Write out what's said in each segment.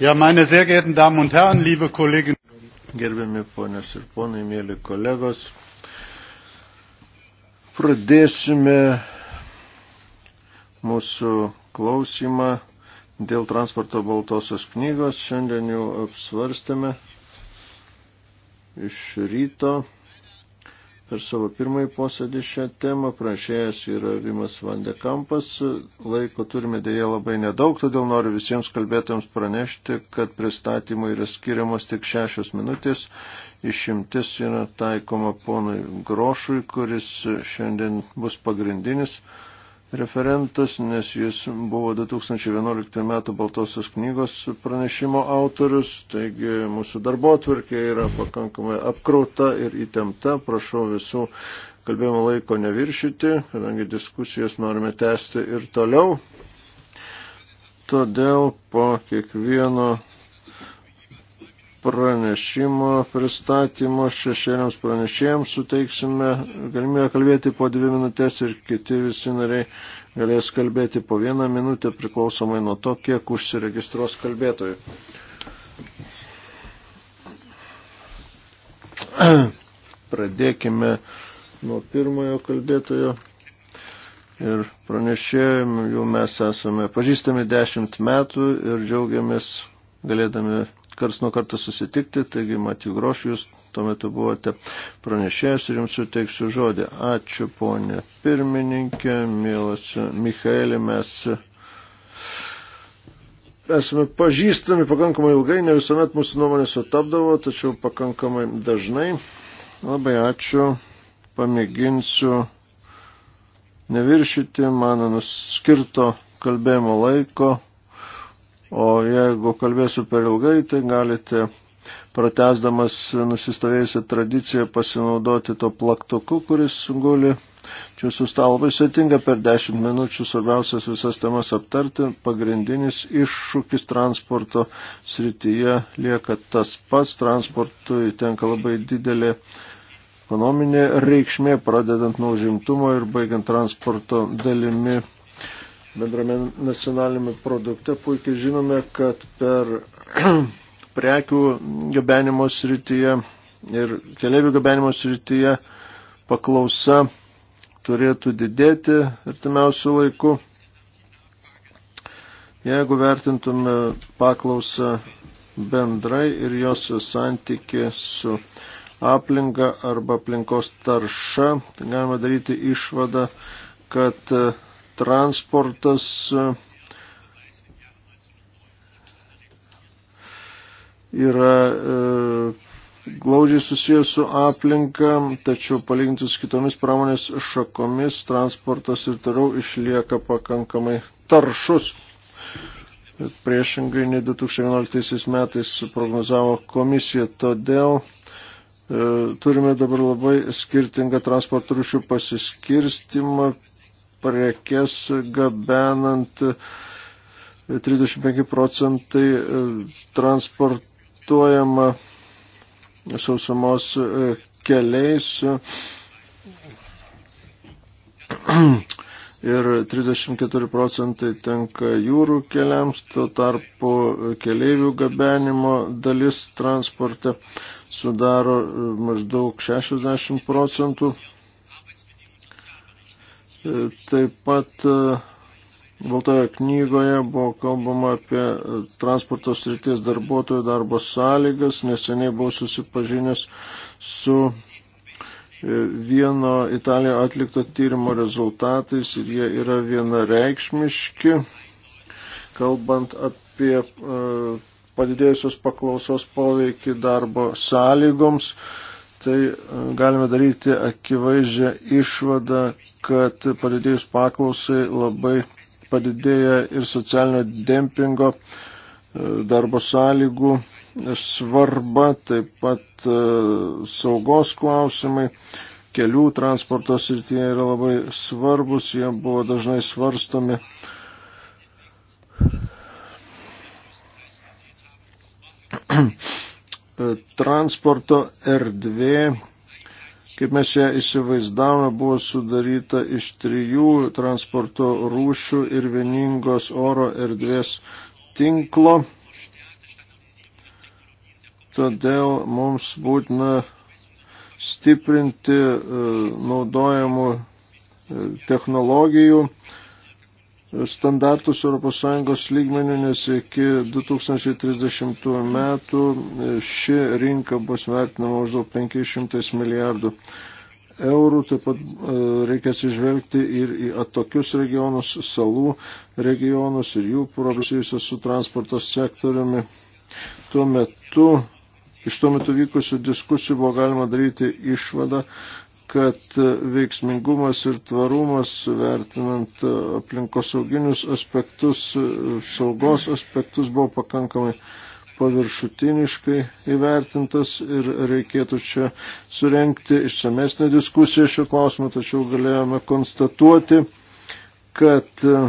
Ja, meine sehr geehrten Damen und Herren, liebe Kolleginnen. Gerbiami ponios ir ponai, mėly kolegos, pradėsime mūsų klausimą dėl transporto baltosios knygos. Šiandien jau apsvarstėme iš ryto per savo pirmąjį posėdį šią temą. Pranešėjas yra Vimas Vandekampas. Laiko turime dėja labai nedaug, todėl noriu visiems kalbėtams pranešti, kad pristatymui yra skiriamos tik šešios minutės. Išimtis yra taikoma ponui Grošui, kuris šiandien bus pagrindinis referentas, nes jis buvo 2011 metų Baltosios knygos pranešimo autorius, taigi mūsų darbo tvarkė yra pakankamai apkrauta ir įtempta. Prašau visų kalbėjimo laiko neviršyti, kadangi diskusijas norime tęsti ir toliau. Todėl po kiekvieno pranešimo pristatymo šešėliams pranešėjams suteiksime galimybę kalbėti po dvi minutės ir kiti visi nariai galės kalbėti po vieną minutę priklausomai nuo to, kiek užsiregistruos kalbėtojų. Pradėkime nuo pirmojo kalbėtojo ir pranešėjom, jau mes esame pažįstami dešimt metų ir džiaugiamės galėdami kars nuo karto susitikti, taigi Matijų Groš, jūs tuo metu buvote pranešėjęs ir jums suteiksiu žodį. Ačiū, ponė pirmininkė, mielas Michaelė, mes esame pažįstami pakankamai ilgai, ne visuomet mūsų nuomonės sutapdavo, tačiau pakankamai dažnai. Labai ačiū, pamėginsiu neviršyti mano nuskirto kalbėjimo laiko. O jeigu kalbėsiu per ilgai, tai galite, pratesdamas nusistovėjusią tradiciją, pasinaudoti to plaktuku, kuris guli jūsų stalo. Labai sėtinga per 10 minučių svarbiausias visas temas aptarti. Pagrindinis iššūkis transporto srityje lieka tas pats. Transportui tenka labai didelė ekonominė reikšmė, pradedant nuo žimtumo ir baigiant transporto dalimi bendrame nacionalinėme produkte. Puikiai žinome, kad per prekių gabenimo srityje ir keliaivių gabenimo srityje paklausa turėtų didėti artimiausių laikų. Jeigu vertintume paklausą bendrai ir jos santyki su aplinka arba aplinkos tarša, tai galima daryti išvadą, kad transportas e, yra e, glaudžiai susijęs su aplinka, tačiau palyginti su kitomis pramonės šakomis transportas ir toliau išlieka pakankamai taršus. Priešingai nei 2011 metais prognozavo komisija, todėl e, turime dabar labai skirtingą transporto rūšių pasiskirstimą prekes gabenant 35 procentai e, transportuojama sausumos e, keliais ir 34 procentai tenka jūrų keliams, tuo tarpu keleivių gabenimo dalis transporte sudaro e, maždaug 60 procentų Taip pat e, Baltoje knygoje buvo kalbama apie e, transporto srities darbuotojų darbo sąlygas. Neseniai buvau susipažinęs su e, vieno Italijoje atlikto tyrimo rezultatais ir jie yra vienareikšmiški, kalbant apie padidėjusios paklausos poveikį darbo sąlygoms. Uh, tai e, galime daryti akivaizdžią išvadą, kad padidėjus paklausai labai padidėja ir socialinio dempingo e, darbo sąlygų svarba, taip pat e, saugos klausimai, kelių transporto srityje yra labai svarbus, jie buvo dažnai svarstomi transporto erdvė, kaip mes ją įsivaizdavome, buvo sudaryta iš trijų transporto rūšių ir vieningos oro erdvės tinklo. Todėl mums būtina stiprinti e, naudojamų e, technologijų standartus ES lygmenių, nes iki 2030 metų ši rinka bus vertinama maždaug 500 milijardų eurų. Taip pat e, reikia atsižvelgti ir į atokius regionus, salų regionus ir jų problemas su transporto sektoriumi. Tuo metu Iš tuo metu vykusių diskusijų buvo galima daryti išvadą, kad veiksmingumas ir tvarumas, vertinant aplinkosauginius aspektus, saugos aspektus, buvo pakankamai paviršutiniškai įvertintas ir reikėtų čia surenkti išsamesnę diskusiją šiuo klausimu, tačiau galėjome konstatuoti, kad uh,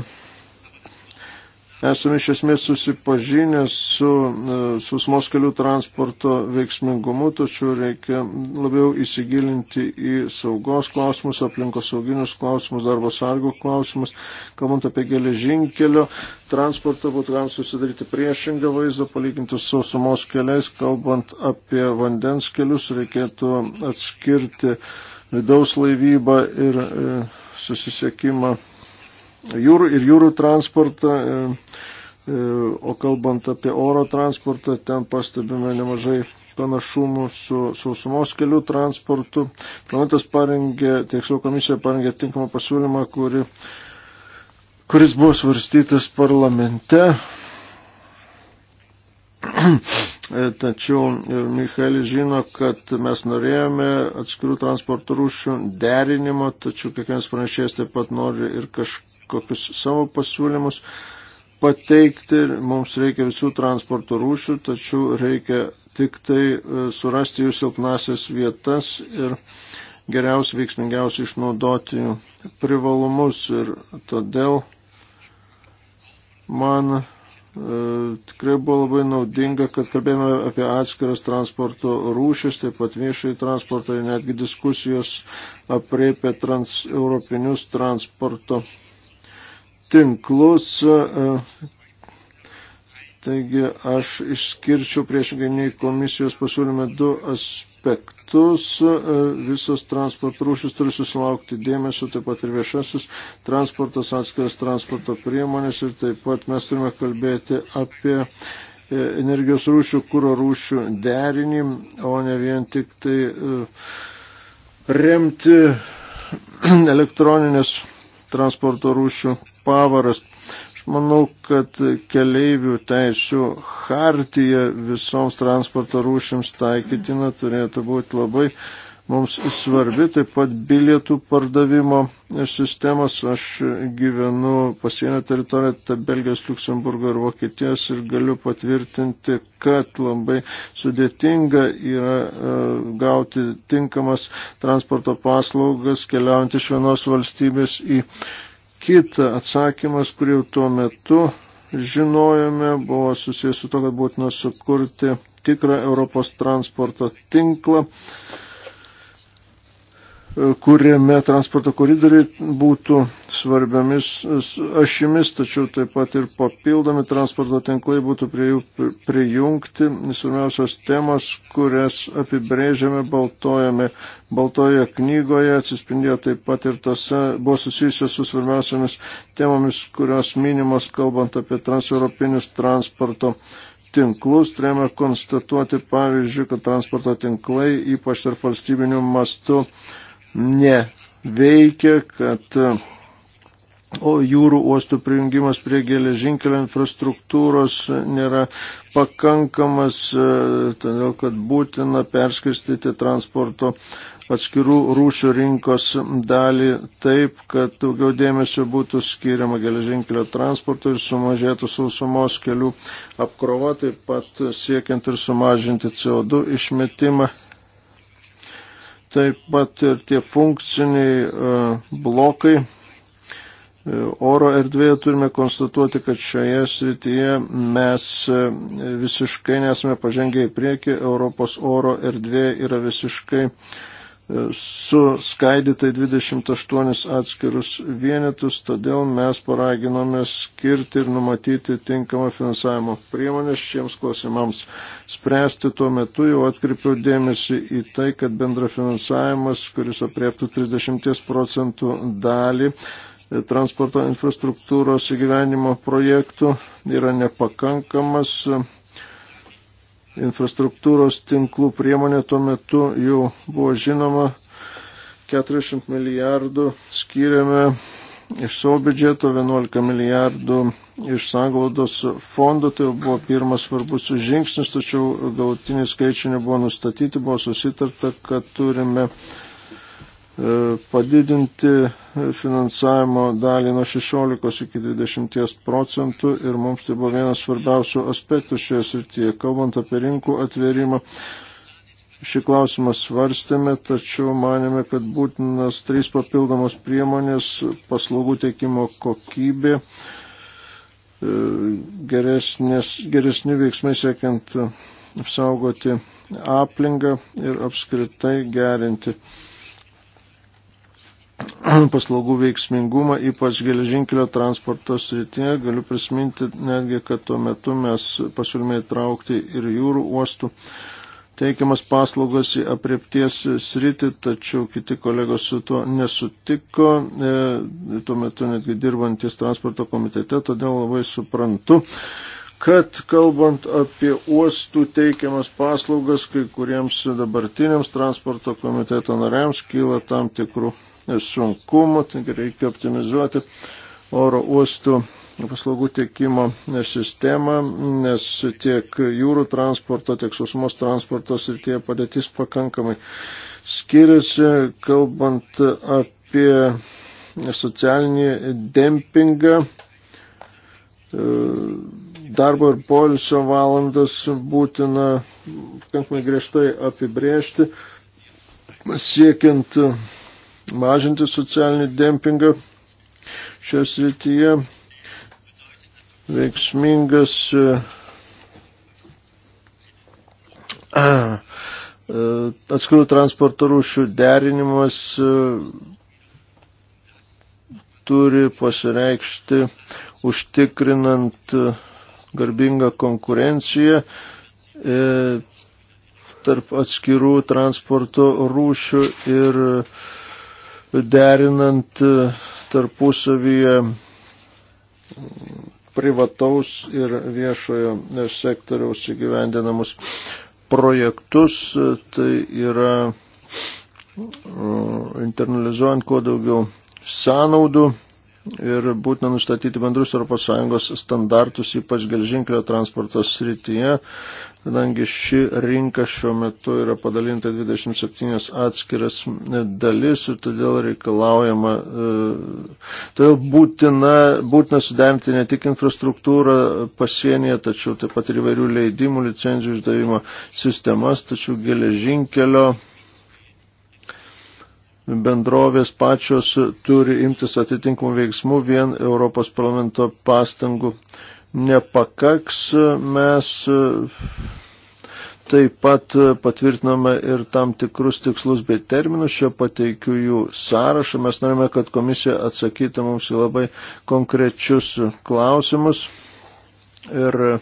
esame iš esmės susipažinę su, e, su smos kelių transporto veiksmingumu, tačiau reikia labiau įsigilinti į saugos klausimus, aplinkos sauginius klausimus, darbo sargų klausimus. Kalbant apie geležinkelio transportą, būtų galima susidaryti priešingą vaizdą, palyginti su sausumos keliais. Kalbant apie vandens kelius, reikėtų atskirti vidaus laivybą ir e, susisiekimą jūrų ir jūrų transportą, e, e, o kalbant apie oro transportą, ten pastebime nemažai panašumų su sausumos kelių transportu. Planetas parengė, tiksliau komisija parengė tinkamą pasiūlymą, kuri, kuris buvo svarstytas parlamente. Tačiau e, Michaelis žino, kad mes norėjome atskirų transporto rūšių derinimo, tačiau kiekvienas pranešėjas taip pat nori ir kažkokius savo pasiūlymus pateikti. Mums reikia visų transporto rūšių, tačiau reikia tik tai e, surasti jų silpnasias vietas ir geriausiai, veiksmingiausiai išnaudoti jų privalumus. Ir todėl man E, tikrai buvo labai naudinga, kad kalbėjome apie atskiras transporto rūšis, taip pat viešai transportą ir netgi diskusijos apreipė trans, europinius transporto tinklus. E, Taigi aš išskirčiau priešingai nei komisijos pasiūlyme du aspektus. E, visos transporto rūšis turi susilaukti dėmesio, taip pat ir viešasis transportas, atskiras transporto priemonės ir taip pat mes turime kalbėti apie e, energijos rūšių, kūro rūšių derinį, o ne vien tik tai e, remti elektroninės transporto rūšių pavaras. Aš manau, kad keleivių teisų hartija visoms transporto rūšims taikytina turėtų būti labai mums svarbi, taip pat bilietų pardavimo sistemos. Aš gyvenu pasienio teritoriją, ta Belgijos, Luksemburgo ir Vokietijos ir galiu patvirtinti, kad labai sudėtinga yra e, gauti tinkamas transporto paslaugas keliaujant iš vienos valstybės į kitą Kita atsakymas, kurį jau tuo metu žinojome, buvo susijęs su to, kad būtina sukurti tikrą Europos transporto tinklą kuriame transporto koridoriai būtų svarbiamis ašimis, tačiau taip pat ir papildomi transporto tinklai būtų prie jų prijungti. Svarbiausios temos, kurias apibrėžiame baltojame, baltoje knygoje atsispindėjo taip pat ir tose, buvo susijusios su svarbiausiamis temomis, kurios minimos kalbant apie transeuropinius transporto tinklus, turėjome konstatuoti pavyzdžiui, kad transporto tinklai, ypač tarp valstybinių mastų, neveikia, kad o jūrų uostų prijungimas prie geležinkelio infrastruktūros nėra pakankamas, e, todėl kad būtina perskirstyti transporto atskirų rūšių rinkos dalį taip, kad daugiau dėmesio būtų skiriama geležinkelio transportui ir sumažėtų sausumos kelių apkrova, taip pat siekiant ir sumažinti CO2 išmetimą taip pat ir tie funkciniai e, blokai. E, oro erdvėje turime konstatuoti, kad šioje srityje mes e, visiškai nesame pažengę į priekį, Europos oro erdvė yra visiškai uh, suskaidyta į 28 atskirus vienetus, todėl mes paraginome skirti ir numatyti tinkamą finansavimo priemonės šiems klausimams spręsti. Tuo metu jau atkreipiau dėmesį į tai, kad bendrafinansavimas, kuris apriektų 30 procentų dalį transporto infrastruktūros įgyvenimo projektų, yra nepakankamas infrastruktūros tinklų priemonė tuo metu jau buvo žinoma, 40 milijardų skiriame iš savo biudžeto, 11 milijardų iš sanglaudos fondo, tai buvo pirmas svarbus žingsnis, tačiau galutiniai skaičiai nebuvo nustatyti, buvo susitarta, kad turime E, padidinti finansavimo dalį nuo 16 iki 20 procentų ir mums tai buvo vienas svarbiausių aspektų šioje srityje. Kalbant apie rinkų atvėrimą, šį klausimą svarstėme, tačiau manėme, kad būtinas trys papildomos priemonės paslaugų teikimo kokybė, e, geresnės, geresni veiksmai siekiant apsaugoti aplinką ir apskritai gerinti paslaugų veiksmingumą, ypač geležinkelio transporto srityje. Galiu prisiminti netgi, kad tuo metu mes pasiūlymė įtraukti ir jūrų uostų teikiamas paslaugas į apriepties sritį, tačiau kiti kolegos su tuo nesutiko, e, tuo metu netgi dirbantis transporto komitete, todėl labai suprantu, kad kalbant apie uostų teikiamas paslaugas, kai kuriems dabartiniams transporto komiteto nariams kyla tam tikrų sunkumų, taigi reikia optimizuoti oro uostų paslaugų tiekimo sistemą, nes tiek jūrų transporto, tiek sausumos transporto srityje padėtis pakankamai skiriasi, kalbant apie socialinį dempingą, darbo ir polisio valandas būtina pakankamai griežtai apibrėžti, siekiant mažinti socialinį dempingą šioje srityje. Veiksmingas e, e, atskirų transporto rūšių derinimas e, turi pasireikšti užtikrinant garbingą konkurenciją tarp atskirų transporto rūšių ir uh, derinant e, tarpusavyje privataus ir viešojo sektoriaus įgyvendinamus projektus, e, tai yra e, internalizuojant kuo daugiau sąnaudų ir būtina nustatyti bendrus ES standartus, ypač gelžinkelio transporto srityje, kadangi ši rinka šiuo metu yra padalinta 27 atskiras dalis ir todėl reikalaujama, e, todėl būtina, būtina suderinti ne tik infrastruktūrą pasienyje, tačiau taip pat ir įvairių leidimų, licenzijų išdavimo sistemas, tačiau gelžinkelio bendrovės pačios turi imtis atitinkamų veiksmų, vien Europos parlamento pastangų nepakaks. Mes taip pat patvirtinome ir tam tikrus tikslus bei terminus, čia pateikiu jų sąrašą. Mes norime, kad komisija atsakytų mums į labai konkrečius klausimus. Ir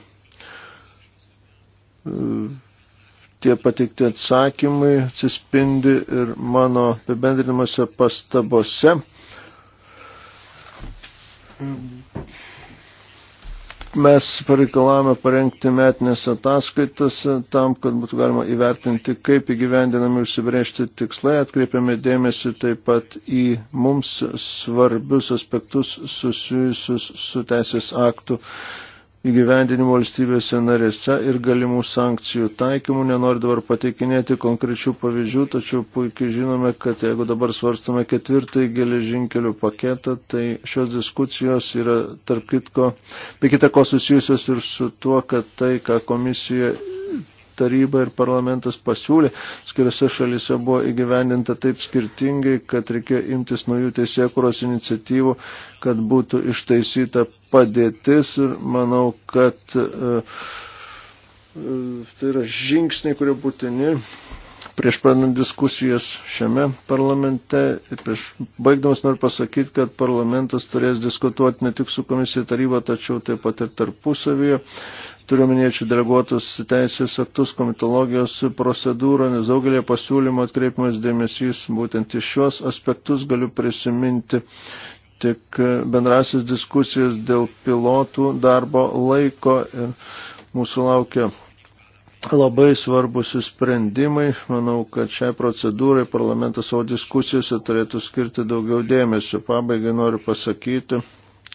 tie pateikti atsakymai atsispindi ir mano apibendrinimuose pastabose. Mes pareikalavome parengti metinės ataskaitas tam, kad būtų galima įvertinti, kaip įgyvendinami užsibrėžti tikslai. Atkreipiame dėmesį taip pat į mums svarbius aspektus susijusius su teisės aktų įgyvendinimo valstybėse narėse ir galimų sankcijų taikymų. Nenoriu dabar pateikinėti konkrečių pavyzdžių, tačiau puikiai žinome, kad jeigu dabar svarstame ketvirtąjį geležinkelių paketą, tai šios diskusijos yra tarp kitko, be kita ko susijusios ir su tuo, kad tai, ką komisija taryba ir parlamentas pasiūlė, skiriose šalise buvo įgyvendinta taip skirtingai, kad reikėjo imtis naujų teisėkuros iniciatyvų, kad būtų ištaisyta padėtis ir manau, kad e, e tai yra žingsniai, kurie būtini prieš pradant diskusijas šiame parlamente, prieš baigdamas noriu pasakyti, kad parlamentas turės diskutuoti ne tik su komisija taryba, tačiau taip pat ir tarpusavyje turiuomenėčių deleguotus teisės aktus, komitologijos procedūrą, nes daugelį pasiūlymų atkreipimas dėmesys būtent iš šios aspektus galiu prisiminti tik bendrasis diskusijas dėl pilotų darbo laiko ir mūsų laukia labai svarbus sprendimai. Manau, kad šiai procedūrai parlamentas savo diskusijose turėtų skirti daugiau dėmesio. Pabaigai noriu pasakyti,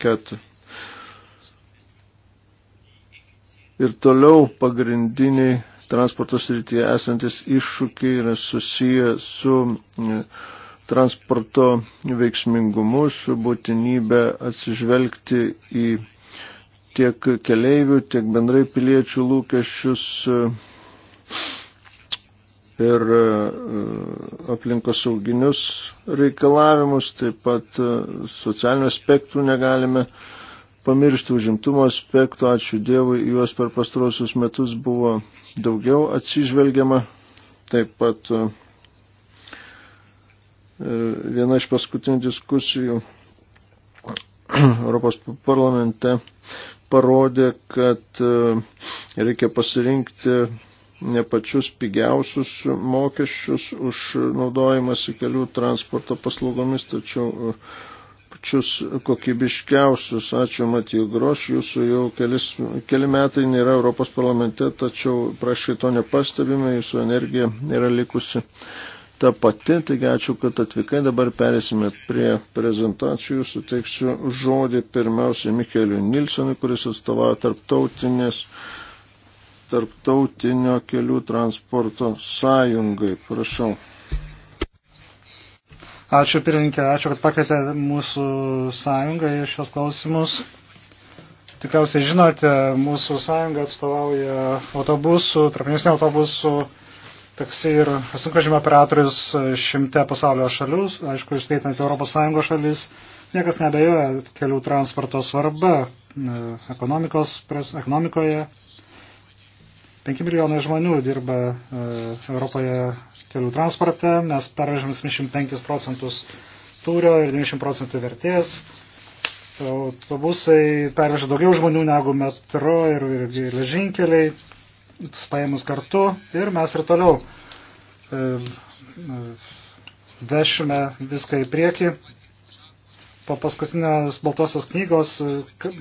kad ir toliau pagrindiniai transporto srityje esantis iššūkiai yra susiję su e, transporto veiksmingumu, su būtinybė atsižvelgti į tiek keleivių, tiek bendrai piliečių lūkesčius e, ir e, aplinkosauginius reikalavimus, taip pat socialinių aspektų negalime uh, pamiršti užimtumo aspektų, ačiū Dievui, juos per pastrosius metus buvo daugiau atsižvelgiama. Taip pat e, viena iš paskutinių diskusijų Europos parlamente parodė, kad e, reikia pasirinkti ne pačius pigiausius mokesčius už naudojimąsi kelių transporto paslaugomis, tačiau uh, pačius kokybiškiausius. Ačiū Matijų Groš, jūsų jau kelis, keli metai nėra Europos parlamente, tačiau prašai to nepastebime, jūsų energija nėra likusi ta pati. Taigi ačiū, kad atvykai. Dabar perėsime prie prezentacijų. Suteiksiu žodį pirmiausiai Mikeliu Nilsonui, kuris atstovauja tarptautinės tarptautinio kelių transporto sąjungai. Prašau. Ačiū pirmininkė, ačiū, kad pakvietė mūsų sąjungą į šios klausimus. Tikriausiai žinote, mūsų sąjunga atstovauja autobusų, trapinėsnių autobusų, taksi ir sunkvežimio operatorius šimte pasaulio šalių, aišku, išskaitant Europos Sąjungos šalis. Niekas nebejoja kelių transporto svarba e, ekonomikoje 5 milijonai žmonių dirba e, Europoje kelių transporte, mes pervežėme 75 procentus tūrio ir 90 procentų vertės. Autobusai perveža daugiau žmonių negu metro ir geležinkeliai, paėmus kartu ir mes ir toliau e, e, vešime viską į priekį po paskutinės baltosios knygos e,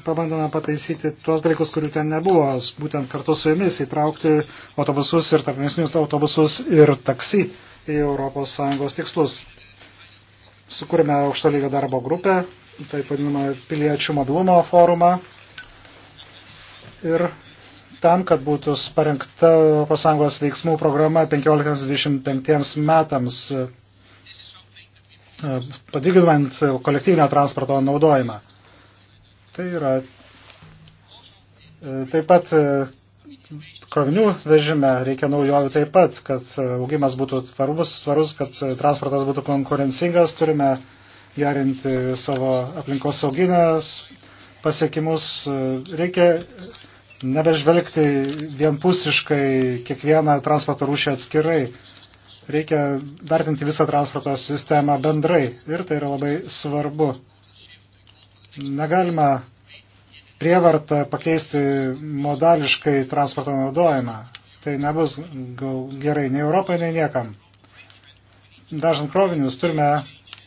pabandome pataisyti tuos dalykus, kurių ten nebuvo, būtent kartu su jumis įtraukti autobusus ir tarpmėsnius autobusus ir taksi į ES tikslus. Sukūrėme aukšto lygio darbo grupę, taip vadinamą piliečių mobilumo forumą ir tam, kad būtų parengta ES veiksmų programa 15-25 metams padvigubinant kolektyvinio transporto naudojimą. Tai yra e, taip pat e, krovinių vežime reikia naujovių taip pat, kad e, augimas būtų tvarus, tvarus kad transportas būtų konkurencingas, turime gerinti savo aplinkos sauginės pasiekimus. Reikia nebežvelgti vienpusiškai kiekvieną transporto rūšį atskirai Reikia vertinti visą transporto sistemą bendrai ir tai yra labai svarbu. Negalima prievartą pakeisti modališkai transporto naudojimą. Tai nebus gerai nei Europai, nei niekam. Dažant krovinius turime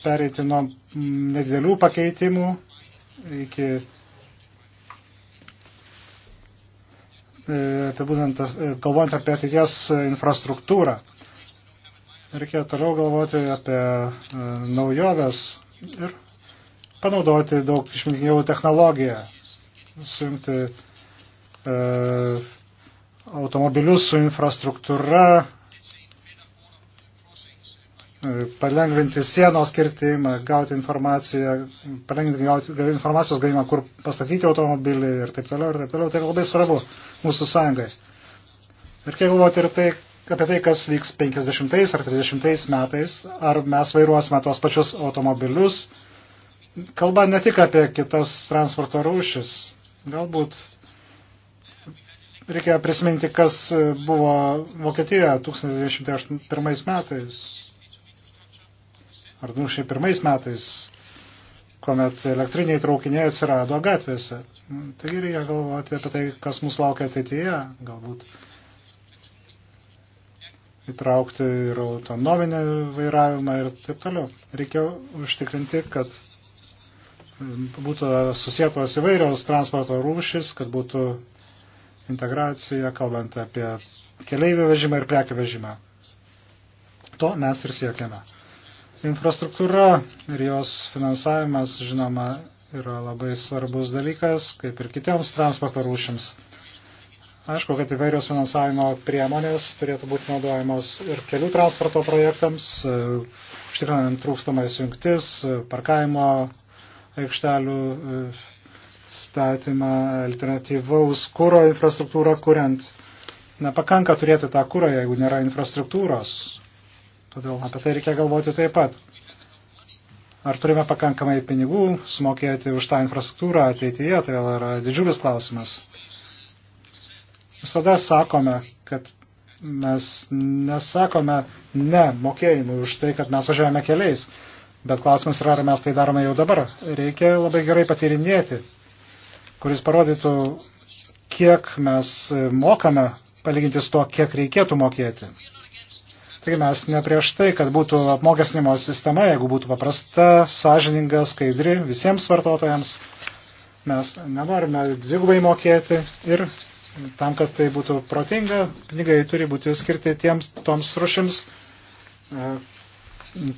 pereiti nuo nedidelių pakeitimų iki e, apibūdant, e, galvojant apie ateities infrastruktūrą. Reikia toliau galvoti apie e, naujoves ir panaudoti daug išmintingiau technologiją, sujungti e, automobilius su infrastruktūra, e, palengvinti sienos kirtimą, gauti informaciją, palengvinti gauti, informacijos gavimą, kur pastatyti automobilį ir taip toliau, ir taip toliau. Tai labai svarbu mūsų sąjungai. Ir kiek galvoti ir tai, apie tai, kas vyks 50 ar 30 metais, ar mes vairuosime tuos pačius automobilius. Kalba ne tik apie kitas transporto rūšis. Galbūt reikia prisiminti, kas buvo Vokietijoje 1901 metais ar 2001 metais, kuomet elektriniai traukiniai atsirado gatvėse. Taigi reikia galvoti apie tai, kas mus laukia ateityje, galbūt įtraukti ir autonominį vairavimą ir taip toliau. Reikia užtikrinti, kad e, būtų susietos įvairios transporto rūšis, kad būtų integracija, kalbant apie keleivių vežimą ir prekių vežimą. To mes ir siekiame. Infrastruktūra ir jos finansavimas, žinoma, yra labai svarbus dalykas, kaip ir kitiems transporto rūšims. Aišku, kad įvairios finansavimo priemonės turėtų būti naudojamos ir kelių transporto projektams, e, užtikrinant trūkstamas jungtis, e, parkavimo aikštelių e, statymą, alternatyvaus kūro infrastruktūrą kuriant. Nepakanka turėti tą kūrą, jeigu nėra infrastruktūros. Todėl apie tai reikia galvoti taip pat. Ar turime pakankamai pinigų sumokėti už tą infrastruktūrą ateityje, tai yra didžiulis klausimas. Visada sakome, kad mes nesakome ne mokėjimui už tai, kad mes važiuojame keliais. Bet klausimas yra, ar mes tai darome jau dabar. Reikia labai gerai patyrinėti, kuris parodytų, kiek mes mokame, palyginti su to, kiek reikėtų mokėti. Taigi mes ne prieš tai, kad būtų apmokesnimo sistema, jeigu būtų paprasta, sąžininga, skaidri visiems vartotojams. Mes nenorime dvigubai mokėti ir tam, kad tai būtų protinga, pinigai turi būti skirti tiems toms rušims, e,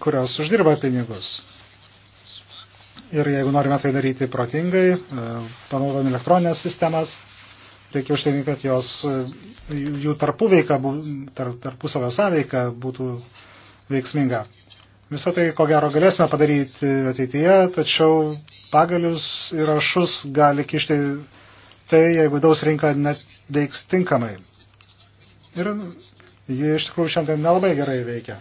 kurios uždirba pinigus. Ir jeigu norime tai daryti protingai, e, panaudodami elektroninės sistemas, reikia užtikrinti, kad jos, e, jų tarpuveika, tarp, tarpusavio sąveika būtų veiksminga. Visą tai, ko gero, galėsime padaryti ateityje, tačiau pagalius ir ašus gali kišti tai, jeigu daus rinka neteiks tinkamai. Ir ji iš tikrųjų šiandien nelabai gerai veikia.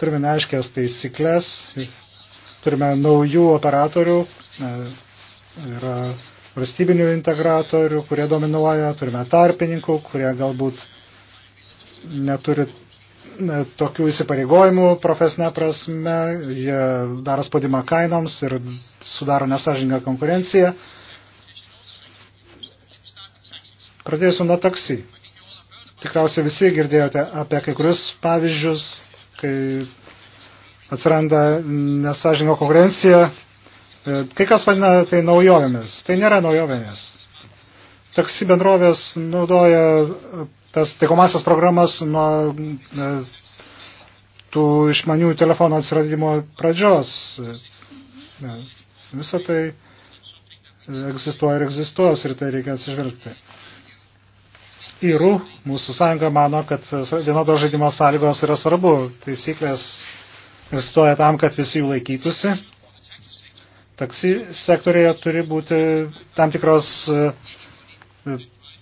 Turime neaiškės taisyklės, turime naujų operatorių, e, yra valstybinių integratorių, kurie dominuoja, turime tarpininkų, kurie galbūt neturi e, tokių įsipareigojimų profesinė prasme, jie daro spaudimą kainoms ir sudaro nesažininką konkurenciją. Pradėsiu nuo taksi. Tikriausiai visi girdėjote apie kai kurius pavyzdžius, kai atsiranda nesažinio konkurencija. E, kai kas vadina tai naujovėmis. Tai nėra naujovėmis. Taksi bendrovės naudoja e, tas taikomasias programas nuo e, tų išmanių telefonų atsiradimo pradžios. Visą tai egzistuoja ir egzistuos ir tai reikia atsižvelgti. Iru, mūsų sąjunga mano, kad vienodo žaidimo sąlygos yra svarbu. Taisyklės egzistuoja tam, kad visi jų laikytųsi. Taksi sektorėje turi būti tam tikros e,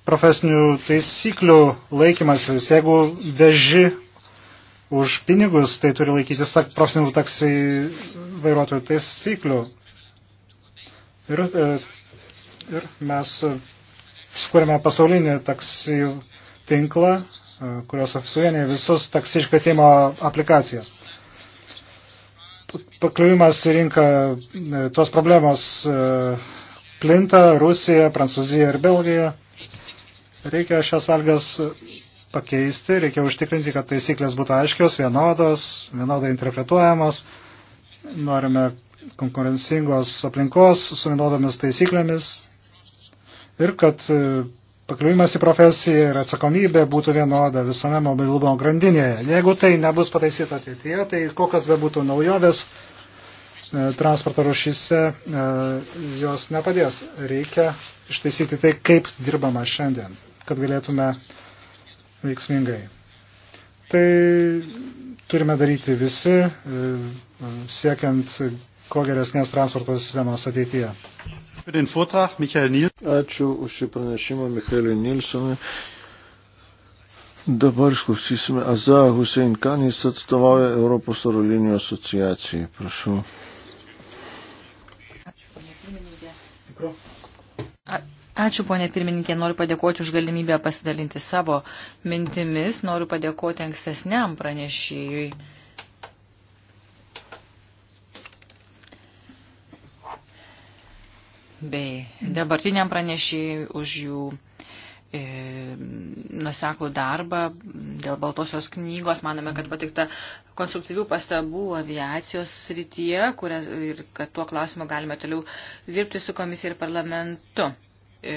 profesinių taisyklių laikymasis. Jeigu veži už pinigus, tai turi laikytis profesinių taksi vairuotojų taisyklių. Ir, e, ir mes sukūrėme pasaulinį taksi tinklą, e, kurios apsuvienė visus taksi iškvietimo aplikacijas. Pakliuvimas į rinką, e, tos problemos e, plinta Rusija, Prancūzija ir Belgija. Reikia šias algas pakeisti, reikia užtikrinti, kad taisyklės būtų aiškios, vienodos, vienodai interpretuojamos. Norime konkurencingos aplinkos su vienodomis taisyklėmis, ir kad e, pakliūjimas į profesiją ir atsakomybė būtų vienoda visame mobilumo grandinėje. Jeigu tai nebus pataisyta ateityje, tai kokias be būtų naujovės e, transporto rušyse, e, jos nepadės. Reikia ištaisyti tai, kaip dirbama šiandien, kad galėtume veiksmingai. Tai turime daryti visi, siekiant kuo geresnės transporto sistemos ateityje. Ačiū už šį pranešimą Michaeliui Nilsonui. Dabar išklausysime Aza Husein Kan, jis atstovauja Europos oro linijų asociacijai. Prašau. Ačiū, ponė pirmininkė. A Ačiū, ponė pirmininkė, noriu padėkoti už galimybę pasidalinti savo mintimis, noriu padėkoti ankstesniam pranešėjui bei dabartiniam pranešėjui už jų e, nuseklų darbą dėl Baltosios knygos. Manome, kad patikta konstruktyvių pastabų aviacijos srityje kuria, ir kad tuo klausimu galime toliau dirbti su komisija ir parlamentu. E,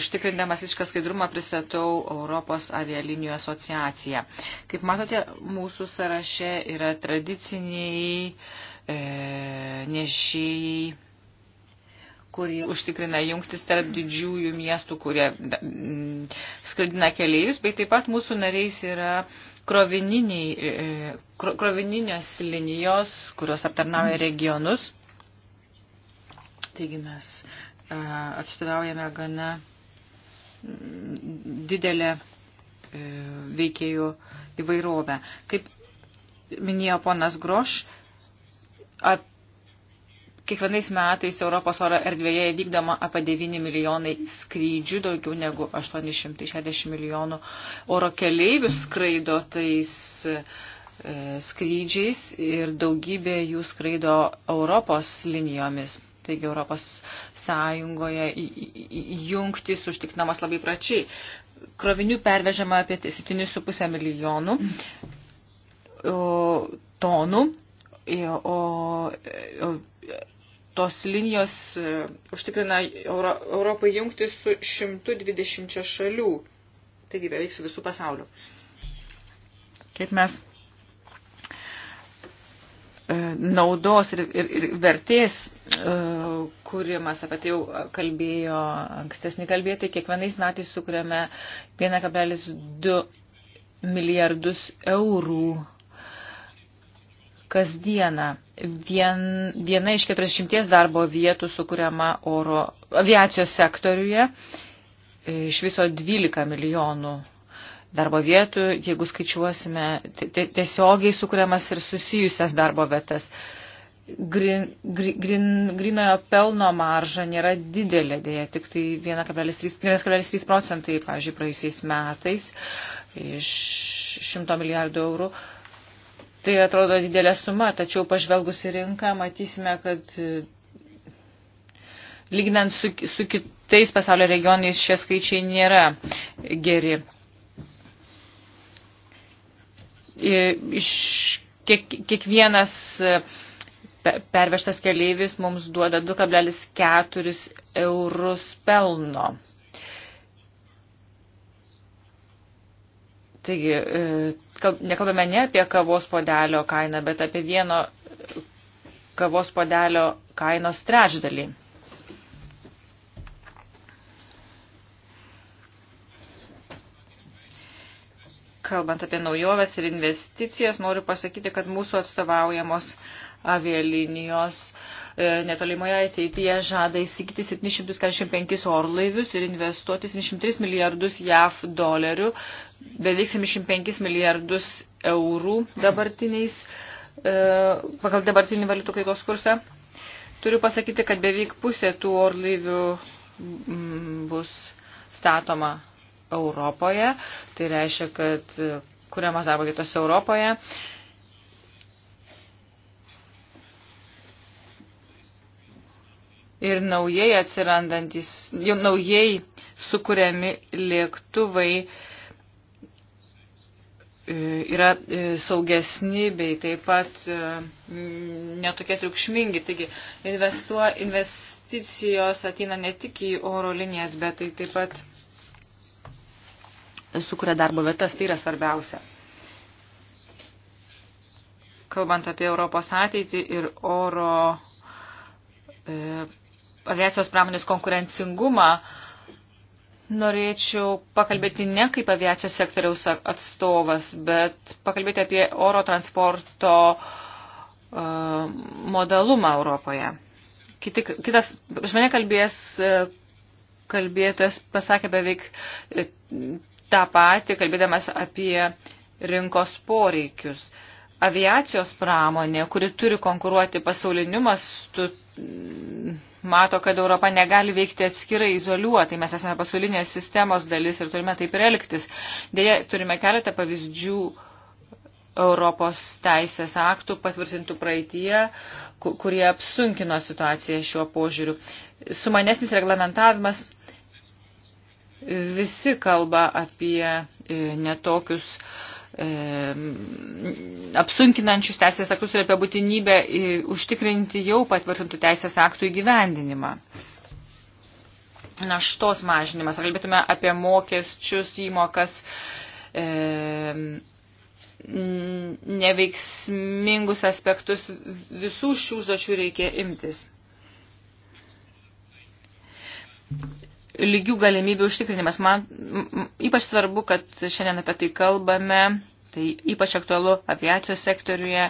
ištikrindamas visišką skaidrumą pristatau Europos avialinijų asociaciją. Kaip matote, mūsų sąraše yra tradiciniai e, nešėjai kurį užtikrina jungtis tarp didžiųjų miestų, kurie skridina keleivius, bei taip pat mūsų nariais yra e, krovininės linijos, kurios aptarnauja regionus. Taigi mes atstovaujame gana didelę e, veikėjų įvairovę. Kaip minėjo ponas Groš, apie Kiekvienais metais Europos oro erdvėje vykdoma apie 9 milijonai skrydžių, daugiau negu 860 milijonų oro keleivių skraido tais e, skrydžiais ir daugybė jų skraido Europos linijomis. Taigi Europos Sąjungoje jungtis užtiknamas labai pračiai. Krovinių pervežama apie 7,5 milijonų tonų, o tos linijos e, užtikrina Euro, Europai jungti su 120 šalių, taigi beveik su visų pasauliu. Kaip mes e, naudos ir, ir, ir vertės e, kūrimas, apie tai jau kalbėjo ankstesni kalbėtai, kiekvienais metais sukūrėme 1,2 milijardus eurų kasdieną. Vien, viena iš 40 darbo vietų sukuriama oro aviacijos sektoriuje, iš viso 12 milijonų darbo vietų, jeigu skaičiuosime tiesiogiai sukuriamas ir susijusias darbo vietas. Grin, grin, grin, grinojo pelno marža nėra didelė, dėja, tik tai 1,3 procentai, pavyzdžiui, praėjusiais metais iš 100 milijardų eurų. Uh, Tai atrodo didelė suma, tačiau pažvelgus į rinką matysime, kad e, lyginant su, su kitais pasaulio regionais šie skaičiai nėra geri. E, iš kiek, kiekvienas e, pervežtas keleivis mums duoda 2,4 eurus pelno. Taigi, nekalbame ne apie kavos podelio kainą, bet apie vieno kavos podelio kainos trečdalį. Kalbant apie naujoves ir investicijas, noriu pasakyti, kad mūsų atstovaujamos avialinijos e, netolimoje ateityje žada įsigyti 745 orlaivius ir investuoti 73 milijardus JAF dolerių, beveik 75 milijardus eurų dabartiniais, e, pagal dabartinį valiutų kaitos kursą. Turiu pasakyti, kad beveik pusė tų orlaivių mm, bus statoma Europoje. Tai reiškia, kad e, kuriamas darbo vietos Europoje. ir naujai atsirandantis, jau naujai sukūriami lėktuvai e, yra e, saugesni bei taip pat e, netokie triukšmingi. Taigi investuo, investicijos ateina ne tik į oro linijas, bet tai taip pat sukuria darbo vietas, tai yra svarbiausia. Kalbant apie Europos ateitį ir oro e, aviacijos pramonės konkurencingumą, norėčiau pakalbėti ne kaip aviacijos sektoriaus atstovas, bet pakalbėti apie oro transporto uh, modalumą Europoje. Kiti, kitas, už mane kalbės, e, kalbėtojas pasakė beveik e, tą patį, kalbėdamas apie rinkos poreikius. Uh, aviacijos pramonė, kuri turi konkuruoti pasauliniu mastu, mato, kad Europa negali veikti atskirai izoliuotai. Mes esame pasaulinės sistemos dalis ir turime taip ir elgtis. Deja, turime keletą pavyzdžių Europos teisės aktų patvirtintų praeitie, kurie apsunkino situaciją šiuo požiūriu. Sumanesnis reglamentavimas visi kalba apie e, netokius uh, apsunkinančius teisės aktus ir apie būtinybę e, užtikrinti jau patvirtintų teisės aktų įgyvendinimą. Naštos mažinimas. Ar kalbėtume apie mokesčius, įmokas, e, neveiksmingus aspektus, visų šių užduočių reikia imtis lygių galimybių užtikrinimas. Man ypač svarbu, kad šiandien apie tai kalbame, tai ypač aktualu aviacijos sektoriuje.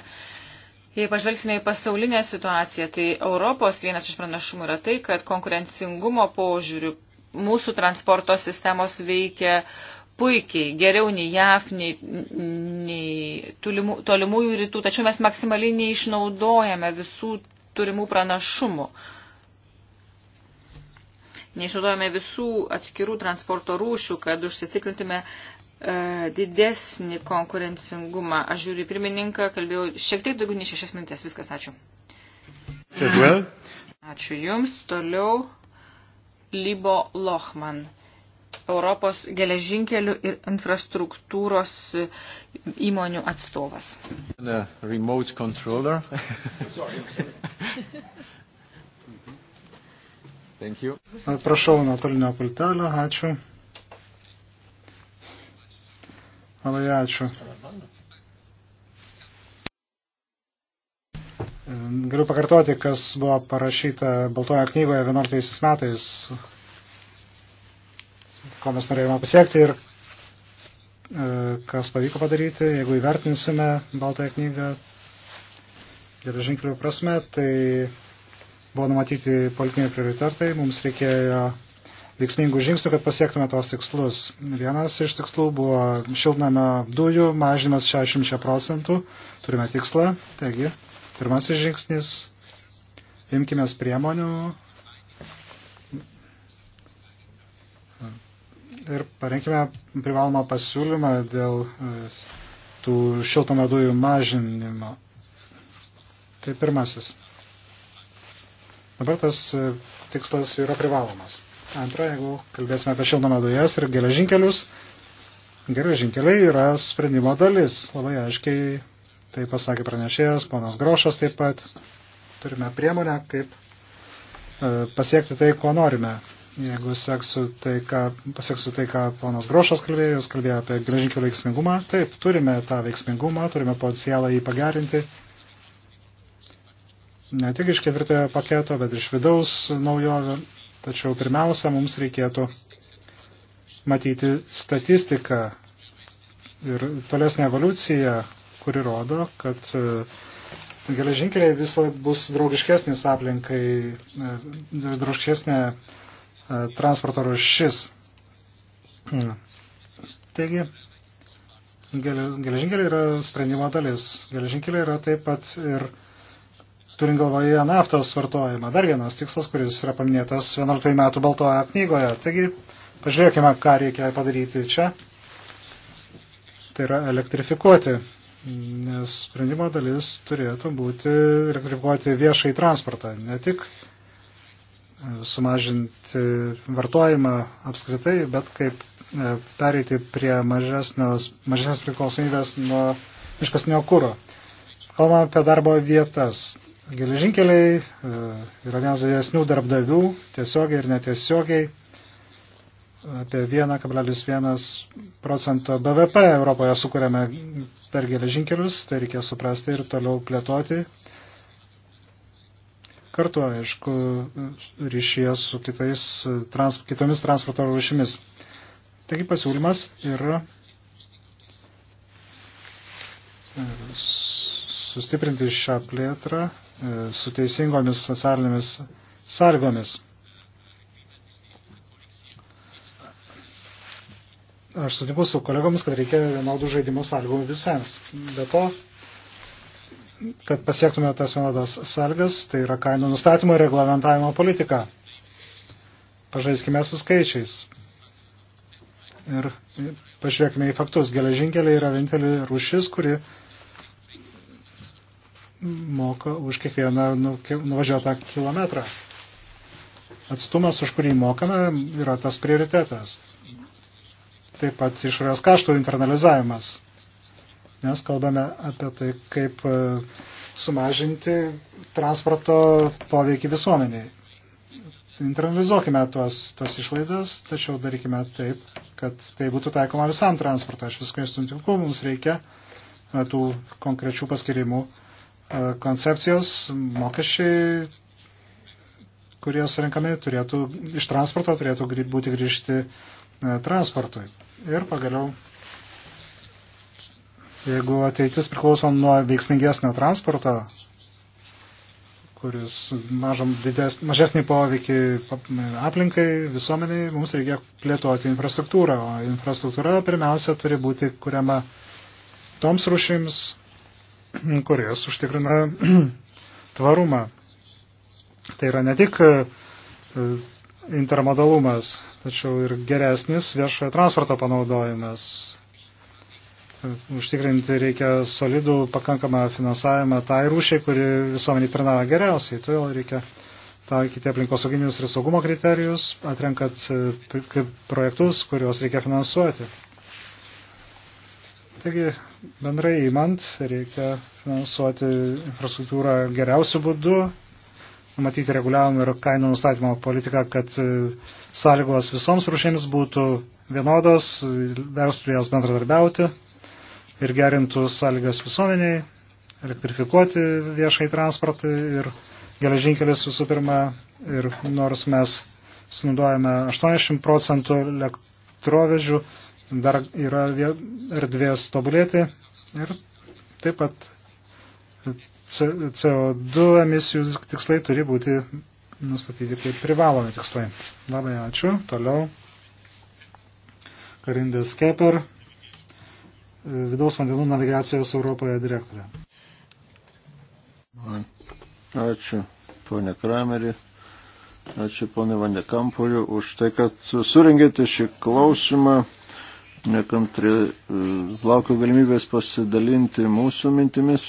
Jei pažvelgsime į pasaulinę situaciją, tai Europos vienas iš pranašumų yra tai, kad konkurencingumo požiūrių mūsų transporto sistemos veikia puikiai, geriau nei JAF, nei, nei tolimų, tolimųjų rytų, tačiau mes maksimaliai neišnaudojame visų turimų pranašumų. Uh, neišnaudojame visų atskirų transporto rūšių, kad užsitikrintume e, didesnį konkurencingumą. Aš žiūriu pirmininką, kalbėjau šiek tiek daugiau nei šešias minutės. Viskas, ačiū. Well. Ačiū Jums. Toliau Libo Lochman, Europos geležinkelių ir infrastruktūros įmonių atstovas. Prašau nuotolinio pultelio, ačiū. Labai ačiū. Galiu pakartoti, kas buvo parašyta Baltojo knygoje 11 metais, ko mes norėjome pasiekti ir e, kas pavyko padaryti. Jeigu įvertinsime Baltąją knygą geležinkelių prasme, tai buvo numatyti politiniai prioritetai, mums reikėjo veiksmingų žingsnių, kad pasiektume tos tikslus. Vienas iš tikslų buvo šiltnamio dujų mažinimas 60 procentų, turime tikslą, taigi pirmasis žingsnis, imkime priemonių ir parenkime privalomą pasiūlymą dėl e, tų šiltnamio dujų mažinimo. Tai pirmasis. Dabar tas e, tikslas yra privalomas. Antra, jeigu kalbėsime apie šildomą dujas ir geležinkelius, geležinkeliai yra sprendimo dalis. Labai aiškiai tai pasakė pranešėjas, ponas Grošas taip pat. Turime priemonę, kaip e, pasiekti tai, ko norime. Jeigu seksiu tai, ką, pasieksiu tai, ką ponas Grošas kalbėjo, jis kalbėjo apie geležinkelio veiksmingumą, taip, turime tą veiksmingumą, turime potencialą jį pagerinti, ne tik iš ketvirtojo paketo, bet iš vidaus naujovių. Tačiau pirmiausia, mums reikėtų matyti statistiką ir tolesnę evoliuciją, kuri rodo, kad e, geležinkeliai vis bus draugiškesnis aplinkai, e, vis draugiškesnė e, transporto rušis. Hmm. Taigi, geležinkeliai yra sprendimo dalis. Geležinkeliai yra taip pat ir turint galvoje naftos vartojimą. Dar vienas tikslas, kuris yra paminėtas 11 metų baltoje knygoje. Taigi, pažiūrėkime, ką reikia padaryti čia. Tai yra elektrifikuoti, nes sprendimo dalis turėtų būti elektrifikuoti viešai transportą, ne tik e, sumažinti vartojimą apskritai, bet kaip e, pereiti prie mažesnės, mažesnės priklausomybės nuo iškasnio kūro. Kalbame apie darbo vietas. Geležinkeliai e, yra vienas didesnių darbdavių tiesiogiai ir netiesiogiai apie 1,1 procento BVP Europoje sukūrėme per geležinkelius, tai reikia suprasti ir toliau plėtoti. Kartu, aišku, ryšyje su kitais, trans, kitomis transporto rūšimis. Taigi pasiūlymas yra e, sustiprinti šią plėtrą E, su teisingomis socialinėmis sąlygomis. Aš sutinku su kolegomis, kad reikia vienodų žaidimo sąlygų visiems. Be to, kad pasiektume tas vienodas sąlygas, tai yra kainų nustatymo ir reglamentavimo politika. Pažaiskime su skaičiais. Ir pažiūrėkime į faktus. Geležinkeliai yra vienintelė rūšis, kuri uh, moka už kiekvieną nu, nuvažiuotą kilometrą. Atstumas, už kurį mokame, yra tas prioritetas. Taip pat išorės kaštų internalizavimas. Nes kalbame apie tai, kaip e, sumažinti transporto poveikį visuomeniai. Internalizuokime tuos, tas išlaidas, tačiau darykime taip, kad tai būtų taikoma visam transportui. Aš viską sutinku, mums reikia e, tų konkrečių paskirimų E, koncepcijos mokesčiai, kurie surinkami turėtų, iš transporto turėtų būti grįžti e, transportui. Ir pagaliau, jeigu ateitis priklauso nuo veiksmingesnio transporto, kuris mažam didės, mažesnį poveikį aplinkai, visuomeniai, mums reikia plėtoti infrastruktūrą, o infrastruktūra pirmiausia turi būti kuriama toms rušims, kuris užtikrina tvarumą. Tai yra ne tik e, intermodalumas, tačiau ir geresnis viešojo transporto panaudojimas. E, užtikrinti reikia solidų pakankamą finansavimą tai rūšiai, kuri visuomenį tarnauja geriausiai. Todėl reikia taikyti aplinkosauginius ir saugumo kriterijus, atrenkat e, projektus, kuriuos reikia finansuoti. Taigi, bendrai įmant, reikia finansuoti infrastruktūrą geriausių būdų, matyti reguliavimą ir kainų nustatymo politiką, kad e, sąlygos visoms rušėms būtų vienodos, verstų jas bendradarbiauti ir gerintų sąlygas visuomeniai, elektrifikuoti viešai transportą ir geležinkelis visų pirma. Ir nors mes sunaudojame 80 procentų elektrovežių, dar yra erdvės tobulėti ir taip pat CO2 emisijų tikslai turi būti nustatyti kaip privalomi tikslai. Labai ačiū. Toliau. Karindės Keper, vidaus vandenų navigacijos Europoje direktorė. Ačiū, ponė Kramerį. Ačiū, ponė Vandekampuriu, už tai, kad suringėte šį klausimą nekantri e, laukiu galimybės pasidalinti mūsų mintimis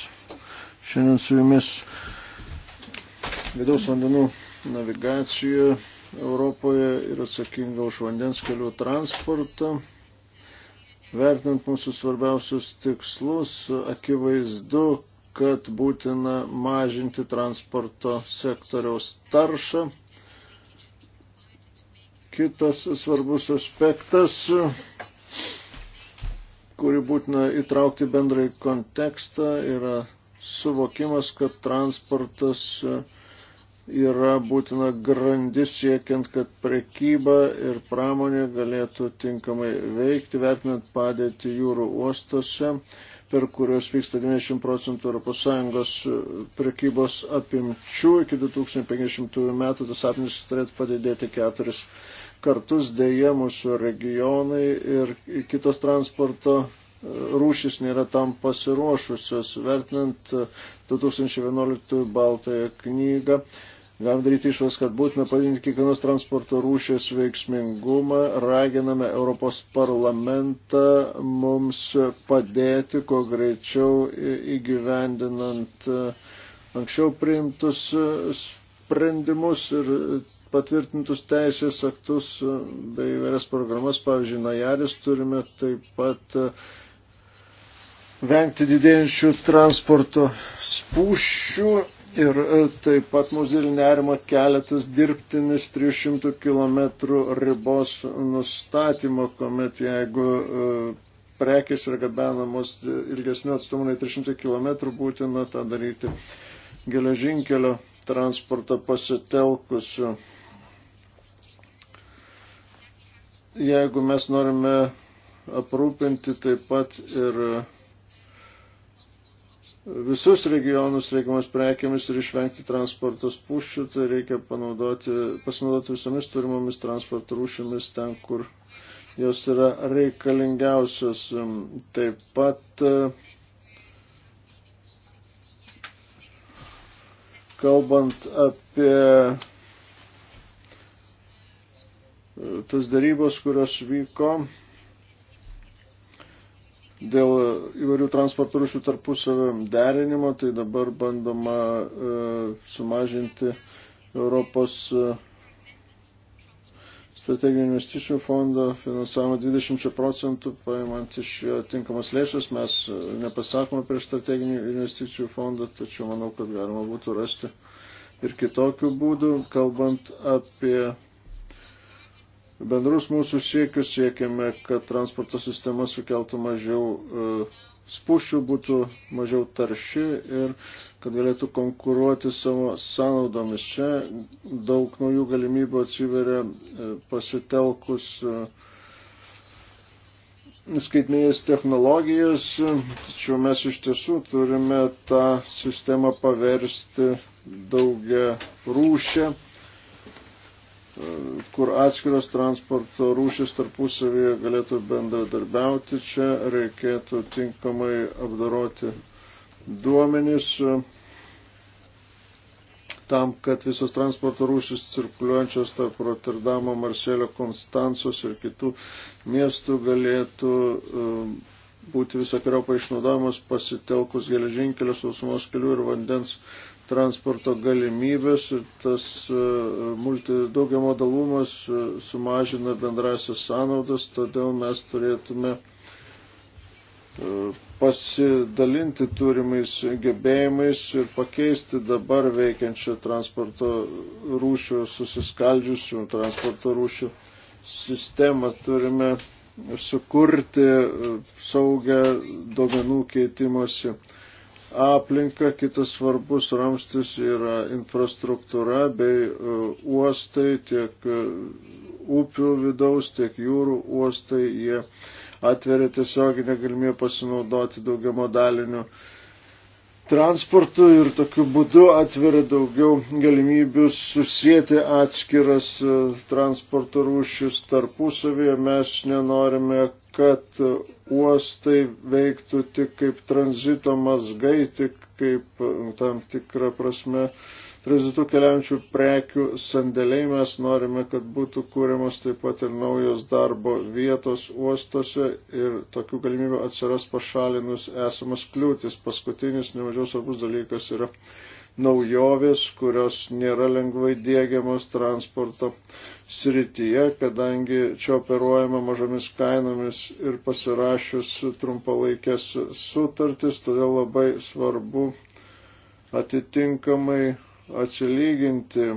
šiandien su jumis. Vidaus vandenų navigacija Europoje yra atsakinga už vandens kelių transportą. Vertinant mūsų svarbiausius tikslus, akivaizdu, kad būtina mažinti transporto sektoriaus taršą. Kitas svarbus aspektas kurį būtina įtraukti bendrai kontekstą, yra suvokimas, kad transportas yra būtina grandis siekiant, kad prekyba ir pramonė galėtų tinkamai veikti, vertinant padėti jūrų uostose, per kuriuos vyksta 90 procentų ES prekybos apimčių. Iki 2050 metų tas apimtis turėtų padidėti keturis kartus dėje mūsų regionai ir kitos transporto e, rūšis nėra tam pasiruošusios. Vertinant 2011 e, baltąją knygą, galim daryti išvas, kad būtina padinti kiekvienos transporto rūšės veiksmingumą, raginame Europos parlamentą mums padėti, kuo greičiau įgyvendinant e, anksčiau priimtus sprendimus ir patvirtintus teisės aktus bei įvairias programas, pavyzdžiui, Najaris turime taip pat e, vengti didėjančių transporto spūščių ir e, taip pat mūsų dėl nerimo keletas dirbtinis 300 km ribos nustatymo, kuomet jeigu e, prekės yra gabenamos ilgesnių atstumų nei 300 km, būtina tą daryti geležinkelio transportą pasitelkusiu jeigu mes norime aprūpinti taip pat ir visus regionus reikiamas prekiamis ir išvengti transporto spūščių, tai reikia pasinaudoti visomis turimomis transporto rūšimis ten, kur jos yra reikalingiausios. Taip pat kalbant apie tas darybos, kurios vyko dėl įvairių transporto rūšių tarpusavio derinimo, tai dabar bandoma e, sumažinti Europos e, strateginių investicijų fondo finansavimą 20 procentų, paimant iš jo tinkamas lėšas. Mes e, nepasakome prieš strateginių investicijų fondą, tačiau manau, kad galima būtų rasti ir kitokių būdų, kalbant apie bendrus mūsų siekius siekiame, kad transporto sistema sukeltų mažiau e, spušių, būtų mažiau tarši ir kad galėtų konkuruoti savo sąnaudomis. Čia daug naujų galimybių atsiveria e, pasitelkus e, skaitminės technologijas, tačiau mes iš tiesų turime tą sistemą paversti daugia rūšę kur atskiros transporto rūšis tarpusavyje galėtų bendradarbiauti. Čia reikėtų tinkamai apdaroti duomenys e, tam, kad visos transporto rūšis cirkuliuojančios tarp Rotterdamo, Marselio, Konstancos ir kitų miestų galėtų e, būti visokiojopai išnaudojamos pasitelkus geležinkelio sausumos kelių ir vandens transporto galimybės ir tas e, multi, daugiamodalumas e, sumažina bendrasias sąnaudas, todėl mes turėtume e, pasidalinti turimais gebėjimais ir pakeisti dabar veikiančią transporto rūšių, susiskaldžiusių transporto rūšių sistemą. Turime sukurti saugę duomenų keitimosi aplinką, kitas svarbus ramstis yra infrastruktūra bei e, uostai, tiek e, upių vidaus, tiek jūrų uostai, jie atveria tiesioginę galimybę pasinaudoti daugiamodaliniu transportu ir tokiu būdu atveria daugiau galimybių susijęti atskiras e, transporto rūšis tarpusavėje. Mes nenorime, kad uostai veiktų tik kaip tranzito mazgai, tik kaip mm, tam tikrą prasme tranzitų keliaujančių prekių sandėliai. Mes norime, kad būtų kūriamos taip pat ir naujos darbo vietos uostose ir tokių galimybių atsiras pašalinus esamas kliūtis. Paskutinis, nemažiau svarbus dalykas yra naujovės, kurios nėra lengvai dėgiamos transporto srityje, kadangi čia operuojama mažomis kainomis ir pasirašius trumpalaikės sutartis, todėl labai svarbu atitinkamai atsilyginti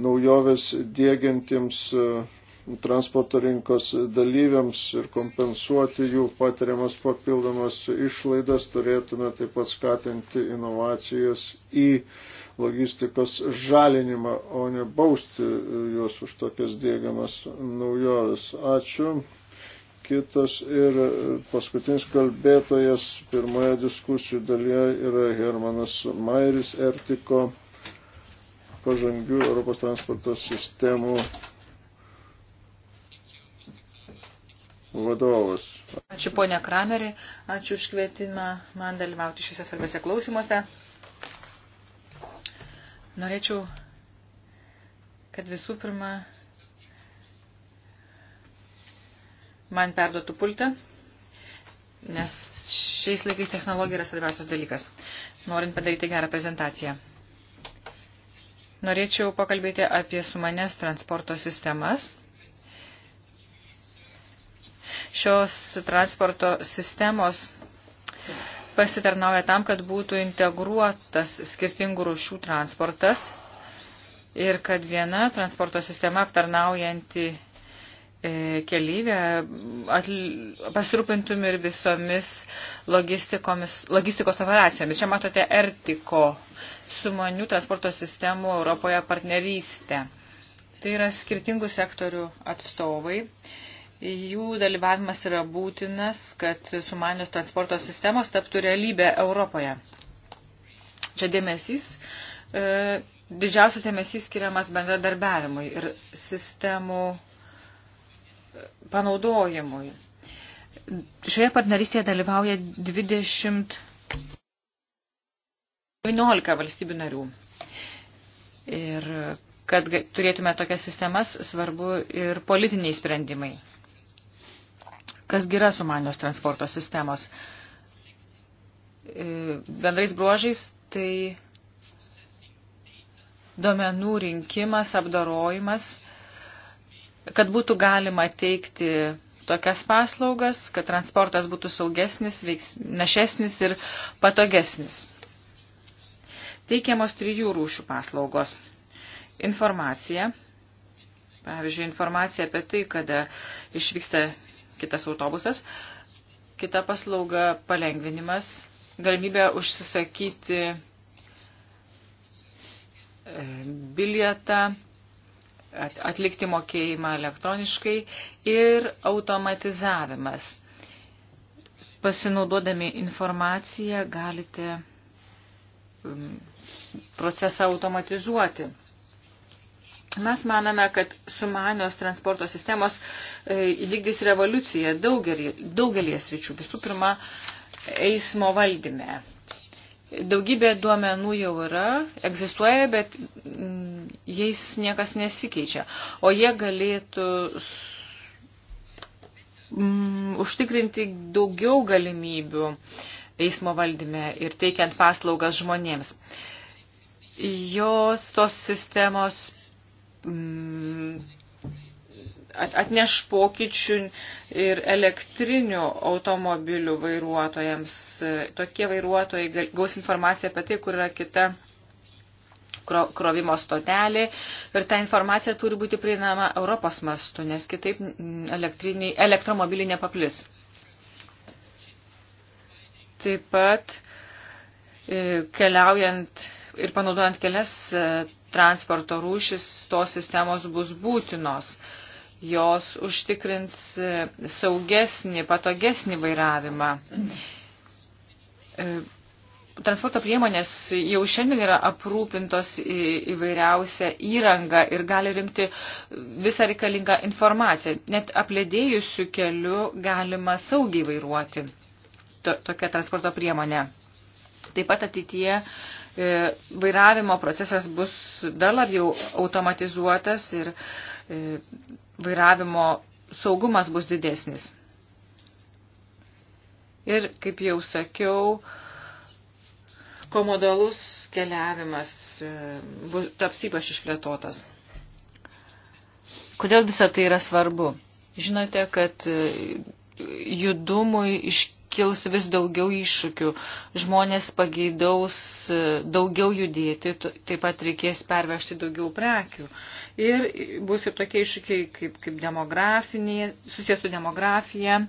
naujovės dėgiantiems transporto rinkos dalyviams ir kompensuoti jų patiriamas papildomas išlaidas, turėtume taip pat skatinti inovacijas į logistikos žalinimą, o ne bausti juos už tokias dėgiamas naujoves. Ačiū. Kitas ir paskutinis kalbėtojas pirmoje diskusijų dalyje yra Hermanas Mairis Ertiko pažangių Europos transporto sistemų vadovas. Ačiū ponia Kramerį, ačiū už kvietimą man dalyvauti šiuose svarbiuose klausimuose. Norėčiau, kad visų pirma man perduotų pultą, nes šiais laikais technologija yra svarbiausias dalykas, norint padaryti gerą prezentaciją. Norėčiau pakalbėti apie sumanes transporto sistemas šios transporto sistemos pasitarnauja tam, kad būtų integruotas skirtingų rušių transportas ir kad viena transporto sistema aptarnaujanti e, kelyvę pasirūpintum ir visomis logistikos operacijomis. Čia matote Ertiko sumonių transporto sistemų Europoje partnerystę. Tai yra skirtingų sektorių atstovai Jų dalyvavimas yra būtinas, kad sumanios transporto sistemos taptų realybę Europoje. Čia dėmesys, e, didžiausias dėmesys skiriamas bendradarbiavimui ir sistemų e, panaudojimui. Šioje partnerystėje dalyvauja 20 19 valstybių narių. Ir kad turėtume tokias sistemas, svarbu ir politiniai sprendimai kas yra sumanios transporto sistemos. E, bendrais bruožais tai duomenų rinkimas, apdorojimas, kad būtų galima teikti tokias paslaugas, kad transportas būtų saugesnis, veiks, našesnis ir patogesnis. Teikiamos trijų rūšių paslaugos. Informacija. Pavyzdžiui, informacija apie tai, kada išvyksta kitas autobusas. Kita paslauga – palengvinimas, galimybė užsisakyti e, bilietą, atlikti mokėjimą elektroniškai ir automatizavimas. Pasinaudodami informaciją galite procesą automatizuoti. Mes manome, kad sumanios transporto sistemos e, įvykdys revoliuciją daugelį, daugelį sričių. Visų pirma, eismo valdyme. Daugybė duomenų jau yra, egzistuoja, bet mm, jais niekas nesikeičia. O jie galėtų mm, užtikrinti daugiau galimybių eismo valdyme ir teikiant paslaugas žmonėms. Jos tos sistemos Mm, atneš pokyčių ir elektrinių automobilių vairuotojams. Tokie vairuotojai gaus informaciją apie tai, kur yra kita krovimo stotelė ir ta informacija turi būti prieinama Europos mastu, nes kitaip elektromobiliai nepaplis. Taip pat e, keliaujant ir panaudojant kelias e, transporto rūšis tos sistemos bus būtinos. Jos užtikrins e, saugesnį, patogesnį vairavimą. E, transporto priemonės jau šiandien yra aprūpintos įvairiausią įrangą ir gali rimti visą reikalingą informaciją. Net aplėdėjusių kelių galima saugiai vairuoti to, tokią transporto priemonę. Taip pat ateityje uh, E, vairavimo procesas bus dar labiau automatizuotas ir e, vairavimo saugumas bus didesnis. Ir, kaip jau sakiau, komodalus keliavimas e, bus, taps ypač išplėtotas. Kodėl visa tai yra svarbu? Žinote, kad judumui iš kils vis daugiau iššūkių. Žmonės pageidaus e, daugiau judėti, taip pat reikės pervežti daugiau prekių. Ir bus ir tokie iššūkiai kaip, kaip demografinė, susijęs su demografija.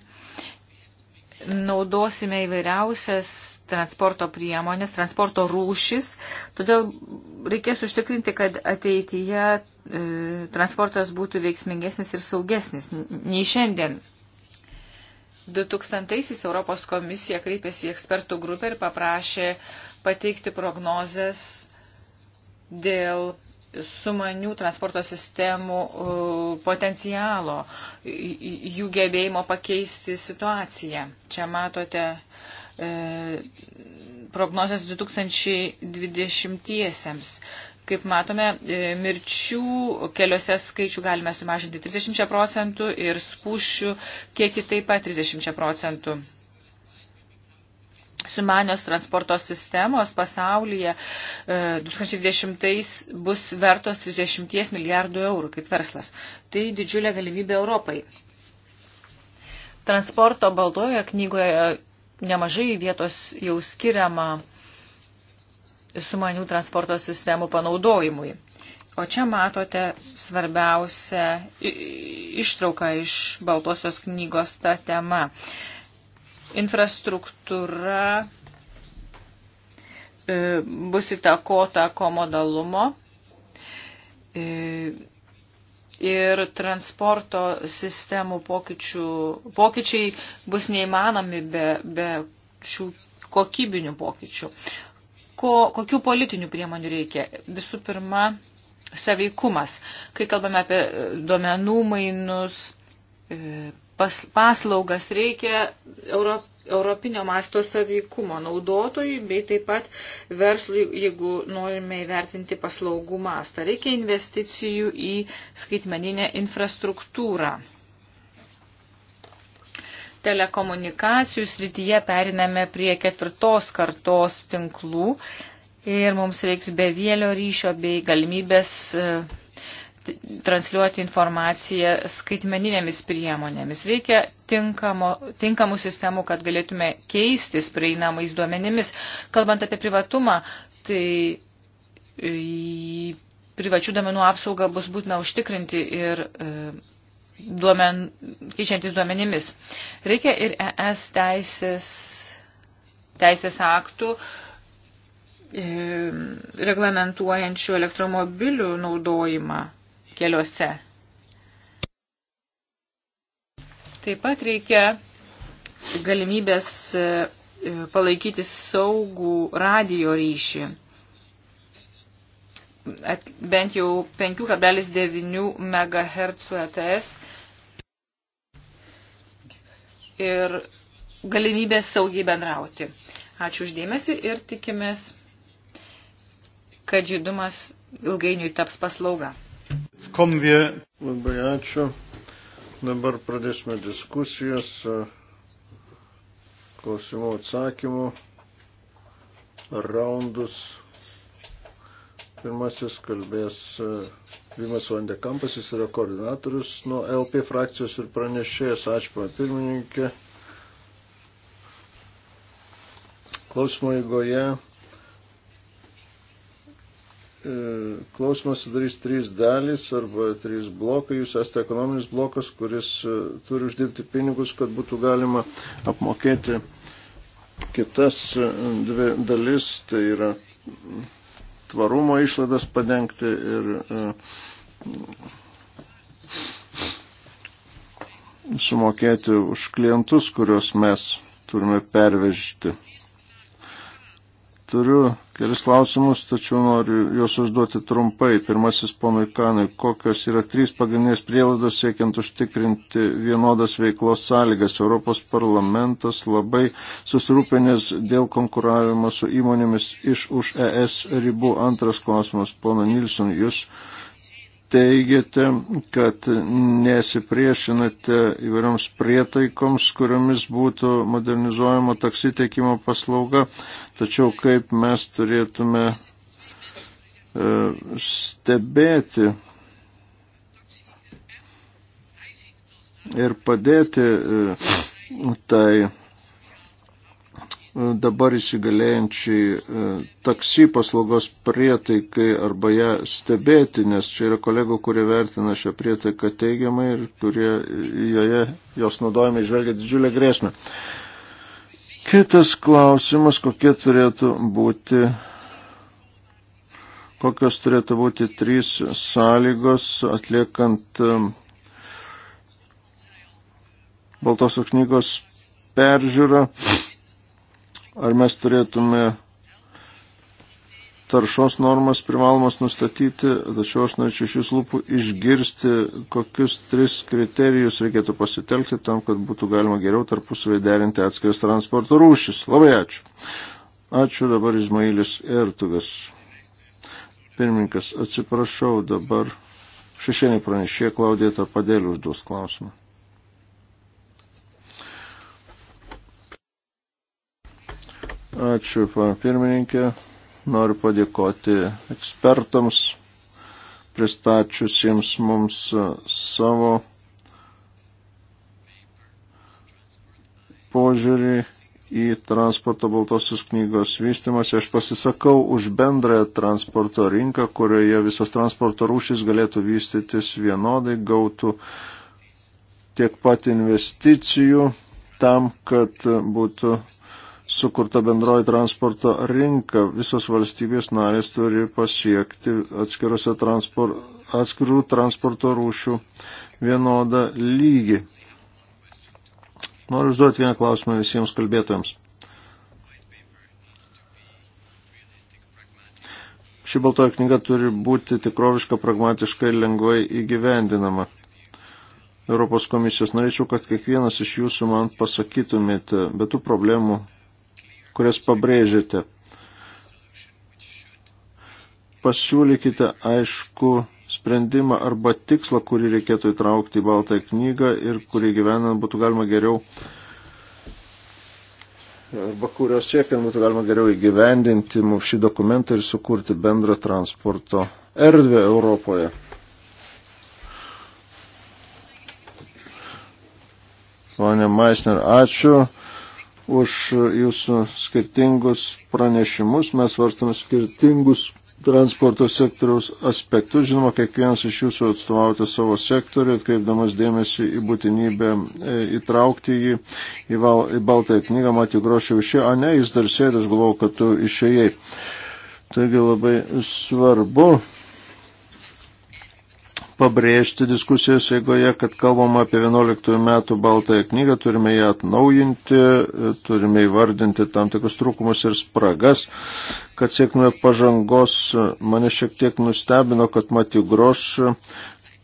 Naudosime įvairiausias transporto priemonės, transporto rūšis, todėl reikės užtikrinti, kad ateityje e, transportas būtų veiksmingesnis ir saugesnis nei šiandien 2000-aisiais Europos komisija kreipėsi į ekspertų grupę ir paprašė pateikti prognozes dėl sumanių transporto sistemų e, potencialo, jų gebėjimo pakeisti situaciją. Čia matote e, prognozes 2020-iesiems. Kaip matome, e, mirčių keliuose skaičių galime sumažinti 30 procentų ir spūšių kiekį taip pat 30 procentų. Sumanios transporto sistemos pasaulyje 2020 e, bus vertos 30 milijardų eurų kaip verslas. Tai didžiulė galimybė Europai. Transporto baltoje knygoje nemažai vietos jau skiriama sumanių transporto sistemų panaudojimui. O čia matote svarbiausią ištrauką iš Baltosios knygos tą temą. Infrastruktūra e, bus įtakota komodalumo e, ir transporto sistemų pokyčių, pokyčiai bus neįmanomi be, be šių kokybinių pokyčių ko, kokių politinių priemonių reikia. Visų pirma, saveikumas. Kai kalbame apie e, duomenų mainus, e, pas, paslaugas, reikia euro, europinio masto saveikumo naudotojui, bei taip pat verslui, jeigu norime įvertinti paslaugų mastą. Reikia investicijų į skaitmeninę infrastruktūrą telekomunikacijų srityje periname prie ketvirtos kartos tinklų ir mums reiks bevėlio ryšio bei galimybės e, transliuoti informaciją skaitmeninėmis priemonėmis. Reikia tinkamo, tinkamų sistemų, kad galėtume keistis prieinamais duomenimis. Kalbant apie privatumą, tai e, privačių domenų apsaugą bus būtina užtikrinti ir e, duomen, keičiantis duomenimis. Reikia ir ES teisės, teisės aktų e, reglamentuojančių elektromobilių naudojimą keliuose. Taip pat reikia galimybės e, palaikyti saugų radio ryšį at, bent jau 5,9 MHz ETS ir galimybės saugiai bendrauti. Ačiū uždėmesi ir tikimės, kad judumas ilgainiui taps paslauga. Komvė. Labai ačiū. Dabar pradėsime diskusijas, klausimų atsakymų, raundus. Pirmasis kalbės e, Vimas Vandekampas, jis yra koordinatorius nuo LP frakcijos ir pranešėjas. Ačiū, pana pirmininkė. Klausimo įgoje. E, klausimas sudarys trys dalys arba trys blokai. Jūs esate ekonominis blokas, kuris e, turi uždirbti pinigus, kad būtų galima apmokėti kitas dvi dalis. Tai yra tvarumo išlaidas padengti ir e, sumokėti už klientus, kuriuos mes turime pervežti. Turiu kelis klausimus, tačiau noriu juos užduoti trumpai. Pirmasis ponui Kanui, kokios yra trys pagrindinės prielaidos siekiant užtikrinti vienodas veiklos sąlygas. Europos parlamentas labai susirūpinęs dėl konkuravimo su įmonėmis iš už ES ribų. Antras klausimas, pono Nilsson, jūs teigiate, kad nesipriešinate įvairioms prietaikoms, kuriomis būtų modernizuojama taksi teikimo paslauga, tačiau kaip mes turėtume e, stebėti ir padėti e, tai E, dabar įsigalėjančiai e, taksi paslaugos prietaikai arba ją stebėti, nes čia yra kolegų, kurie vertina šią prietaiką teigiamai ir kurie joje jos naudojame išvelgia didžiulę grėsmę. Kitas klausimas, kokie turėtų būti, kokios turėtų būti trys sąlygos atliekant e, Baltosios knygos peržiūrą Ar mes turėtume taršos normas privalomas nustatyti, tačiau aš norėčiau iš jūsų lūpų išgirsti, kokius tris kriterijus reikėtų pasitelkti tam, kad būtų galima geriau tarpusavai derinti atskiras transporto rūšis. Labai ačiū. Ačiū dabar Izmailis Ertugas. Pirmininkas, atsiprašau dabar. Šešienį pranešė Klaudija Tapadėlį užduos klausimą. Ačiū, pana pirmininkė. Noriu padėkoti ekspertams, pristačiusiems mums e, savo požiūrį į transporto baltosios knygos vystimas. Aš pasisakau už bendrąją transporto rinką, kurioje visos transporto rūšys galėtų vystytis vienodai, gautų tiek pat investicijų tam, kad būtų sukurta bendroji transporto rinka. Visos valstybės narės turi pasiekti transpor, atskirų transporto rūšių vienodą lygį. Noriu užduoti vieną klausimą visiems kalbėtojams. Ši baltoja knyga turi būti tikroviška, pragmatiška ir lengvai įgyvendinama. Europos komisijos norėčiau, kad kiekvienas iš jūsų man pasakytumėte, bet tų problemų kurias pabrėžėte. Pasiūlykite aišku sprendimą arba tikslą, kurį reikėtų įtraukti į baltą knygą ir kurį gyvenant būtų galima geriau arba kurios siekiant būtų galima geriau įgyvendinti mums šį dokumentą ir sukurti bendrą transporto erdvę Europoje. Pane Maisner, ačiū už jūsų skirtingus pranešimus. Mes varstame skirtingus transporto sektoriaus aspektus. Žinoma, kiekvienas iš jūsų atstovaujate savo sektorių, atkreipdamas dėmesį į būtinybę e, įtraukti jį į, val, į baltąją knygą, matį grošį išėjo, o ne, jis dar sėdė, aš galvojau, kad tu išėjai. Taigi labai svarbu pabrėžti diskusijos eigoje, kad kalbam apie 11 metų baltąją knygą, turime ją atnaujinti, turime įvardinti tam tikrus trūkumus ir spragas, kad siektume pažangos. Mane šiek tiek nustebino, kad Mati Groš,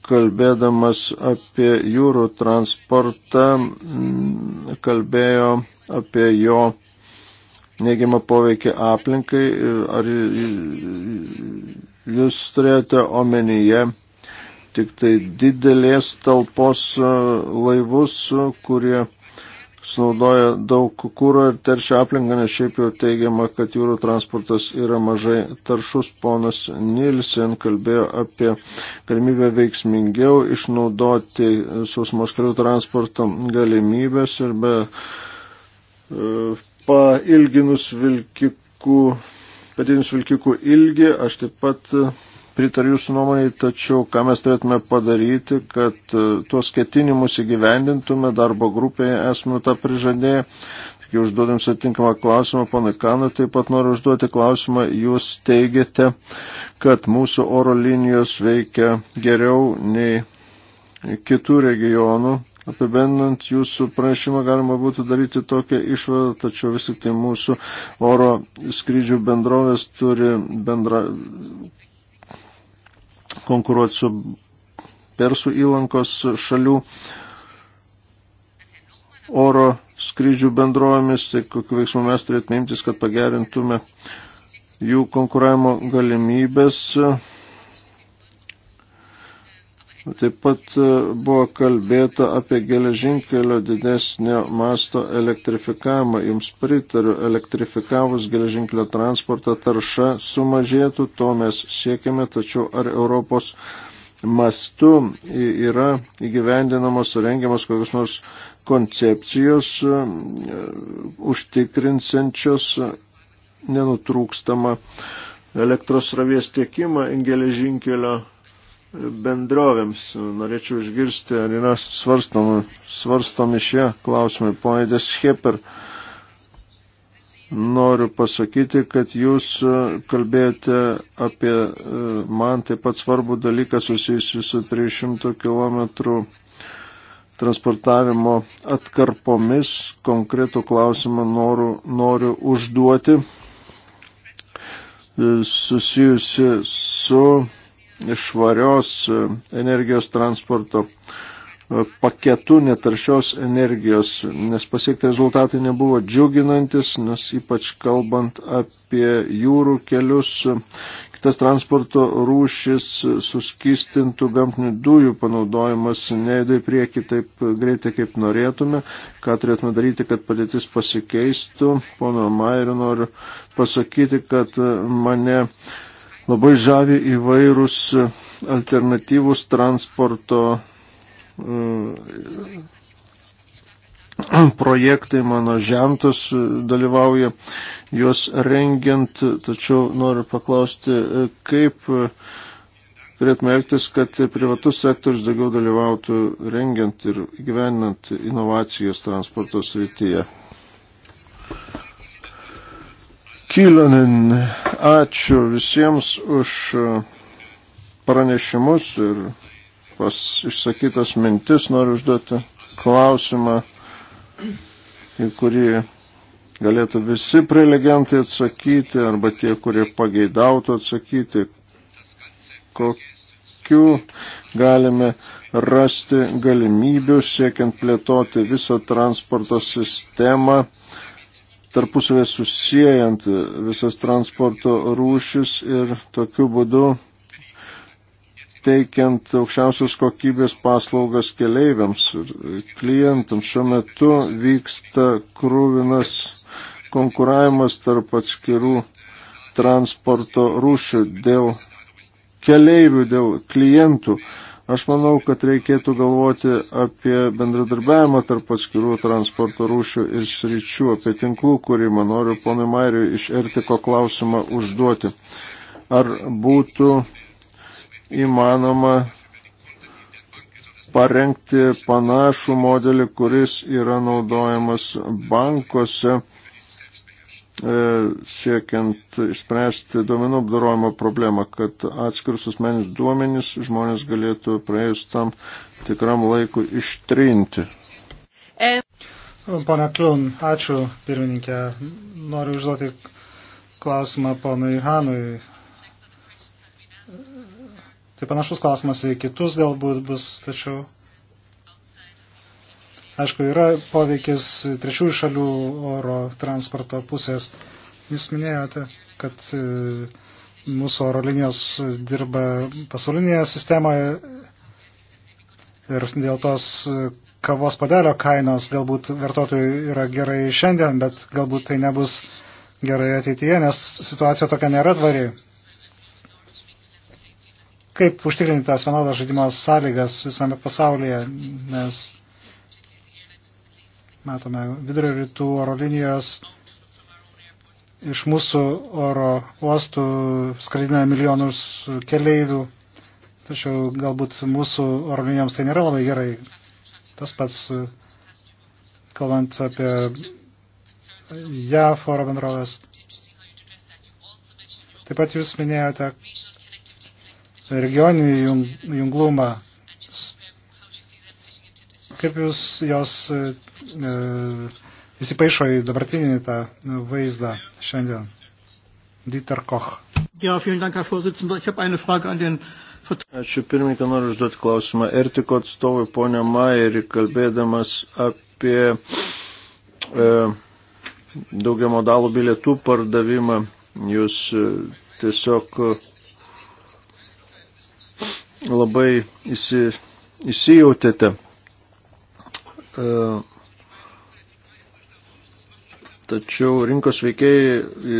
kalbėdamas apie jūrų transportą, kalbėjo apie jo neigiamą poveikį aplinkai. Ar jūs turėjote omenyje? tik tai didelės talpos e, laivus, e, kurie sunaudoja daug kūro ir teršia aplinką, nes šiaip jau teigiama, kad jūrų transportas yra mažai taršus. Ponas Nilsen kalbėjo apie galimybę veiksmingiau išnaudoti sausumos kelių transporto galimybės ir be e, pailginus vilkikų, padidinus vilkikų ilgį, aš taip pat pritariu jūsų nuomonėje, tačiau ką mes turėtume padaryti, kad e, tuos ketinimus įgyvendintume, darbo grupėje esame tą prižadėję. Tik užduodam sutinkamą klausimą, ponai Kanui taip pat noriu užduoti klausimą. Jūs teigiate, kad mūsų oro linijos veikia geriau nei kitų regionų. Apibendant jūsų pranešimą galima būtų daryti tokią išvadą, tačiau vis tik tai mūsų oro skrydžių bendrovės turi bendra, konkuruoti su Persų įlankos šalių oro skrydžių bendrovėmis, tai kokiu veiksmu mes turėtume imtis, kad pagerintume jų konkuravimo galimybės. Taip pat e, buvo kalbėta apie geležinkelio didesnio masto elektrifikavimą. Jums pritariu, elektrifikavus geležinkelio transportą tarša sumažėtų, to mes siekiame, tačiau ar Europos mastu yra įgyvendinamos, rengiamos kokios nors koncepcijos e, užtikrinsiančios nenutrūkstamą elektros ravės tiekimą geležinkelio bendrovėms. Norėčiau išgirsti, ar yra svarstomi, svarstomi šie klausimai. Pone Desheper, noriu pasakyti, kad jūs kalbėjote apie e, man taip pat svarbų dalyką susijusiu su 300 km transportavimo atkarpomis. Konkretų klausimą noriu, noriu užduoti e, susijusi su švarios e, energijos transporto e, paketu netaršios energijos, nes pasiekti rezultatai nebuvo džiuginantis, nes ypač kalbant apie jūrų kelius, e, kitas transporto rūšis suskistintų gamtinių dujų panaudojimas nejuda į priekį taip greitai, kaip norėtume, ką turėtume daryti, kad padėtis pasikeistų. Pono Mairiu noriu pasakyti, kad mane Labai žavi įvairūs e, alternatyvus transporto e, projektai, mano žentas e, dalyvauja juos rengiant, tačiau noriu paklausti, kaip turėtume elgtis, kad privatus sektorius daugiau dalyvautų rengiant ir gyvenant inovacijas transporto srityje. Kylanin. Ačiū visiems už e, pranešimus ir pas išsakytas mintis noriu užduoti klausimą, į kurį galėtų visi prelegentai atsakyti arba tie, kurie pageidautų atsakyti, kokiu galime rasti galimybių siekiant plėtoti visą transporto sistemą tarpusavę susijęjant visas transporto rūšis ir tokiu būdu teikiant aukščiausios kokybės paslaugas keleiviams ir klientams. Šiuo metu vyksta krūvinas konkuravimas tarp atskirų transporto rūšių dėl keleivių, dėl klientų. Aš manau, kad reikėtų galvoti apie bendradarbiavimą tarp atskirų transporto rūšių ir sričių, apie tinklų kūrimą. Noriu ponui Mairiui iš Ertiko klausimą užduoti. Ar būtų įmanoma parengti panašų modelį, kuris yra naudojamas bankuose? E, siekiant išspręsti duomenų apdarojimo problemą, kad atskirus asmenis duomenys žmonės galėtų praėjus tam tikram laikui ištrinti. Pone Kliun, ačiū pirmininkė. Noriu užduoti klausimą ponui Hanui. Tai panašus klausimas į kitus galbūt bus, tačiau Aišku, yra poveikis trečiųjų šalių oro transporto pusės. Jūs minėjote, kad e, mūsų oro linijos dirba pasaulinėje sistemoje ir dėl tos kavos padelio kainos galbūt vartotojui yra gerai šiandien, bet galbūt tai nebus gerai ateityje, nes situacija tokia nėra tvari. Kaip užtikrinti tas vienodas žaidimo sąlygas visame pasaulyje, nes matome vidurio rytų oro linijos iš mūsų oro uostų skraidina milijonus keleivių, tačiau galbūt mūsų oro linijoms tai nėra labai gerai. Tas pats, kalbant apie JAF oro bendrovės. Taip pat jūs minėjote regioninį jung, junglumą. Kaip jūs jos E, įsipaišo į dabartinį tą vaizdą šiandien. Dieter Koch. Ja, vielen Dank, Herr Vorsitzender. Ich habe eine Frage an den Ačiū pirmininką, noriu užduoti klausimą. Ertiko atstovui ponia Mairi, kalbėdamas apie e, daugia modalų bilietų pardavimą, jūs e, tiesiog e, labai įsi, įsijautėte. E, Tačiau rinkos veikėjai e,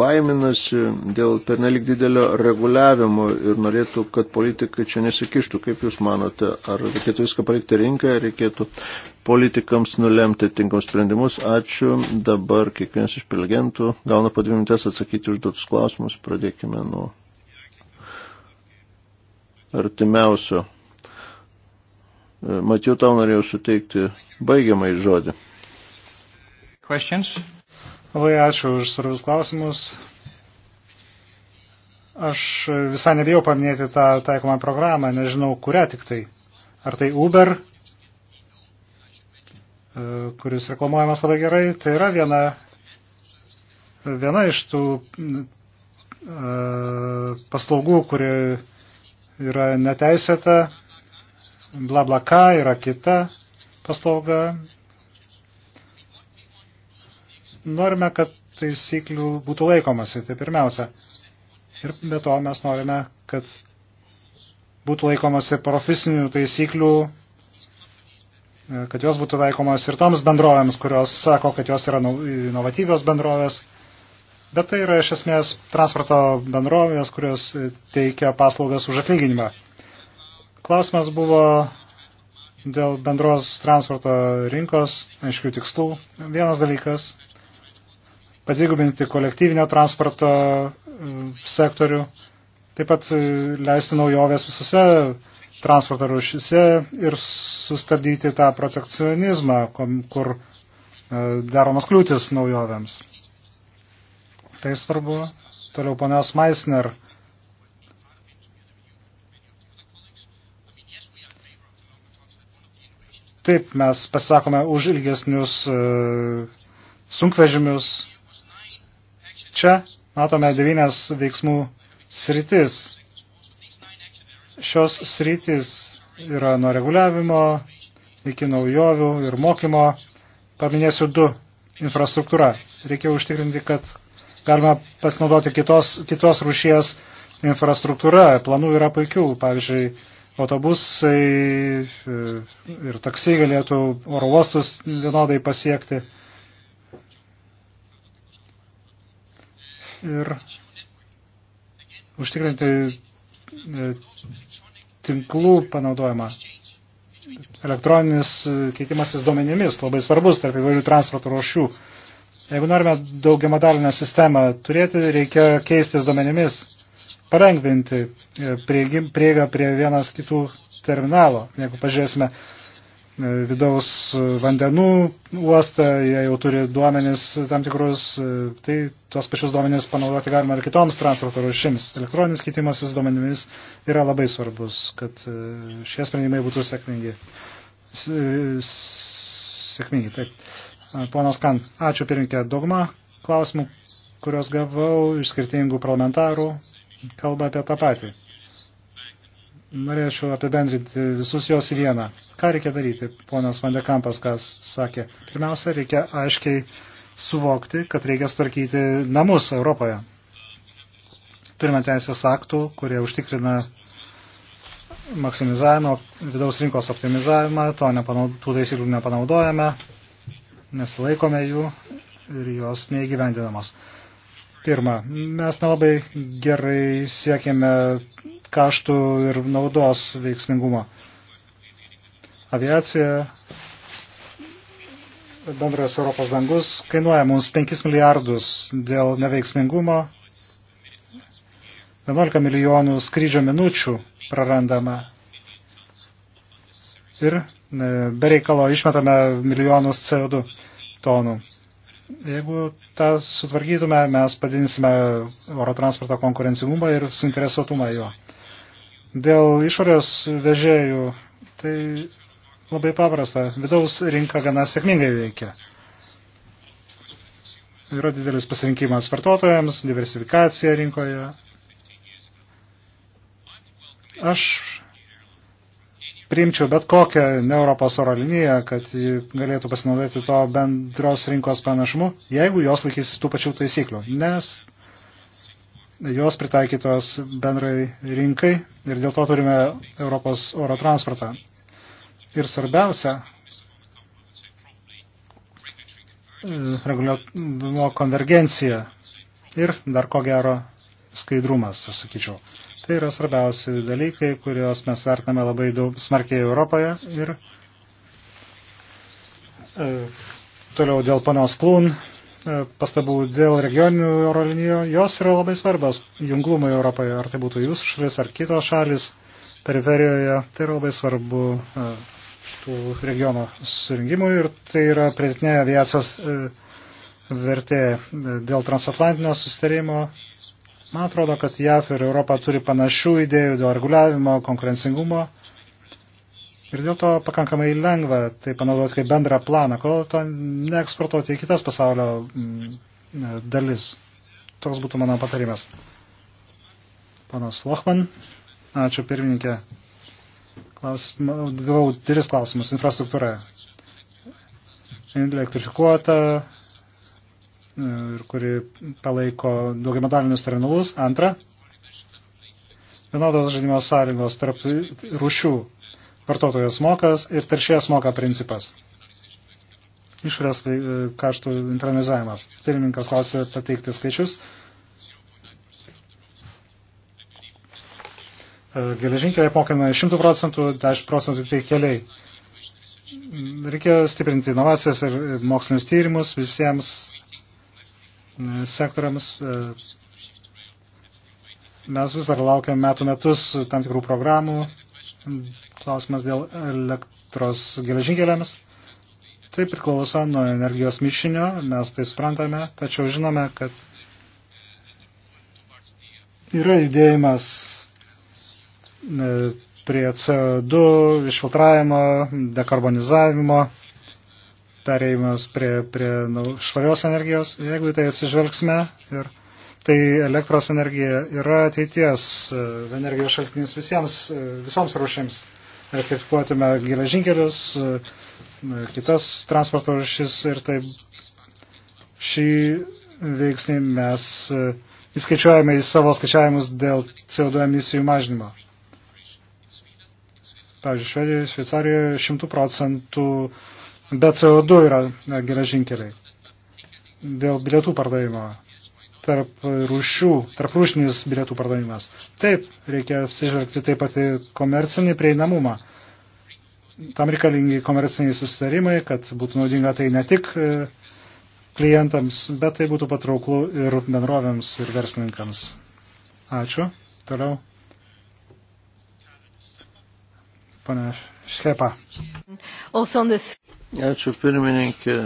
baiminasi dėl pernelik didelio reguliavimo ir norėtų, kad politikai čia nesikištų. Kaip Jūs manote, ar reikėtų viską palikti rinkai, ar reikėtų politikams nulemti tinkamus sprendimus? Ačiū. Dabar kiekvienas iš prelegentų gauna po dvi minutės atsakyti užduotus klausimus. Pradėkime nuo artimiausio. E, Matiu, tau norėjau suteikti baigiamąjį žodį. Questions? Labai ačiū už svarbius klausimus. Aš visai nebijau paminėti tą taikomą programą, nežinau kurią tik tai. Ar tai Uber, e, kuris reklamuojamas labai gerai, tai yra viena, viena iš tų e, paslaugų, kuri yra neteisėta, bla bla ką, yra kita paslauga, norime, kad taisyklių būtų laikomasi, tai pirmiausia. Ir be to mes norime, kad būtų laikomasi profesinių taisyklių, kad jos būtų taikomos ir toms bendrovėms, kurios sako, kad jos yra inovatyvios bendrovės. Bet tai yra iš esmės transporto bendrovės, kurios teikia paslaugas už atlyginimą. Klausimas buvo dėl bendros transporto rinkos, aiškių tikslų. Vienas dalykas padvigubinti kolektyvinio transporto e, sektorių, taip pat e, leisti naujovės visose transporto rušise ir sustabdyti tą protekcionizmą, kur e, daromas kliūtis naujovėms. Tai svarbu. Toliau ponios Meisner. Taip, mes pasakome už ilgesnius sunkvežimius, Čia matome devynias veiksmų sritis. Šios sritis yra nuo reguliavimo iki naujovių ir mokymo. Paminėsiu du infrastruktūra. Reikia užtikrinti, kad galima pasinaudoti kitos, kitos rušies infrastruktūra. Planų yra puikių, pavyzdžiui, autobusai e, ir taksiai galėtų oro uostus vienodai pasiekti. ir užtikrinti e, tinklų panaudojimą. Elektroninis e, keitimasis duomenimis labai svarbus tarp įvairių transporto ruošių. Jeigu norime daugiamadalinę sistemą turėti, reikia keistis duomenimis, palengvinti e, prieigą prie vienas kitų terminalo. Jeigu pažiūrėsime E, vidaus vandenų uostą, jie jau turi duomenis tam tikrus, e, tai tuos pačius duomenis panaudoti galima ir kitoms transporto rušims. Elektroninis keitimasis duomenimis yra labai svarbus, kad e, šie sprendimai būtų sėkmingi. Sėkmingi, taip. Ponas Kan, ačiū pirinkė dogma klausimų, kuriuos gavau iš skirtingų parlamentarų, kalba apie tą patį. Norėčiau apibendrinti visus juos į vieną. Ką reikia daryti, ponas Vandekampas, kas sakė? Pirmiausia, reikia aiškiai suvokti, kad reikia starkyti namus Europoje. Turime teisės aktų, kurie užtikrina maksimizavimą, vidaus rinkos optimizavimą, to nepanaud, tų taisyklių nepanaudojame, nesilaikome jų ir jos neįgyvendinamos. Pirma, mes nelabai gerai siekėme kaštų ir naudos veiksmingumo. Aviacija, bendras Europos dangus, kainuoja mums 5 milijardus dėl neveiksmingumo, 11 milijonų skrydžio minučių prarandama ir e, bereikalo išmetame milijonus CO2 tonų. Jeigu tą sutvarkytume, mes padidinsime oro transporto konkurencingumą ir suinteresuotumą jo. Dėl išorės vežėjų tai labai paprasta. Vidaus rinka gana sėkmingai veikia. Yra didelis pasirinkimas vartotojams, diversifikacija rinkoje. Aš priimčiau bet kokią ne Europos oro liniją, kad ji galėtų pasinaudoti to bendros rinkos pranašumu, jeigu jos laikysis tų pačių taisyklių. Nes jos pritaikytos bendrai rinkai ir dėl to turime Europos oro transportą. Ir svarbiausia, e, reguliavimo konvergencija ir dar ko gero skaidrumas, aš sakyčiau. Tai yra svarbiausi dalykai, kuriuos mes vertiname labai daug smarkiai Europoje ir e, toliau dėl ponios Klūn E, pastabų dėl regioninių oro linijų, jos yra labai svarbios junglumui Europoje, ar tai būtų jūsų šalis ar kitos šalis periferijoje, tai yra labai svarbu e, tų regionų surinkimui ir tai yra pridėtinė aviacijos e, vertė dėl transatlantinio sustarimo. Man atrodo, kad JAF ir Europa turi panašių idėjų dėl reguliavimo, konkurencingumo Ir dėl to pakankamai lengva tai panaudoti kaip bendrą planą, kol to neeksportuoti į kitas pasaulio mm, dalis. Toks būtų mano patarimas. Panas Lochman, ačiū pirmininkė. Klausim, gavau tris klausimus. Infrastruktūra. Elektrifikuota ir kuri palaiko daugiamodalinius terminalus. Antra. Vienodos žaidimo sąlygos tarp rūšių vartotojas mokas ir teršėjas moka principas. Išorės e, kaštų internalizavimas. Pirmininkas klausė pateikti skaičius. E, geležinkeliai apmokina 100 procentų, 10 procentų tai keliai. Reikia stiprinti inovacijas ir mokslinius tyrimus visiems e, sektoriams. Mes vis dar laukiam metų metus tam tikrų programų, klausimas dėl elektros geležinkeliams. Tai priklauso nuo energijos mišinio, mes tai suprantame, tačiau žinome, kad yra judėjimas e, prie CO2 išfiltravimo, dekarbonizavimo, pereimas prie, prie nu, švarios energijos. Jeigu tai atsižvelgsime, ir, tai elektros energija yra ateities e, energijos šaltinis visiems, e, visoms rūšims elektrifikuotume geležinkelius, e, kitas transporto rušis ir taip šį veiksnį mes e, įskaičiuojame į savo skaičiavimus dėl CO2 emisijų mažinimo. Pavyzdžiui, Švedijoje, Šveicarijoje 100 procentų be CO2 yra e, geležinkeliai dėl bilietų pardavimo tarp rūšių, tarp rūšinis bilietų pardavimas. Taip, reikia apsižvelgti taip pat į komercinį prieinamumą. Tam reikalingi komerciniai susitarimai, kad būtų naudinga tai ne tik e, klientams, bet tai būtų patrauklu ir bendrovėms ir verslininkams. Ačiū. Toliau. Pane Šepa. Ačiū pirmininkė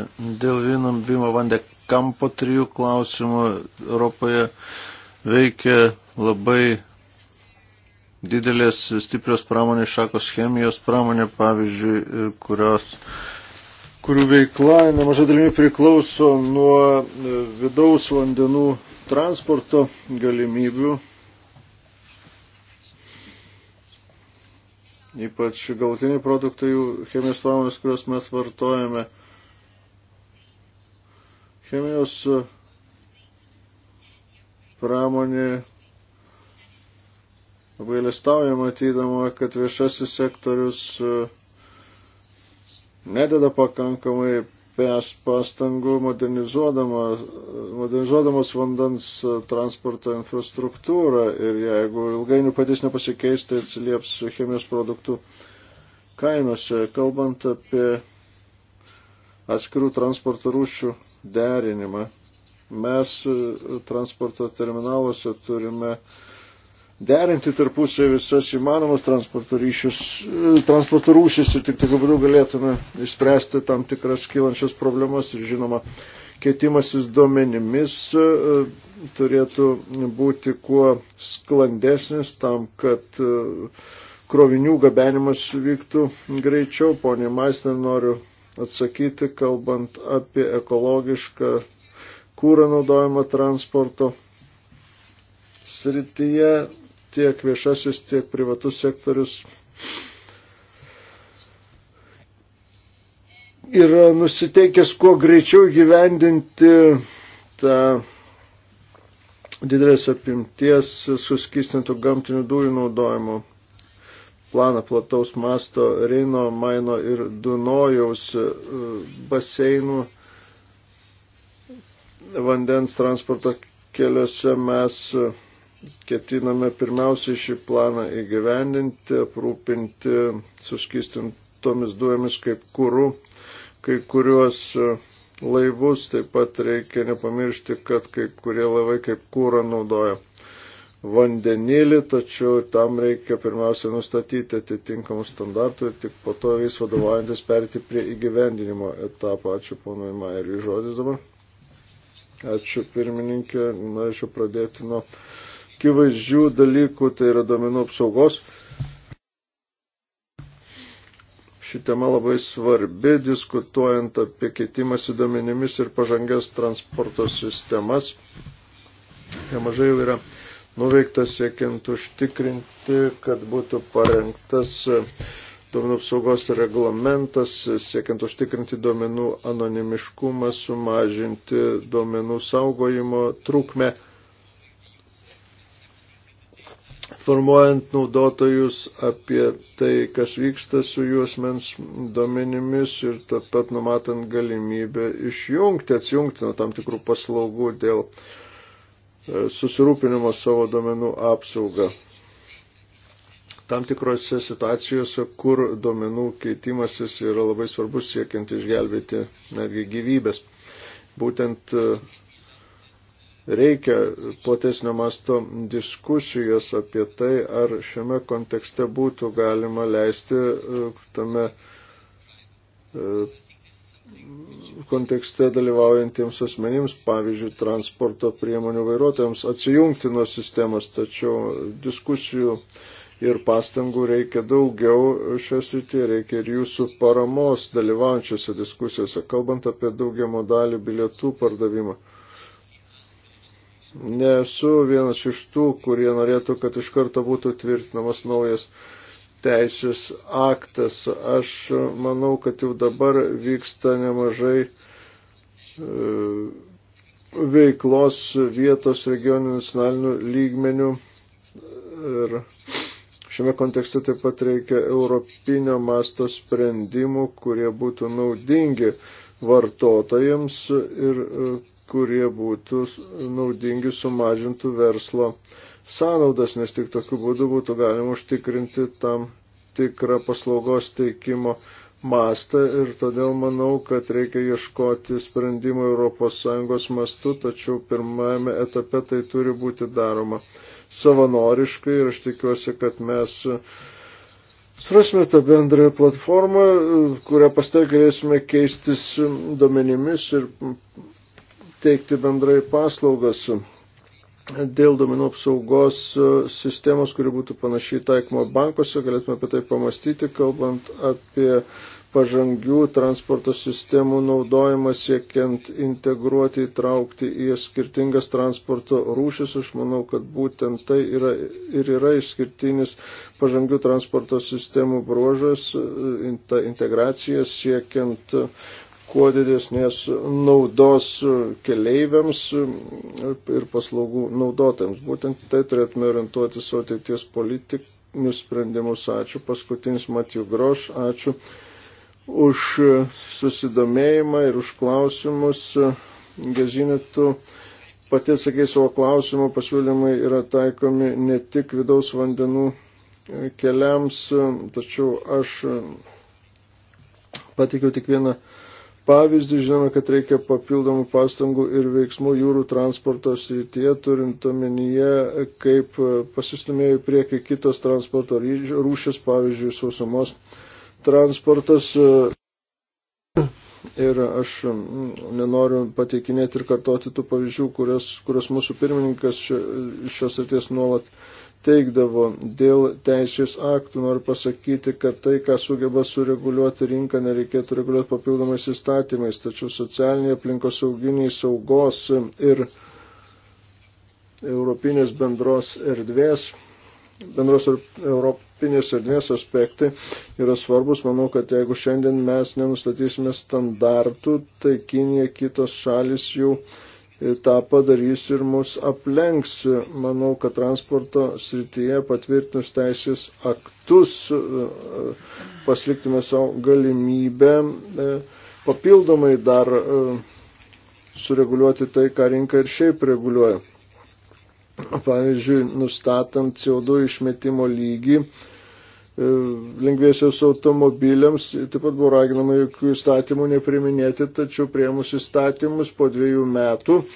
dėl vyno Vimo Vandek kampo trijų klausimų. Europoje veikia labai didelės stiprios pramonės šakos chemijos pramonė, pavyzdžiui, kurios kurių veikla nemaža dalimi priklauso nuo e, vidaus vandenų transporto galimybių, ypač galutiniai produktai chemijos pramonės, kuriuos mes vartojame, Chemijos e, pramonė apgailestauja matydama, kad viešasis sektorius e, nededa pakankamai pes pastangų modernizuodamas, modernizuodamas vandens e, transporto infrastruktūrą ir jeigu ilgainių patys nepasikeis, tai atsilieps chemijos produktų kainose. Kalbant apie atskirų transporto rūšių derinimą. Mes e, transporto terminaluose turime derinti tarpusai visas įmanomas transporto, ryšius, e, transporto rūšis ir tik tokiu būdu galėtume išspręsti tam tikras kylančias problemas ir žinoma, keitimasis duomenimis e, turėtų būti kuo sklandesnis tam, kad krovinių gabenimas vyktų greičiau. Pone Maisner, noriu atsakyti, kalbant apie ekologišką kūrą naudojimą transporto srityje. Tiek viešasis, tiek privatus sektorius yra nusiteikęs kuo greičiau gyvendinti tą didelės apimties suskistintų gamtinių dujų naudojimo planą plataus masto Reino, Maino ir Dunojaus e, baseinų vandens transporto keliuose mes e, ketiname pirmiausiai šį planą įgyvendinti, aprūpinti suskistintomis duomis kaip kūrų, kai kuriuos e, laivus, taip pat reikia nepamiršti, kad kai kurie laivai kaip kūrą naudoja vandenilį, tačiau tam reikia pirmiausia nustatyti atitinkamų standartų ir tik po to jais vadovaujantis perti prie įgyvendinimo etapo. Ačiū ponui Mairiui žodis dabar. Ačiū pirmininkė. Norėčiau pradėti nuo kivaizdžių dalykų, tai yra domenų apsaugos. Ši tema labai svarbi, diskutuojant apie keitimąsi domenimis ir pažangės transporto sistemas. Nemažai jau yra nuveiktas siekiant užtikrinti, kad būtų parengtas duomenų apsaugos reglamentas, siekiant užtikrinti duomenų anonimiškumą, sumažinti duomenų saugojimo trukmę, informuojant naudotojus apie tai, kas vyksta su juosmens duomenimis ir taip pat numatant galimybę išjungti, atsijungti nuo tam tikrų paslaugų dėl E, susirūpinimo savo domenų apsaugą. Tam tikrose situacijose, kur domenų keitimasis yra labai svarbus siekiant išgelbėti netgi gyvybės. Būtent e, reikia platesnio masto diskusijos apie tai, ar šiame kontekste būtų galima leisti e, tame kontekste dalyvaujantiems asmenims, pavyzdžiui, transporto priemonių vairuotojams, atsijungti nuo sistemos, tačiau diskusijų ir pastangų reikia daugiau šios rytyje, reikia ir jūsų paramos dalyvaujančiose diskusijose, kalbant apie daugiamo dalį bilietų pardavimą. Nesu vienas iš tų, kurie norėtų, kad iš karto būtų tvirtinamas naujas teisės aktas. Aš manau, kad jau dabar vyksta nemažai e, veiklos vietos regioninių nacionalinių lygmenių ir šiame kontekste taip pat reikia europinio masto sprendimų, kurie būtų naudingi vartotojams ir e, kurie būtų naudingi sumažintų verslo uh, sąnaudas, nes tik tokiu būdu būtų galima užtikrinti tam tikrą paslaugos teikimo mastą ir todėl manau, kad reikia ieškoti sprendimų ES mastu, tačiau pirmajame etape tai turi būti daroma savanoriškai ir aš tikiuosi, kad mes surasime tą bendrąją platformą, kurią pastai galėsime keistis duomenimis ir teikti bendrai paslaugas dėl domenų apsaugos e, sistemos, kuri būtų panašiai taikymo bankose, galėtume apie tai pamastyti, kalbant apie pažangių transporto sistemų naudojimą siekiant integruoti, įtraukti į skirtingas transporto rūšis. Aš manau, kad būtent tai yra ir yra išskirtinis pažangių transporto sistemų bruožas, e, ta integracija siekiant kuo didesnės naudos keleiviams ir paslaugų naudotams. Būtent tai turėtume orientuoti savo ateities politinius sprendimus. Ačiū. Paskutinis Matijų Groš. Ačiū už susidomėjimą ir už klausimus. Gezinėtų pati sakai savo klausimą, pasiūlymai yra taikomi ne tik vidaus vandenų keliams, tačiau aš pateikiau tik vieną pavyzdį, žinome, kad reikia papildomų pastangų ir veiksmų jūrų transporto srityje, turint omenyje, kaip e, pasistumėjo į priekį kitos transporto rūšis, pavyzdžiui, sausumos transportas. E. Ir aš nenoriu pateikinėti ir kartoti tų pavyzdžių, kurios, kurios mūsų pirmininkas šios atės nuolat teikdavo dėl teisės aktų. Noriu pasakyti, kad tai, ką sugeba sureguliuoti rinką, nereikėtų reguliuoti papildomais įstatymais, tačiau socialiniai aplinkosauginiai saugos ir europinės bendros erdvės. Bendros europinės erdvės aspektai yra svarbus. Manau, kad jeigu šiandien mes nenustatysime standartų, tai Kinija kitos šalis jau jų tą padarys ir mus aplenks. Manau, kad transporto srityje patvirtinus teisės aktus e, pasliktume savo galimybę e, papildomai dar e, sureguliuoti tai, ką rinka ir šiaip reguliuoja. Pavyzdžiui, nustatant CO2 išmetimo lygį, E, lengviesios automobiliams. Taip pat buvo raginama jokių įstatymų nepriminėti, tačiau prieimus įstatymus po dviejų metų e,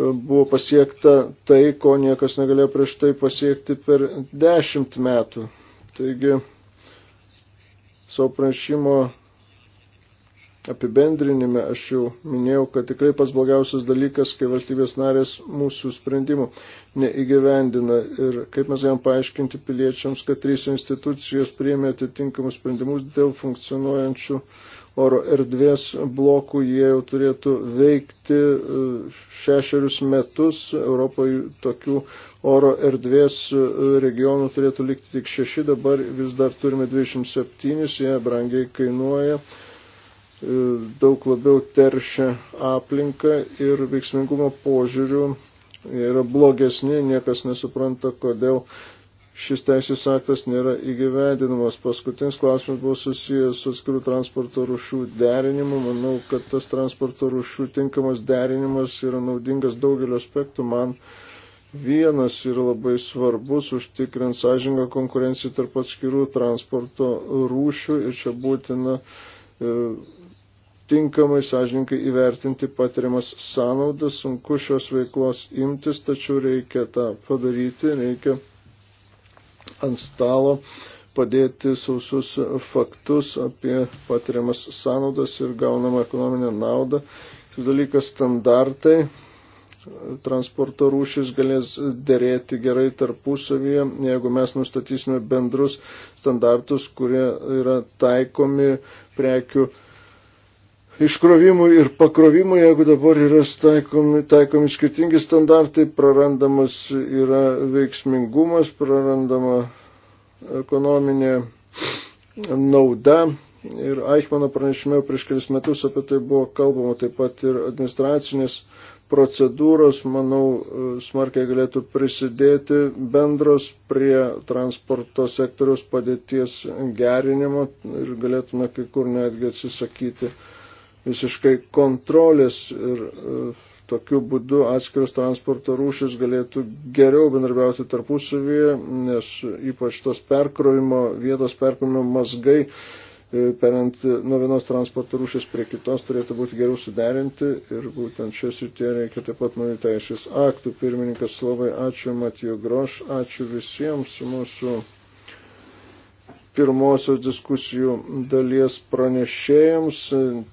buvo pasiekta tai, ko niekas negalėjo prieš tai pasiekti per dešimt metų. Taigi, savo prašymo apibendrinime aš jau minėjau, kad tikrai pats blogiausias dalykas, kai valstybės narės mūsų sprendimų neįgyvendina. Ir kaip mes jam paaiškinti piliečiams, kad trys institucijos priėmė atitinkamus sprendimus dėl funkcionuojančių oro erdvės blokų, jie jau turėtų veikti uh, šešerius metus, Europoje tokių oro erdvės uh, regionų turėtų likti tik šeši, dabar vis dar turime 27, jie brangiai kainuoja. E, daug labiau teršia aplinką ir veiksmingumo požiūrių yra blogesni, niekas nesupranta, kodėl šis teisės aktas nėra įgyvendinamas. Paskutinis klausimas buvo susijęs su atskirų transporto rušių derinimu. Manau, kad tas transporto rušių tinkamas derinimas yra naudingas daugelio aspektų. Man vienas yra labai svarbus užtikrint sąžingą konkurenciją tarp atskirų transporto rūšių ir čia būtina e, tinkamai sąžininkai įvertinti patiriamas sąnaudas, sunku šios veiklos imtis, tačiau reikia tą padaryti, reikia ant stalo padėti sausus faktus apie patiriamas sąnaudas ir gaunamą ekonominę naudą. Tas dalykas standartai, transporto rūšis galės dėrėti gerai tarpusavyje, jeigu mes nustatysime bendrus standartus, kurie yra taikomi prekių iškrovimui ir pakrovimui, jeigu dabar yra taikomi, taikomi skirtingi standartai, prarandamas yra veiksmingumas, prarandama ekonominė nauda. Ir Aichmano pranešime prieš kelis metus apie tai buvo kalbama, taip pat ir administracinės procedūros, manau, smarkiai galėtų prisidėti bendros prie transporto sektoriaus padėties gerinimo ir galėtume kai kur netgi atsisakyti uh, visiškai kontrolės ir e, tokiu būdu atskiros transporto rūšis galėtų geriau bendarbiauti tarpusavyje, nes ypač tos perkrovimo, vietos perkrovimo mazgai, e, perant nuo vienos transporto rūšis prie kitos, turėtų būti geriau suderinti ir būtent šios rytie reikia taip pat naujų teisės aktų. Pirmininkas labai ačiū Matijo Groš, ačiū visiems mūsų pirmosios diskusijų dalies pranešėjams.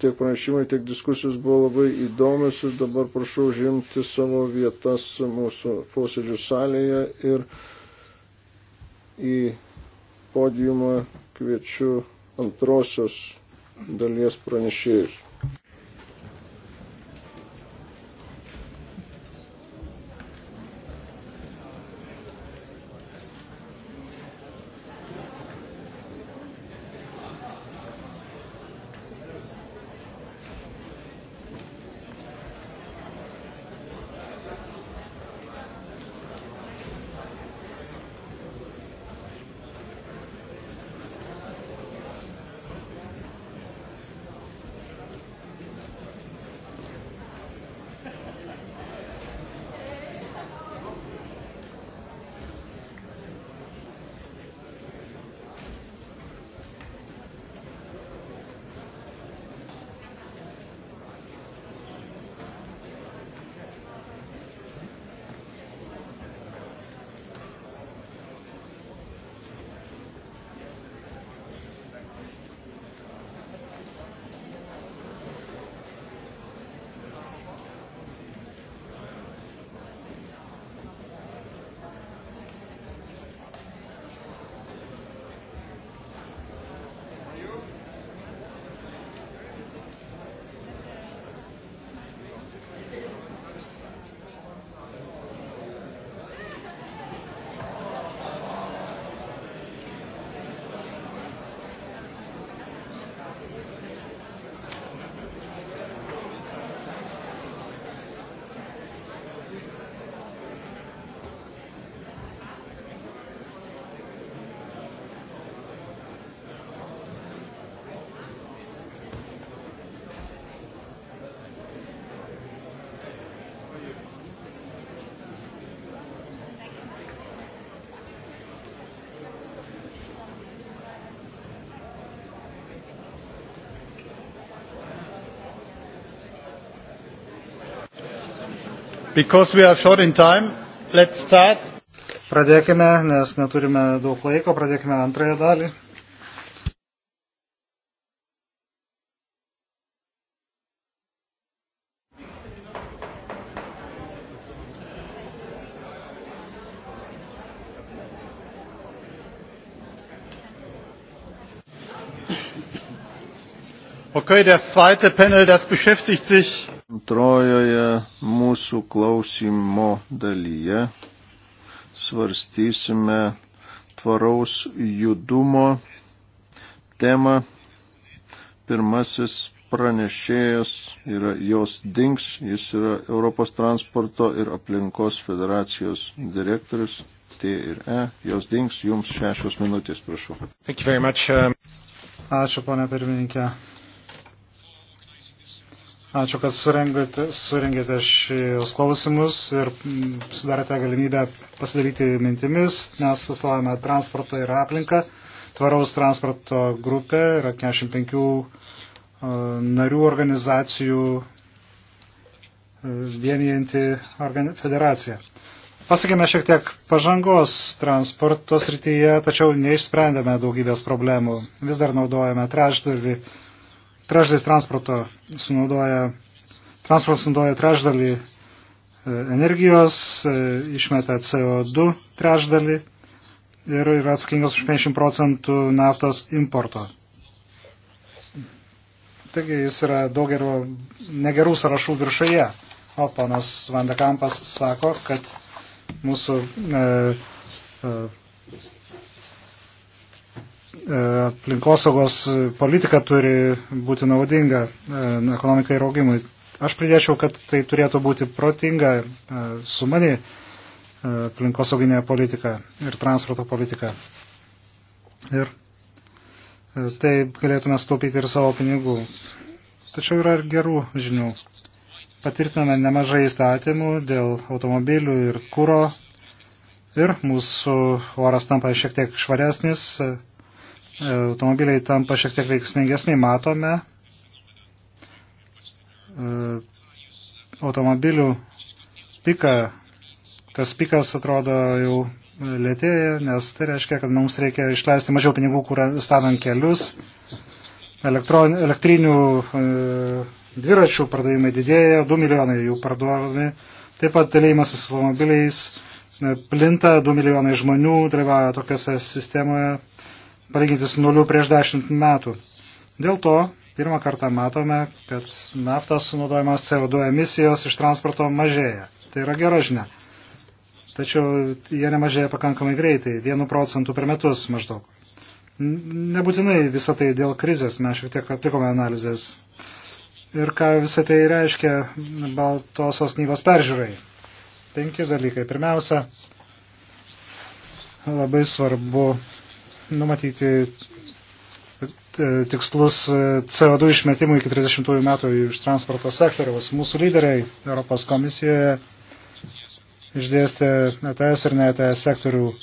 Tiek pranešimai, tiek diskusijos buvo labai įdomios ir dabar prašau žimti savo vietas mūsų posėdžių salėje ir į podiumą kviečiu antrosios dalies pranešėjus. Time, pradėkime, nes neturime daug laiko, pradėkime antrąją dalį. Okay, das zweite Panel, das beschäftigt sich Antrojoje mūsų klausimo dalyje svarstysime tvaraus judumo temą. Pirmasis pranešėjas yra jos Dings, jis yra Europos transporto ir aplinkos federacijos direktorius T ir E. Jos Dings, jums šešios minutės, prašau. Much, um... Ačiū, ponia pirmininkė. Ačiū, kad surengėte, surengėte šios klausimus ir mm, sudarėte galimybę pasidalyti mintimis. Mes atstovavome transportą ir aplinką. Tvaraus transporto grupė yra 45 e, narių organizacijų e, vienijanti federacija. Pasakėme šiek tiek pažangos transporto srityje, tačiau neišsprendėme daugybės problemų. Vis dar naudojame trečdalį trešdalis transporto sunaudoja, transportas sunaudoja trešdalį e, energijos, e, išmeta CO2 trešdalį ir yra atsakingas už 50 procentų naftos importo. Taigi jis yra daug gerų, negerų sąrašų viršuje. O panas Vandekampas sako, kad mūsų e, e, E, aplinkosaugos politika turi būti naudinga e, ekonomikai ir augimui. Aš pridėčiau, kad tai turėtų būti protinga, e, sumani aplinkosauginė politika ir transporto politika. Ir taip galėtume staupyti ir savo pinigų. Tačiau yra ir gerų žinių. Patvirtiname nemažai įstatymų dėl automobilių ir kūro. Ir mūsų oras tampa šiek tiek švaresnis, automobiliai tampa šiek tiek veiksmingesniai, matome e, automobilių piką. Tas pikas atrodo jau lėtėja, nes tai reiškia, kad mums reikia išleisti mažiau pinigų, kur statant kelius. Elektron, elektrinių e, dviračių pardavimai didėja, 2 milijonai jų parduodami. Taip pat dalėjimasis automobiliais e, plinta, 2 milijonai žmonių dalyvauja tokiose sistemoje palyginti su nuliu prieš dešimt metų. Dėl to pirmą kartą matome, kad naftos sunaudojimas CO2 emisijos iš transporto mažėja. Tai yra gera žinia. Tačiau jie nemažėja pakankamai greitai, 1 procentų per metus maždaug. Nebūtinai visą tai dėl krizės, mes šiek tiek atlikome analizės. Ir ką visą tai reiškia Baltosios knygos peržiūrai. Penki dalykai. Pirmiausia, labai svarbu numatyti e, tikslus e, CO2 išmetimų iki 30 metų iš transporto sektoriaus. Mūsų lyderiai Europos komisijoje išdėstė ETS ir ne ETS sektorių e,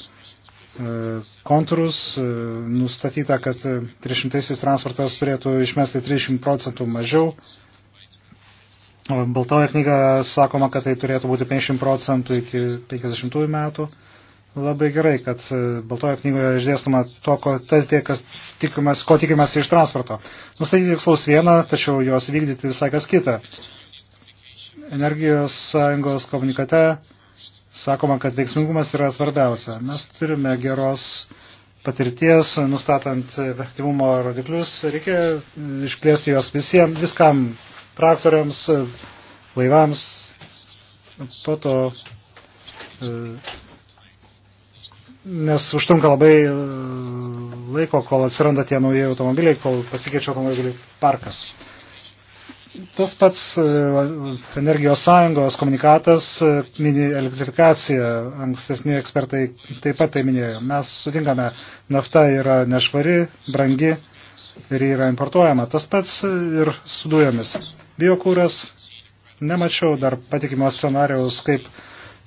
kontūrus. Nustatyta, kad 300 transportas turėtų išmesti 30 procentų mažiau. Baltoje knyga sakoma, kad tai turėtų būti 50 procentų iki 50 metų. Labai gerai, kad e, Baltojo knygoje išdėstama to, ko, tas tie, kas tikimas, ko tikimas iš transporto. Nustatyti tikslus vieną, tačiau juos vykdyti visai kas kita. Energijos sąjungos komunikate sakoma, kad veiksmingumas yra svarbiausia. Mes turime geros patirties, nustatant efektyvumo rodiklius, reikia e, išplėsti juos visiems, viskam, traktoriams, laivams, po to e, nes užtrunka labai e, laiko, kol atsiranda tie nauji automobiliai, kol pasikeičia automobilių parkas. Tas pats e, energijos sąjungos komunikatas e, mini elektrifikaciją, ankstesni ekspertai taip pat tai minėjo. Mes sutinkame, nafta yra nešvari, brangi ir yra importuojama. Tas pats ir su dujomis. Biokūras, nemačiau dar patikimo scenarijaus, kaip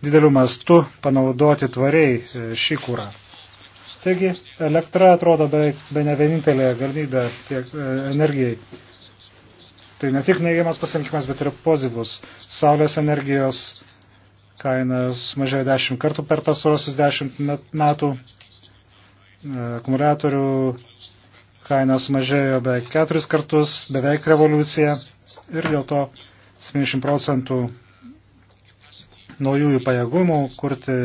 dideliu mastu panaudoti tvariai e, šį kūrą. Taigi elektra atrodo beveik be ne vienintelė galimybė tiek e, energijai. Tai ne tik neigiamas pasirinkimas, bet ir pozityvus. Saulės energijos kaina sumažėjo 10 kartų per pastarosius 10 metų. E, akumuliatorių kaina sumažėjo beveik 4 kartus, beveik revoliucija. Ir dėl to 70 procentų naujųjų pajėgumų, kurti,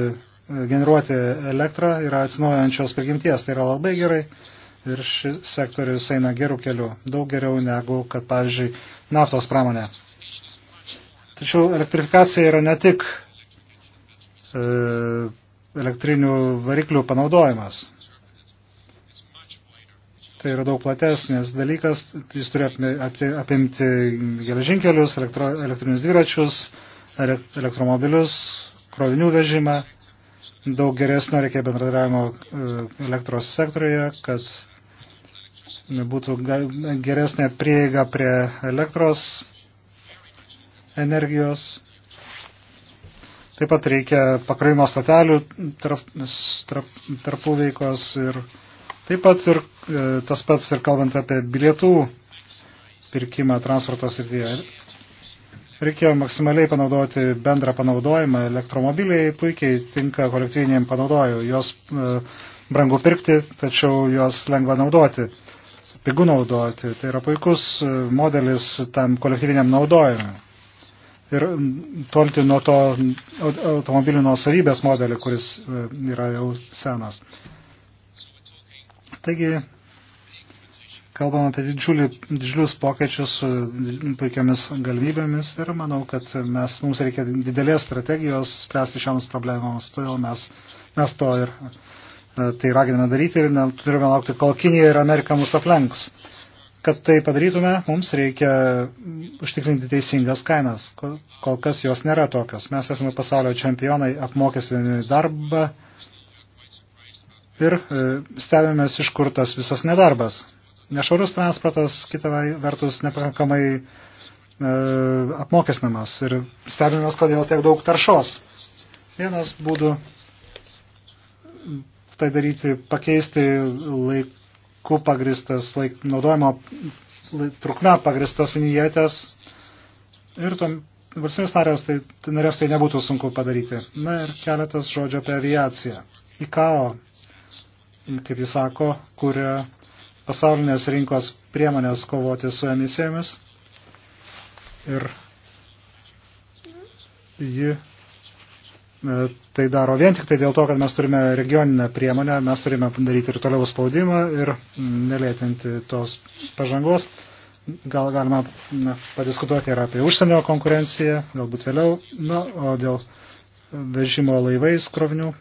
generuoti elektrą yra atsinaujančios prigimties. Tai yra labai gerai ir šis sektorius eina gerų kelių, daug geriau negu, kad, pavyzdžiui, naftos pramonė. Tačiau elektrifikacija yra ne tik e, elektrinių variklių panaudojimas. Tai yra daug platesnis dalykas, jis turi apimti geležinkelius, elektro, elektrinius dviračius, e, elektromobilius, krovinių vežimą, daug geresnio reikia bendradarbiavimo e, elektros sektoriuje, kad būtų geresnė prieiga prie elektros energijos. Taip pat reikia pakrovimo statelių tarp, tarp, tarpų veikos ir taip pat ir e, tas pats ir kalbant apie bilietų pirkimą transporto srityje. Reikėjo maksimaliai panaudoti bendrą panaudojimą. Elektromobiliai puikiai tinka kolektyviniam panaudoju. Jos e, brangu pirkti, tačiau juos lengva naudoti, pigu naudoti. Tai yra puikus e, modelis tam kolektyviniam naudojimui. Ir tolti nuo to automobilių nuosavybės modelį, kuris e, yra jau senas. Taigi Kalbam apie didžiulį, didžiulius pokyčius su puikiamis galimybėmis ir manau, kad mes, mums reikia didelės strategijos spręsti šioms problemams. Todėl mes, mes to ir e, tai raginame daryti ir turime laukti, kol Kinija ir Amerika mus aplenks. Kad tai padarytume, mums reikia užtikrinti teisingas kainas. Kol kas jos nėra tokios. Mes esame pasaulio čempionai apmokestinami darbą ir e, stebėmės, iš kur tas visas nedarbas nešvarus transportas, kitą vertus, nepakankamai e, apmokestinamas ir stebinimas, kodėl tiek daug taršos. Vienas būdų tai daryti, pakeisti laiku pagristas, laik, naudojimo laik, trukme pagristas vinjetės ir tom valstybės narės tai, tai, narės tai nebūtų sunku padaryti. Na ir keletas žodžio apie aviaciją. ICAO, kaip jis sako, kuria pasaulinės rinkos priemonės kovoti su emisijomis. Ir ji e, tai daro vien tik tai dėl to, kad mes turime regioninę priemonę, mes turime daryti ir toliau spaudimą ir nelėtinti tos pažangos. Gal galima na, padiskutuoti ir apie užsienio konkurenciją, galbūt vėliau, na, o dėl vežimo laivais krovinių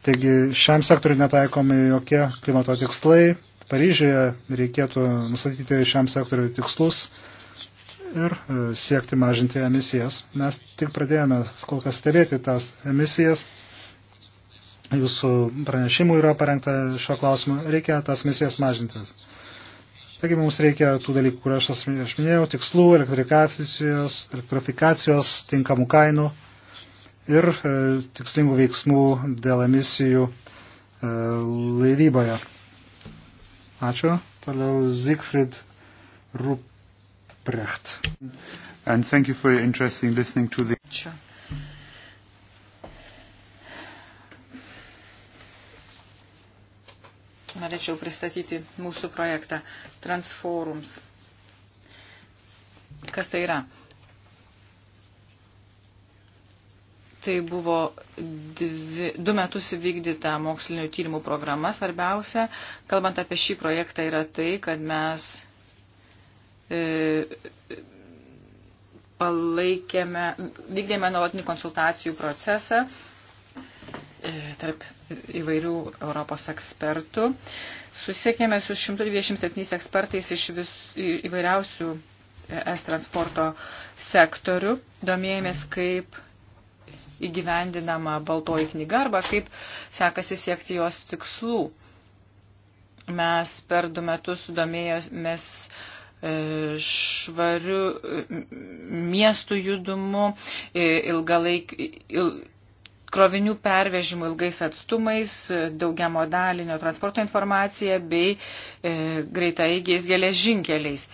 Taigi šiam sektoriu netaikomi jokie klimato tikslai. Paryžiuje reikėtų nustatyti šiam sektoriu tikslus ir e, siekti mažinti emisijas. Mes tik pradėjome kol kas stebėti tas emisijas. Jūsų pranešimų yra parengta šio klausimu. Reikia tas emisijas mažinti. Taigi mums reikia tų dalykų, kuriuos aš minėjau, tikslų, elektrifikacijos, elektrifikacijos tinkamų kainų ir e, tikslingų veiksmų dėl emisijų e, laivyboje. Ačiū. Toliau Siegfried Ruprecht. And thank you for your interest in listening to the... Ačiū. Norėčiau pristatyti mūsų projektą Transforums. Kas tai yra? Tai buvo dvi, du metus vykdyta mokslinio tyrimų programa. Svarbiausia, kalbant apie šį projektą, yra tai, kad mes e, palaikėme, vykdėme nuolatinį konsultacijų procesą e, tarp įvairių Europos ekspertų. Susiekėme su 127 ekspertais iš vis, įvairiausių es transporto sektorių. Domėjomės, kaip įgyvendinama baltoji knyga arba kaip sekasi siekti jos tikslų. Mes per du metus sudomėjomės e, švariu miestų judumu, e, ilgalaik, il, krovinių pervežimų ilgais atstumais, daugiamo dalinio transporto informacija bei e, greitaigiais geležinkeliais.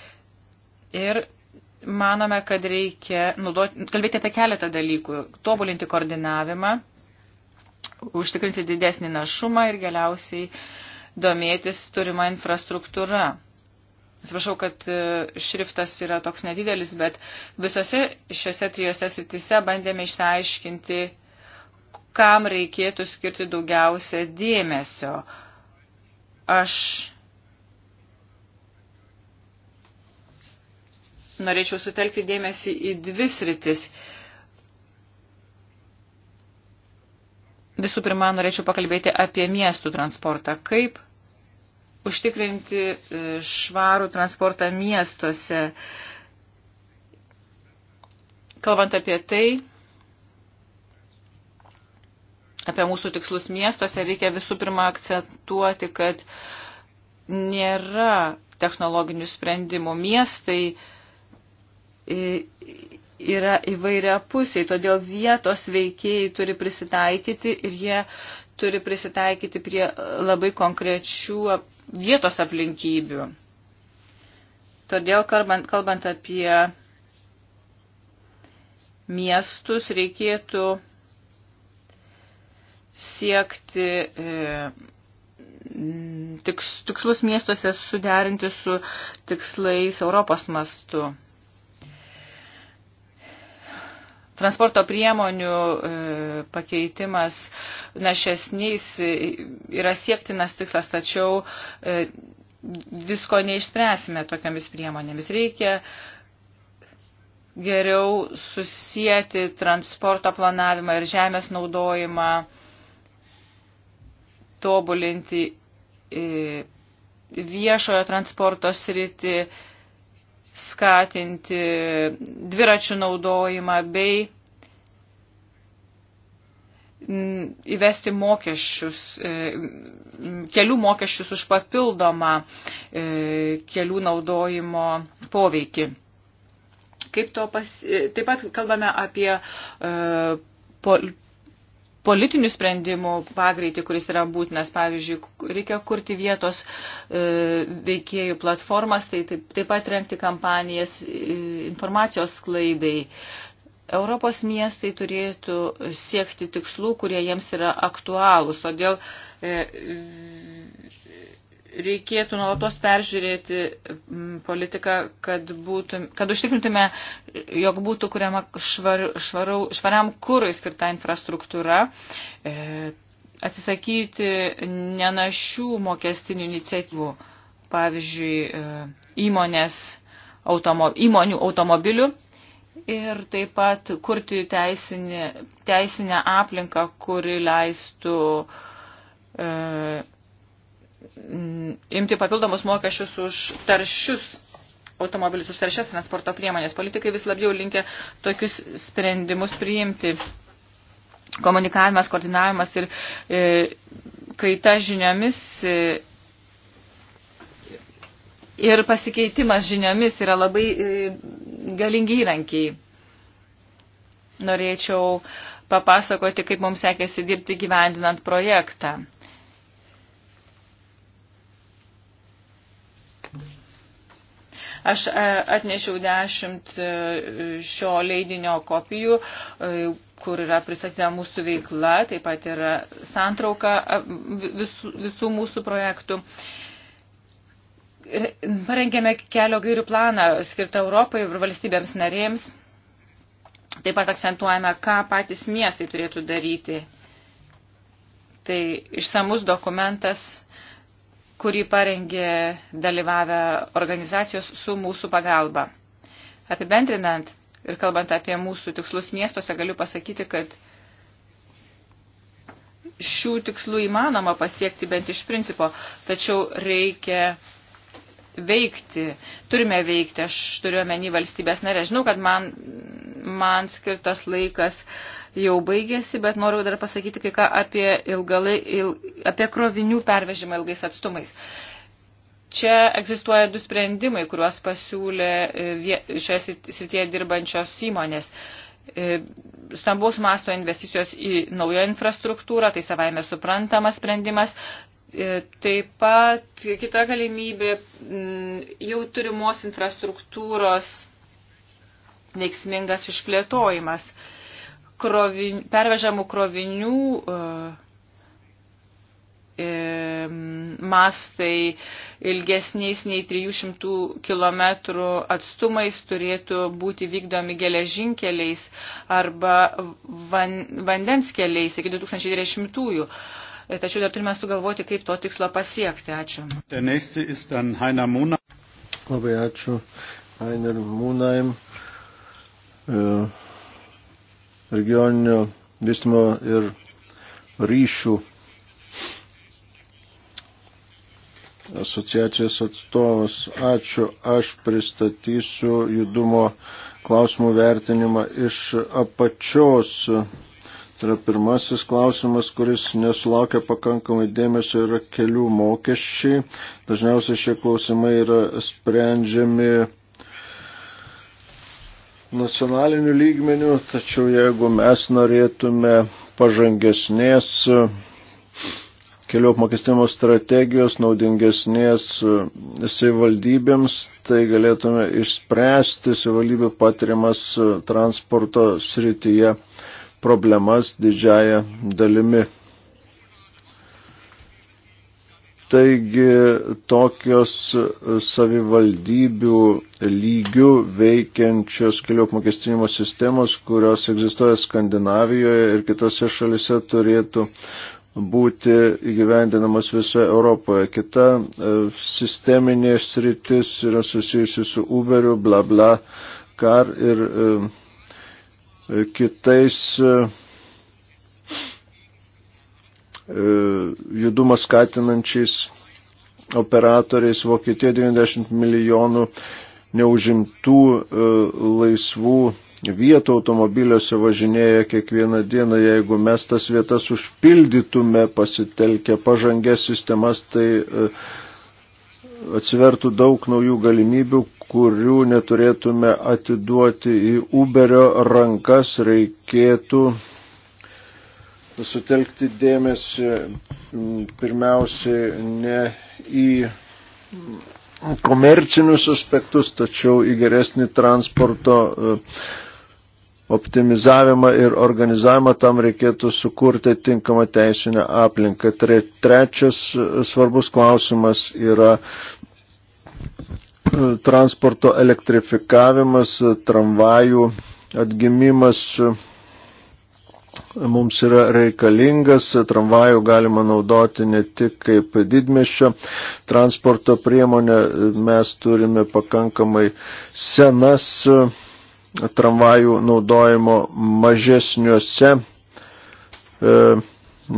Ir manome, kad reikia naudoti, kalbėti apie keletą dalykų. Tobulinti koordinavimą, užtikrinti didesnį našumą ir galiausiai domėtis turima infrastruktūra. Atsiprašau, kad e, šriftas yra toks nedidelis, bet visose šiuose trijose sritise bandėme išsiaiškinti, kam reikėtų skirti daugiausia dėmesio. Aš norėčiau sutelkti dėmesį į dvi sritis. Visų pirma, norėčiau pakalbėti apie miestų transportą. Kaip užtikrinti e, švarų transportą miestuose? Kalbant apie tai, apie mūsų tikslus miestuose, reikia visų pirma akcentuoti, kad nėra technologinių sprendimų. Miestai uh, yra įvairia pusiai, todėl vietos veikėjai turi prisitaikyti ir jie turi prisitaikyti prie labai konkrečių vietos aplinkybių. Todėl, kalbant, kalbant apie miestus, reikėtų siekti e, tiks, tikslus miestuose suderinti su tikslais Europos mastu. transporto priemonių e, pakeitimas našesniais e, yra siektinas tikslas, tačiau e, visko neišspręsime tokiamis priemonėmis. Reikia geriau susijęti transporto planavimą ir žemės naudojimą, tobulinti viešojo transporto sritį skatinti dviračių naudojimą bei mm, įvesti mokesčius, e, mm, kelių mokesčius už papildomą e, kelių naudojimo poveikį. Kaip to pas... E, taip pat kalbame apie politinių sprendimų pagreitį, kuris yra būtinas. Pavyzdžiui, reikia kurti vietos e, veikėjų platformas, tai taip, taip pat renkti kampanijas e, informacijos sklaidai. Europos miestai turėtų siekti tikslų, kurie jiems yra aktualūs. Todėl e, reikėtų nuolatos peržiūrėti mm, politiką, kad, būtum, kad užtikrintume, jog būtų kuriama švar, švarau, švariam kūrui skirta infrastruktūra, e, atsisakyti nenašių mokestinių iniciatyvų, pavyzdžiui, e, įmonės, automo, įmonių automobilių ir taip pat kurti teisinį, teisinę aplinką, kuri leistų e, Mm, imti papildomus mokesčius už taršius automobilius, už taršias transporto priemonės. Politikai vis labiau linkia tokius sprendimus priimti. Komunikavimas, koordinavimas ir e, kaita žiniomis e, ir pasikeitimas žiniomis yra labai e, galingi įrankiai. Norėčiau papasakoti, kaip mums sekėsi dirbti gyvendinant projektą. Aš e, atnešiau dešimt e, šio leidinio kopijų, e, kur yra pristatyta mūsų veikla, taip pat yra santrauka visų, visų mūsų projektų. Parengėme kelio gairių planą skirtą Europai ir valstybėms narėms. Taip pat akcentuojame, ką patys miestai turėtų daryti. Tai išsamus dokumentas kurį parengė dalyvavę organizacijos su mūsų pagalba. Apibendrinant ir kalbant apie mūsų tikslus miestuose, galiu pasakyti, kad šių tikslų įmanoma pasiekti bent iš principo, tačiau reikia veikti, turime veikti, aš turiu omeny valstybės narė. Žinau, kad man, man skirtas laikas uh, jau baigėsi, bet noriu dar pasakyti kai ką apie, ilgalai, il, apie krovinių pervežimą ilgais atstumais. Čia egzistuoja du sprendimai, kuriuos pasiūlė e, šioje srityje dirbančios įmonės. E, stambaus masto investicijos į naują infrastruktūrą, tai savaime suprantamas sprendimas, e, Taip pat kita galimybė jau turimos infrastruktūros veiksmingas išplėtojimas krovin, pervežamų krovinių e, e mastai ilgesniais nei 300 km atstumais turėtų būti vykdomi geležinkeliais arba van, vandenskeliais iki 2020-ųjų. E, tačiau dar turime sugalvoti, kaip to tikslo pasiekti. Ačiū. Labai ačiū. Heiner Munheim. Uh. E regioninio vystimo ir ryšių asociacijos atstovas. Ačiū, aš pristatysiu judumo klausimų vertinimą iš apačios. Tai yra pirmasis klausimas, kuris nesulaukia pakankamai dėmesio, yra kelių mokesčiai. Dažniausiai šie klausimai yra sprendžiami nacionaliniu lygmeniu, tačiau jeigu mes norėtume pažangesnės kelių apmokestinimo strategijos, naudingesnės e, savivaldybėms, tai galėtume išspręsti savivaldybių patiriamas e, transporto srityje problemas didžiaja dalimi. Taigi tokios savivaldybių lygių veikiančios kelių apmokestinimo sistemos, kurios egzistuoja Skandinavijoje ir kitose šalise, turėtų būti įgyvendinamas visoje Europoje. Kita e, sisteminė sritis yra susijusi su Uberiu, bla bla, kar ir e, kitais e, E, judumą skatinančiais operatoriais, Vokietija 90 milijonų neužimtų e, laisvų vietų automobiliuose važinėja kiekvieną dieną. Jeigu mes tas vietas užpildytume pasitelkę pažangės sistemas, tai e, atsivertų daug naujų galimybių, kurių neturėtume atiduoti į Uberio rankas, reikėtų sutelkti dėmesį pirmiausiai ne į komercinius aspektus, tačiau į geresnį transporto e, optimizavimą ir organizavimą tam reikėtų sukurti tinkamą teisinę aplinką. Trečias e, svarbus klausimas yra e, transporto elektrifikavimas, tramvajų atgimimas mums yra reikalingas. Tramvajų galima naudoti ne tik kaip didmešio transporto priemonę. Mes turime pakankamai senas e, tramvajų naudojimo mažesniuose e,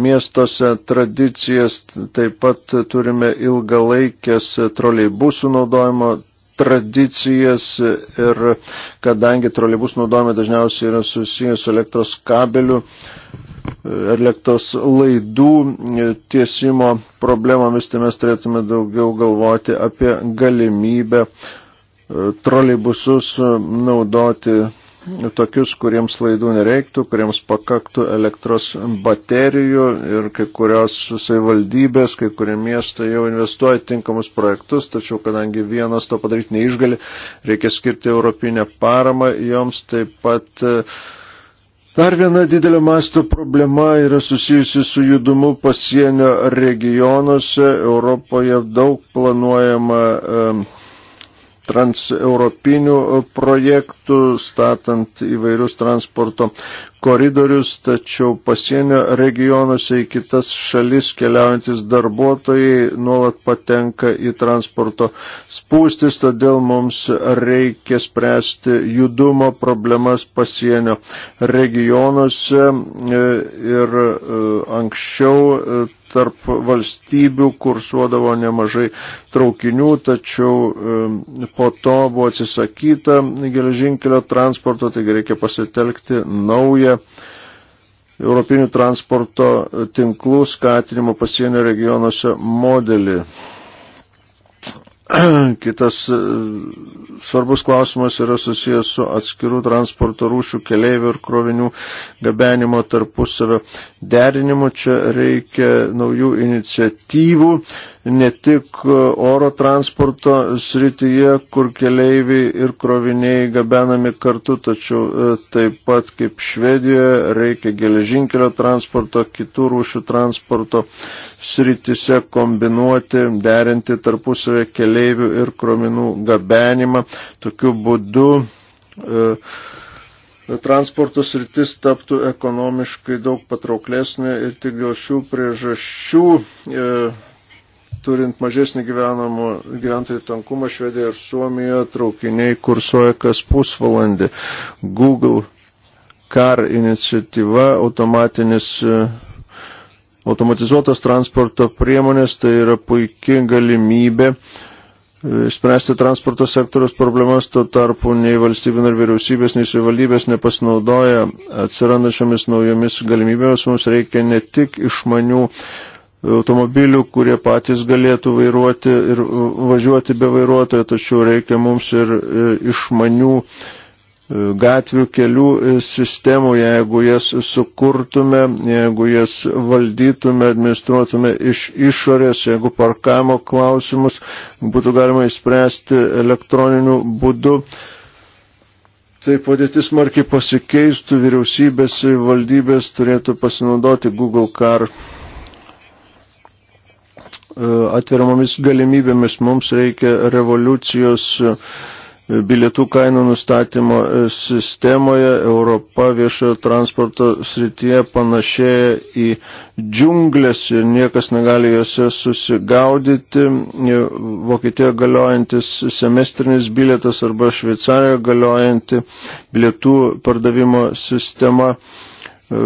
miestuose tradicijas. Taip pat turime ilgalaikės troleibusų naudojimo tradicijas ir kadangi trolebus naudojame dažniausiai yra susijęs su elektros kabeliu, elektros laidų tiesimo problemomis, tai mes turėtume daugiau galvoti apie galimybę trolebusus naudoti tokius, kuriems laidų nereiktų, kuriems pakaktų elektros baterijų ir kai kurios savivaldybės, kai kurie miestai jau investuoja tinkamus projektus, tačiau kadangi vienas to padaryti neišgali, reikia skirti europinę paramą joms taip pat. E, dar viena didelio masto problema yra susijusi su judumu pasienio regionuose. Europoje daug planuojama um, transeuropinių projektų, statant įvairius transporto koridorius, tačiau pasienio regionuose į kitas šalis keliaujantis darbuotojai nuolat patenka į transporto spūstis, todėl mums reikia spręsti judumo problemas pasienio regionuose e, ir e, anksčiau e, tarp valstybių kursuodavo nemažai traukinių, tačiau po to buvo atsisakyta geležinkelio transporto, taigi reikia pasitelkti naują Europinių transporto tinklų skatinimo pasienio regionuose modelį. Kitas e, svarbus klausimas yra susijęs su atskirų transporto rūšių keleivių ir krovinių gabenimo tarpusavio derinimu. Čia reikia naujų iniciatyvų ne tik e, oro transporto srityje, kur keleiviai ir kroviniai gabenami kartu, tačiau e, taip pat kaip Švedijoje reikia geležinkelio transporto, kitų rūšių transporto srityse kombinuoti, derinti tarpusavę keleivių ir krovinų gabenimą. Tokiu būdu e, transporto sritis taptų ekonomiškai daug patrauklesnė ir tik dėl šių priežasčių e, turint mažesnį gyventojų tankumą Švedija ir Suomija traukiniai kursuoja kas pusvalandį. Google Car iniciatyva, automatinis, automatizuotas transporto priemonės, tai yra puikia galimybė e, spręsti transporto sektoriaus problemas, tuo tarpu nei valstybė, nei vyriausybės, nei savivaldybės nepasinaudoja atsirandančiomis naujomis galimybėmis. Mums reikia ne tik išmanių automobilių, kurie patys galėtų vairuoti ir važiuoti be vairuotojo, tačiau reikia mums ir e, išmanių e, gatvių kelių e, sistemų, jeigu jas sukurtume, jeigu jas valdytume, administruotume iš išorės, jeigu parkavimo klausimus būtų galima įspręsti elektroniniu būdu. Tai padėtis smarkiai pasikeistų, vyriausybės valdybės turėtų pasinaudoti Google Car E, atveriamomis galimybėmis. Mums reikia revoliucijos e, bilietų kainų nustatymo e, sistemoje. Europa viešojo transporto srityje panašėja į džiunglės ir niekas negali jose susigaudyti. Vokietijoje galiojantis semestrinis bilietas arba Šveicarijoje galiojanti bilietų pardavimo sistema E,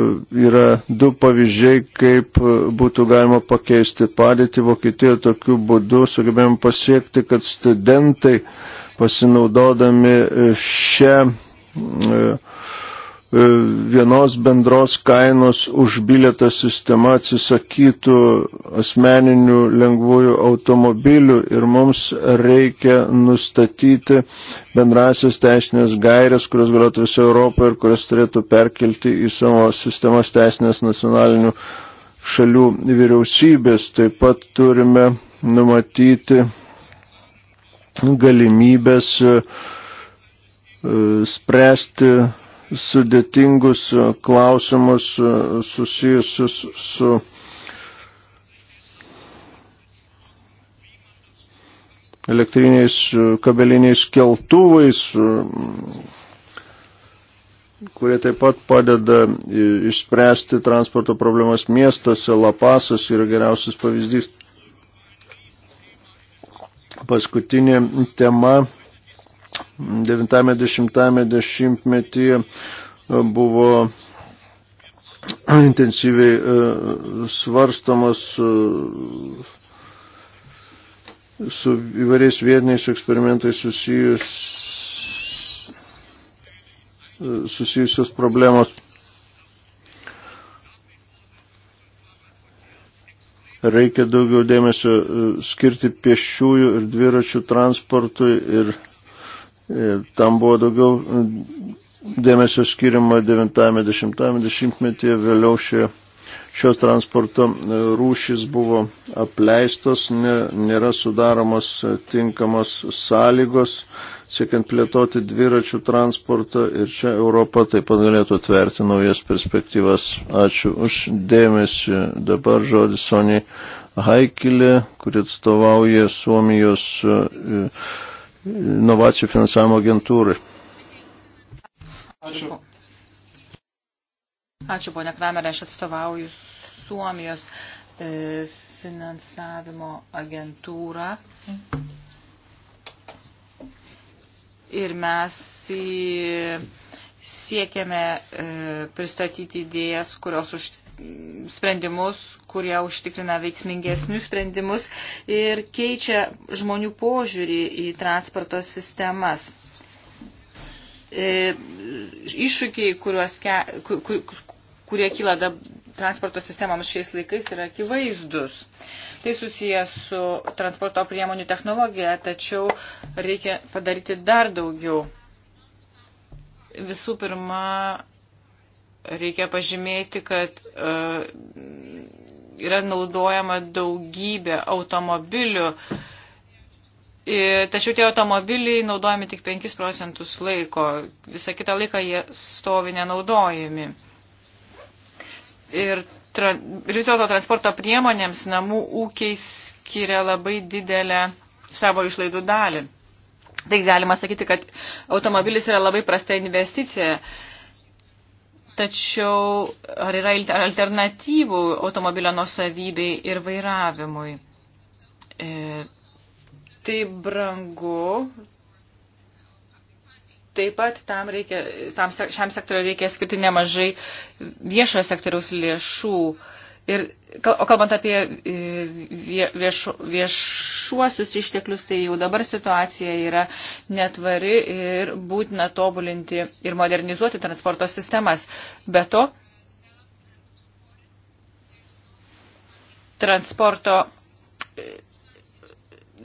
yra du pavyzdžiai, kaip e, būtų galima pakeisti padėtį Vokietijoje. Tokiu būdu sugebėjom pasiekti, kad studentai pasinaudodami e, šią E, vienos bendros kainos už bilietą sistema atsisakytų asmeninių lengvųjų automobilių ir mums reikia nustatyti bendrasias teisinės gairias, kurios galėtų visą Europą ir kurias turėtų perkelti į savo sistemas teisinės nacionalinių šalių vyriausybės. Taip pat turime numatyti galimybės e, spręsti sudėtingus e, klausimus e, susijusius su elektriniais e, kabeliniais keltuvais, kurie taip pat padeda išspręsti transporto problemas miestuose. Lapasas yra geriausias pavyzdys. Paskutinė tema 90-metyje e, buvo intensyviai e, svarstomas e, su įvairiais vietiniais eksperimentais susijus, susijusios problemos. Reikia daugiau dėmesio skirti pėsčiųjų ir dviračių transportui ir E, tam buvo daugiau e, dėmesio skiriama 90-metyje, vėliau šie, šios transporto e, rūšys buvo apleistos, nė, nėra sudaromos tinkamos sąlygos, siekiant plėtoti dviračių transportą ir čia Europa taip pat galėtų atverti naujas perspektyvas. Ačiū už dėmesį. Dabar žodis Soniai Haikilė, kuri atstovauja Suomijos. Uh, inovacijų finansavimo agentūrai. Ačiū. Ačiū, ponė Kramerė, aš atstovauju Suomijos e, finansavimo agentūrą. Ir mes į, siekiame e, pristatyti idėjas, kurios už, sprendimus, kurie užtikrina veiksmingesnius sprendimus ir keičia žmonių požiūrį į transporto sistemas. E, iššūkiai, kuriuos, kurie kyla transporto sistemams šiais laikais, yra akivaizdus. Tai susijęs su transporto priemonių technologija, tačiau reikia padaryti dar daugiau. Visų pirma, reikia pažymėti, kad uh, yra naudojama daugybė automobilių, e, tačiau tie automobiliai naudojami tik 5 procentus laiko, visą kitą laiką jie stovi nenaudojami. Ir, tra, ir vis dėlto transporto priemonėms namų ūkiai skiria labai didelę savo išlaidų dalį. Tai galima sakyti, kad automobilis yra labai prasta investicija. Uh, Tačiau ar yra alternatyvų automobilio nusavybei ir vairavimui? E, tai brangu. Taip pat tam reikia, tam, šiam sektoriu reikia skirti nemažai viešojo sektoriaus lėšų. E, Ir, o kalbant apie e, vieš, viešuosius išteklius, tai jau dabar situacija yra netvari ir būtina tobulinti ir modernizuoti transporto sistemas. Be to, transporto e,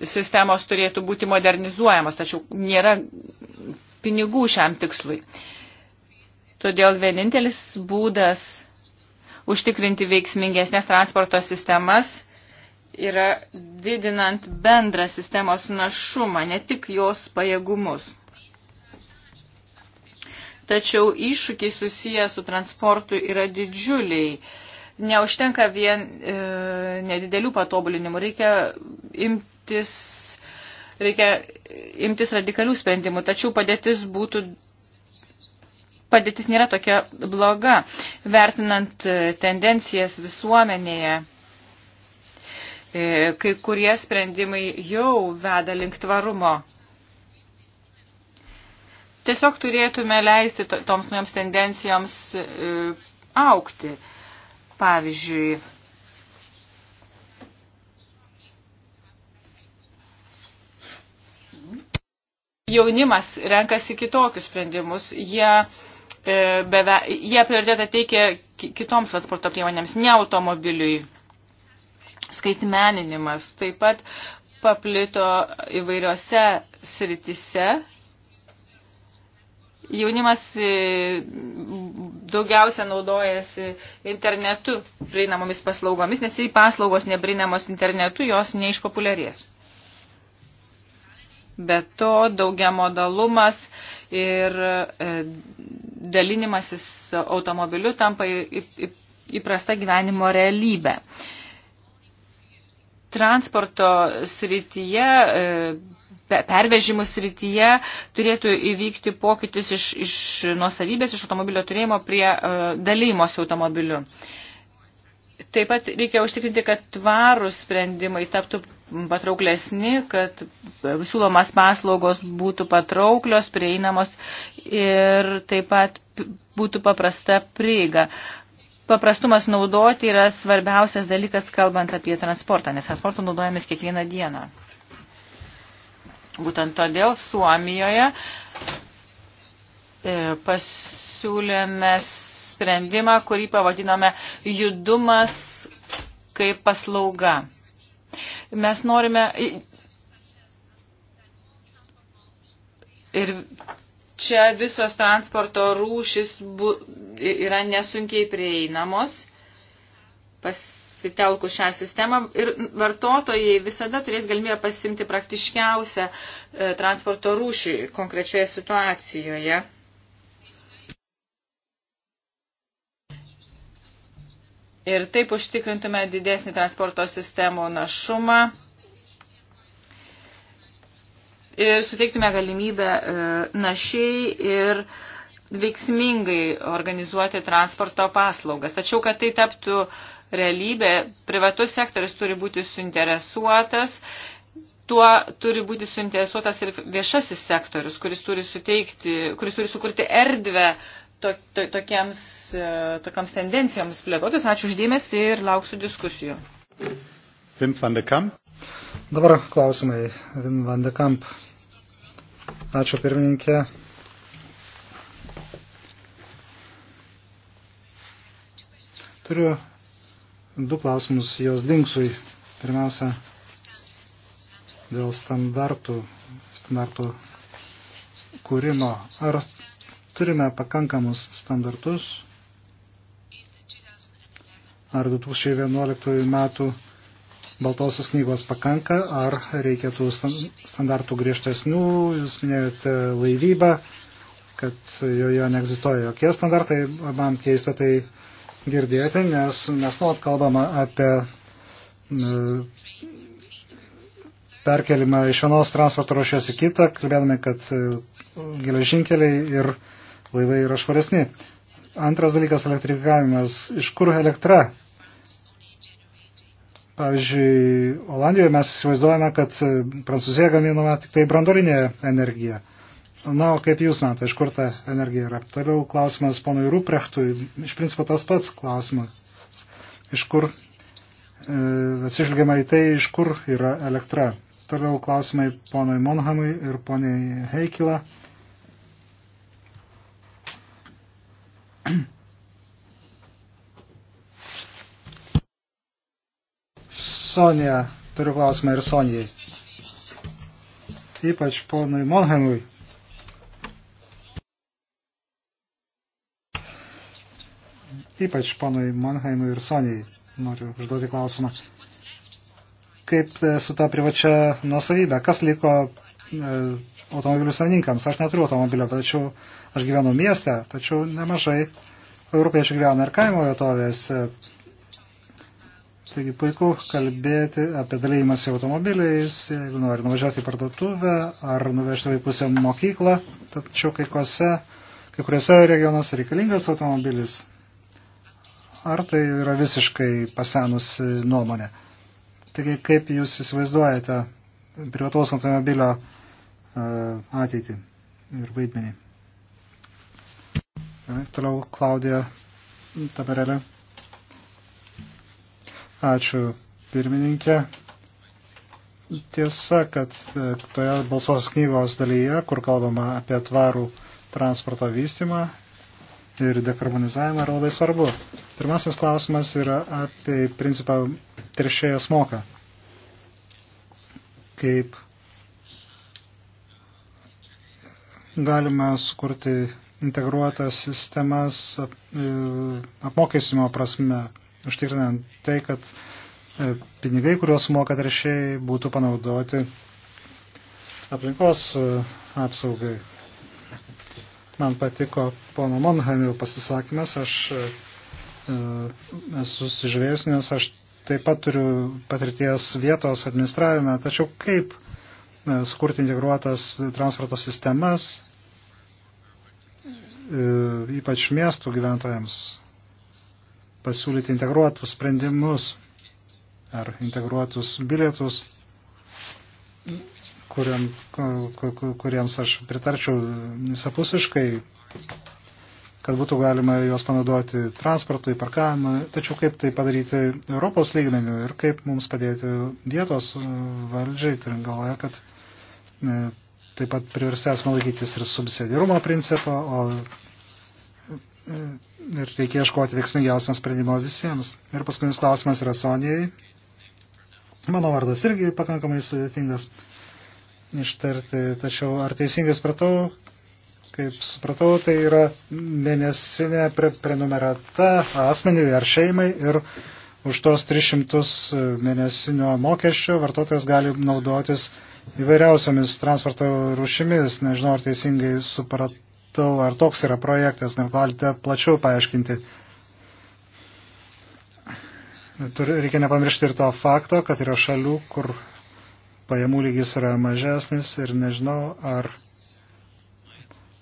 sistemos turėtų būti modernizuojamos, tačiau nėra pinigų šiam tikslui. Todėl vienintelis būdas užtikrinti veiksmingesnės transporto sistemas yra didinant bendrą sistemos našumą, ne tik jos pajėgumus. Tačiau iššūkiai susiję su transportu yra didžiuliai. Neužtenka vien e, nedidelių patobulinimų, reikia imtis, reikia imtis radikalių sprendimų, tačiau padėtis būtų padėtis nėra tokia bloga, vertinant e, tendencijas visuomenėje. E, kai kurie sprendimai jau veda link tvarumo. Tiesiog turėtume leisti toms naujoms tendencijoms e, aukti. Pavyzdžiui, jaunimas renkasi kitokius sprendimus. Jie E, beve, jie prioritetą teikia kitoms transporto priemonėms, ne automobiliui. Skaitmeninimas taip pat paplito įvairiose sritise. Jaunimas e, daugiausia naudojasi internetu prieinamomis paslaugomis, nes jei paslaugos neprinamos internetu, jos neišpopuliarės. Be to daugiamodalumas modalumas ir e, dalinimasis automobiliu tampa įprasta gyvenimo realybė. Transporto srityje, e, pervežimų srityje turėtų įvykti pokytis iš, iš nuosavybės, iš automobilio turėjimo prie e, dalymosi automobiliu. Uh, Taip pat reikia užtikrinti, kad tvarūs sprendimai taptų patrauklesni, kad siūlomas paslaugos būtų patrauklios, prieinamos ir taip pat būtų paprasta prieiga. Paprastumas naudoti yra svarbiausias dalykas, kalbant apie transportą, nes transportu naudojamės kiekvieną dieną. Būtent todėl Suomijoje e, pasiūlėmės sprendimą, kurį pavadinome judumas kaip paslauga. Mes norime ir čia visos transporto rūšis bu, yra nesunkiai prieinamos. Pas, pasitelkus šią sistemą ir vartotojai visada turės galimybę pasimti praktiškiausią e, transporto rūšį konkrečioje situacijoje. ir taip užtikrintume didesnį transporto sistemų našumą ir suteiktume galimybę e, našiai ir veiksmingai organizuoti transporto paslaugas. Tačiau, kad tai taptų realybė, privatus sektoris turi būti suinteresuotas, tuo turi būti suinteresuotas ir viešasis sektorius, kuris turi, suteikti, kuris turi sukurti erdvę to, to, tokiems, e, tokiams tendencijoms plėtotis. Ačiū uždėmesi ir lauksiu diskusijų. Vim van de Kamp. Dabar klausimai. Vim van de Kamp. Ačiū pirmininkė. Turiu du klausimus jos dinksui. Pirmiausia, dėl standartų, standartų kūrimo. Ar turime pakankamus standartus. Ar 2011 metų Baltosios knygos pakanka, ar reikėtų standartų griežtesnių, jūs minėjote laivybą, kad joje neegzistuoja jokie standartai, man keista tai girdėti, nes mes nuolat kalbama apie e, perkelimą iš vienos transporto ruošės į kitą, kalbėdami, kad e, geležinkeliai ir laivai yra švaresni. Antras dalykas - elektrifikavimas. Iš kur elektra? Pavyzdžiui, Olandijoje mes įsivaizduojame, kad e, Prancūzija gaminama tik tai brandolinė energija. Na, o kaip jūs matote, iš kur ta energija yra? Toliau klausimas ponui Ruprechtui. Iš principo tas pats klausimas. Iš kur e, atsižvelgiama į tai, iš kur yra elektra. Toliau klausimai ponui Monhamui ir poniai Heikila. E, Sonija, turiu klausimą ir Sonijai. Ypač ponui Monheimui. Ypač ponui Monheimui ir Sonijai noriu užduoti klausimą. Kaip e, su ta privačia nuosavybė? Kas liko e, automobilių savininkams? Aš neturiu automobilio, tačiau aš gyvenu mieste, tačiau nemažai europiečių gyvena ir kaimo vietovėse Taigi puiku kalbėti apie dalymąsi automobiliais, jeigu nori nuvažiuoti į parduotuvę ar nuvežti vaikus į mokyklą, tačiau kai, kose, kai kuriuose regionuose reikalingas automobilis. Ar tai yra visiškai pasenusi nuomonė? Taigi kaip jūs įsivaizduojate privataus automobilio e, ateitį ir vaidmenį? Toliau Klaudija Taberelė. Ačiū pirmininkė. Tiesa, kad e, toje balsos knygos dalyje, kur kalbama apie tvarų transporto vystymą ir dekarbonizavimą, yra labai svarbu. Pirmasis klausimas yra apie principą teršėjas moka. Kaip galima sukurti integruotas sistemas e, apmokestimo prasme užtikrinant tai, kad e, pinigai, kuriuos moka teršėjai, būtų panaudoti aplinkos e, apsaugai. Man patiko pono Monhamil pasisakymas, aš e, esu susižvėjus, nes aš taip pat turiu patirties vietos administravime, tačiau kaip sukurti integruotas transporto sistemas, ypač miestų gyventojams pasiūlyti integruotus sprendimus ar integruotus bilietus, kuriam, kuriems aš pritarčiau visapusiškai, kad būtų galima juos panaudoti transportui, parkavimui, tačiau kaip tai padaryti Europos lygmenių ir kaip mums padėti vietos uh, valdžiai, turint galvoje, kad e, taip pat priversti esmą laikytis ir subsidiarumo principo, o e, ir reikia ieškoti veiksmingiausio sprendimo visiems. Ir paskutinis klausimas yra Sonijai. Mano vardas irgi pakankamai sudėtingas ištarti, tačiau ar teisingai supratau, kaip supratau, tai yra mėnesinė pre prenumerata asmeniui ar šeimai ir už tos 300 mėnesinio mokesčio vartotojas gali naudotis įvairiausiamis transporto rūšimis. Nežinau, ar teisingai supratau supratau, ar toks yra projektas, gal galite plačiau paaiškinti. Tur, reikia nepamiršti ir to fakto, kad yra šalių, kur pajamų lygis yra mažesnis ir nežinau, ar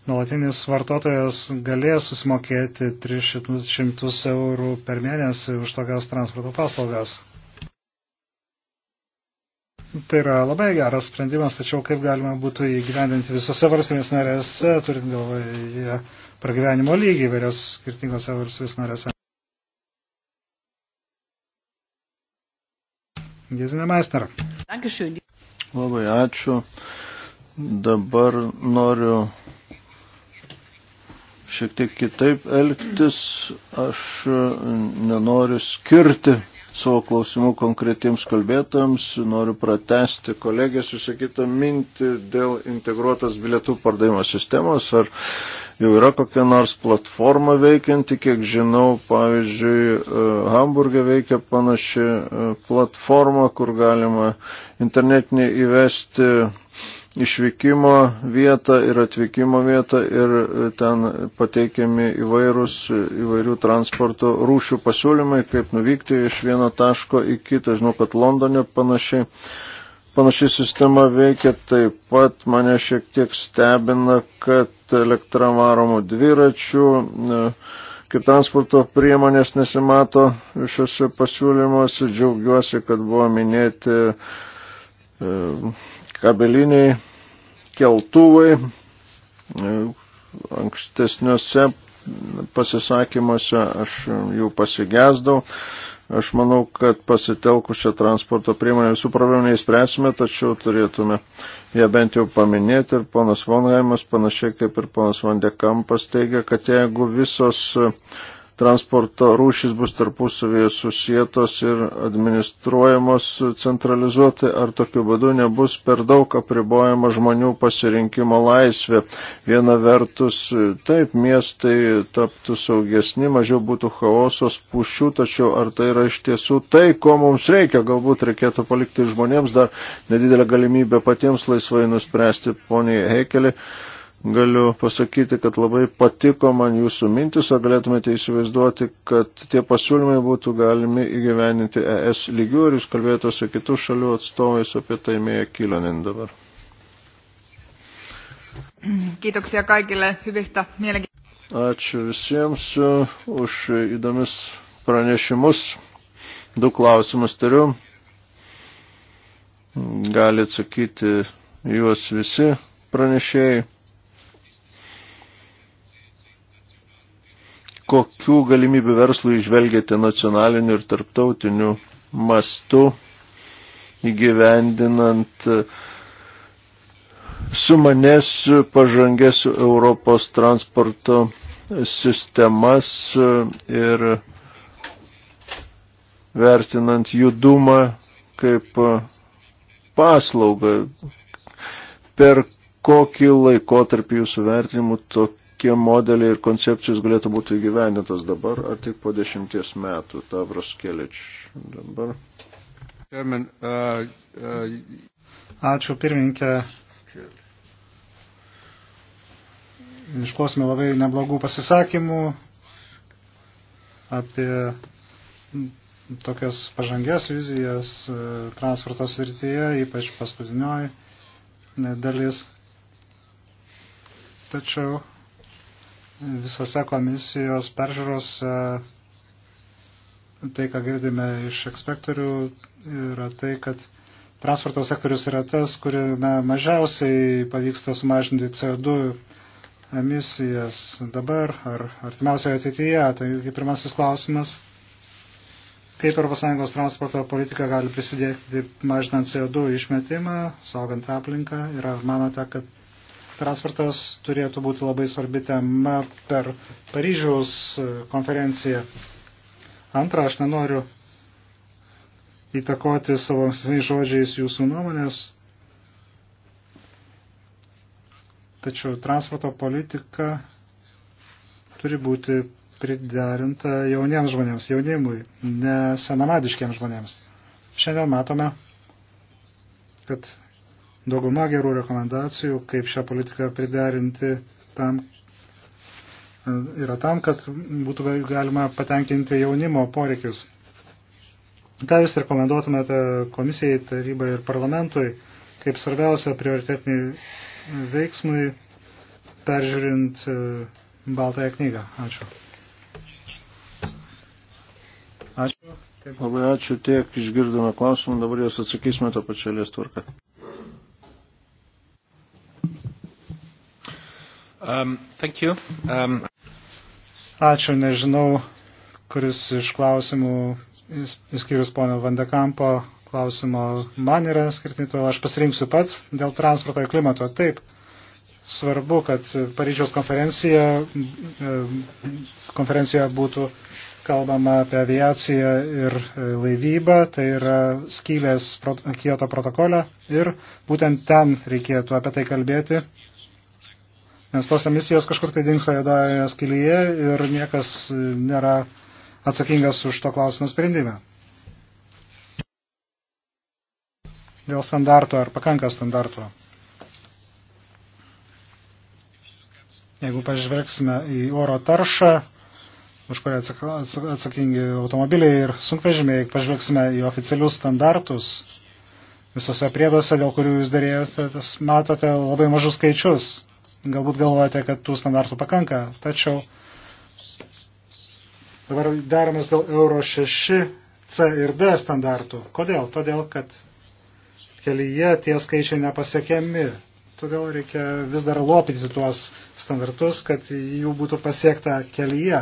nuolatinis vartotojas galės susimokėti 300 eurų per mėnesį už tokias transporto paslaugas. Tai yra labai geras sprendimas, tačiau kaip galima būtų įgyvendinti visose valstybės narėse, turint galvoje pragyvenimo lygį įvairios skirtingose valstybės narėse. Gizinė Meisner. Labai ačiū. Dabar noriu šiek tiek kitaip elgtis. Aš nenoriu skirti savo klausimų konkretiems kalbėtams. Noriu pratesti kolegės išsakytą mintį dėl integruotas bilietų pardavimo sistemos. Ar jau yra kokia nors platforma veikianti, kiek žinau, pavyzdžiui, e, Hamburgė veikia panaši e, platforma, kur galima internetinė įvesti išvykimo vietą ir atvykimo vietą ir e, ten pateikiami įvairūs e, įvairių transporto rūšių pasiūlymai, kaip nuvykti iš vieno taško į kitą. Žinau, kad Londone panašiai. Panaši sistema veikia taip pat, mane šiek tiek stebina, kad elektravaromų dviračių e, kaip transporto priemonės nesimato šiuose pasiūlymuose. Džiaugiuosi, kad buvo minėti e, kabeliniai keltuvai. E, ankstesniuose pasisakymuose aš jų pasigesdau. Aš manau, kad pasitelkus šią transporto priemonę visų problemų neįspręsime, tačiau turėtume ją bent jau paminėti. Ir ponas Vonheimas, panašiai kaip ir ponas Vandekampas, teigia, kad jeigu visos uh, transporto rūšys bus tarpusavėje susijėtos ir administruojamos centralizuotai, ar tokiu būdu nebus per daug apribojama žmonių pasirinkimo laisvė. Viena vertus, taip, miestai taptų saugesni, mažiau būtų chaosos pušių, tačiau ar tai yra iš tiesų tai, ko mums reikia, galbūt reikėtų palikti žmonėms dar nedidelę galimybę patiems laisvai nuspręsti, poniai Heikeli galiu pasakyti, kad labai patiko man jūsų mintis, o galėtumėte įsivaizduoti, kad tie pasiūlymai būtų galimi įgyveninti ES lygių ir jūs kalbėjote su kitų šalių atstovais apie tai mėje Kilonin dabar. Kiitoksia kaikille hyvistä mielenkiintoista. Ačiū visiems už įdomius pranešimus. Du klausimus turiu. Gali atsakyti juos visi pranešėjai. kokių galimybių verslui išvelgėte nacionaliniu ir tarptautiniu mastu įgyvendinant su manęs pažangės Europos transporto sistemas ir vertinant judumą kaip paslaugą, per kokį laikotarpį jūsų vertinimų tokia kokie modeliai ir koncepcijos galėtų būti įgyvendintos dabar ar tik po dešimties metų. Tavras Kelič dabar. Chairman, uh, uh, Ačiū pirmininkė. Išklausime labai neblogų pasisakymų apie tokias pažangės vizijas uh, transporto srityje, ypač paskutinioji uh, dalis. Tačiau visose komisijos peržiūros e, tai, ką girdime iš ekspektorių, yra tai, kad transporto sektorius yra tas, kuriame mažiausiai pavyksta sumažinti CO2 emisijas dabar ar artimiausioje ateityje. Tai pirmasis klausimas, kaip ES transporto politika gali prisidėti mažinant CO2 išmetimą, saugant aplinką ir ar manote, kad transportas turėtų būti labai svarbi tema per Paryžiaus konferenciją. Antra, aš nenoriu įtakoti savo ankstesniais žodžiais jūsų nuomonės, tačiau transporto politika turi būti priderinta jauniems žmonėms, jaunimui, ne senamadiškiems žmonėms. Šiandien matome, kad dauguma gerų rekomendacijų, kaip šią politiką priderinti tam, yra tam, kad būtų galima patenkinti jaunimo poreikius. Ką Jūs rekomenduotumėte komisijai, tarybai ir parlamentui kaip svarbiausia prioritetinį veiksmui peržiūrint e, Baltąją knygą? Ačiū. Ačiū. Taip. Labai ačiū tiek, išgirdome klausimą, dabar jos atsakysime tą pačią lės tvarką. Um, thank you. Um... Ačiū, nežinau, kuris iš klausimų, išskyrus ponio Vandekampo klausimo, man yra skirtinai, todėl aš pasirinksiu pats dėl transporto ir klimato. Taip, svarbu, kad Paryžiaus konferencija, konferencijoje būtų kalbama apie aviaciją ir e, laivybą, tai yra skylės Kyoto protokole ir būtent ten reikėtų apie tai kalbėti Nes tos emisijos kažkur tai dinksta juodoje skelyje ir niekas e, nėra atsakingas už to klausimo sprendimą. Dėl standarto, ar pakanka standarto? Jeigu pažvelgsime į oro taršą, už kurią atsakingi automobiliai ir sunkvežimiai, jeigu pažvelgsime į oficialius standartus, visose prieduose, dėl kurių jūs darėjotės, matote labai mažus skaičius. Galbūt galvojate, kad tų standartų pakanka, tačiau dabar daromės dėl Euro 6 C ir D standartų. Kodėl? Todėl, kad kelyje tie skaičiai nepasiekiami. Todėl reikia vis dar lopyti tuos standartus, kad jų būtų pasiekta kelyje.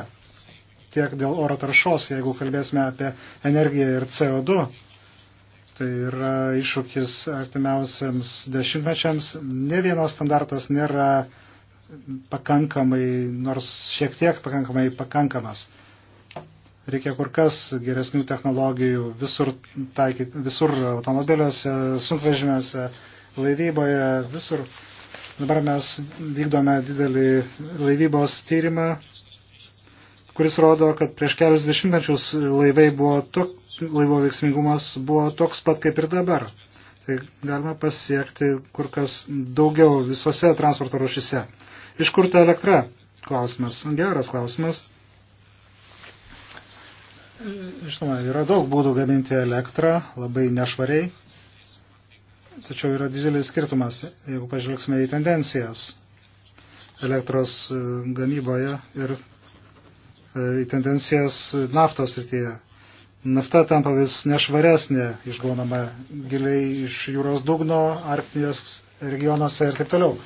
Tiek dėl oro taršos, jeigu kalbėsime apie energiją ir CO2 Tai yra iššūkis artimiausiams dešimtmečiams. Ne vienas standartas nėra pakankamai, nors šiek tiek pakankamai pakankamas. Reikia kur kas geresnių technologijų visur, taikyti, visur automobiliuose, sunkvežimiuose, laivyboje, visur. Dabar mes vykdome didelį laivybos tyrimą kuris rodo, kad prieš kelius dešimtmečius laivai buvo tok, laivo veiksmingumas buvo toks pat kaip ir dabar. Tai galima pasiekti kur kas daugiau visose transporto rušise. Iš kur ta elektra? Klausimas. Geras klausimas. Žinoma, yra daug būdų gaminti elektrą labai nešvariai, tačiau yra didelis skirtumas, jeigu pažvelgsime į tendencijas elektros e, gamyboje ir E, į tendencijas naftos rytyje. Nafta tampa vis nešvaresnė, išgaunama giliai iš jūros dugno, Arktinės regionuose ir taip toliau.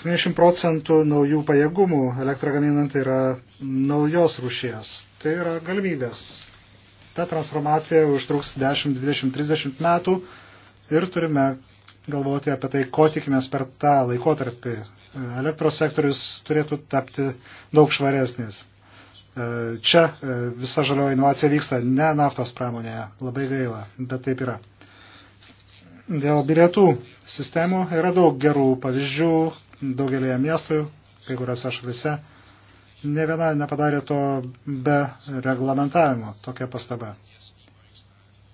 70 procentų naujų pajėgumų elektrogaminant yra naujos rūšies. Tai yra galimybės. Ta transformacija užtruks 10, 20, 30 metų ir turime galvoti apie tai, ko tikimės per tą laikotarpį. Elektros sektorius turėtų tapti daug švaresnis. E, čia e, visa žalioji inovacija vyksta ne naftos pramonėje. Labai gaila, bet taip yra. Dėl bilietų sistemų yra daug gerų pavyzdžių daugelėje miestų, kai kuriuose šalise. Ne viena nepadarė to be reglamentavimo, tokia pastaba.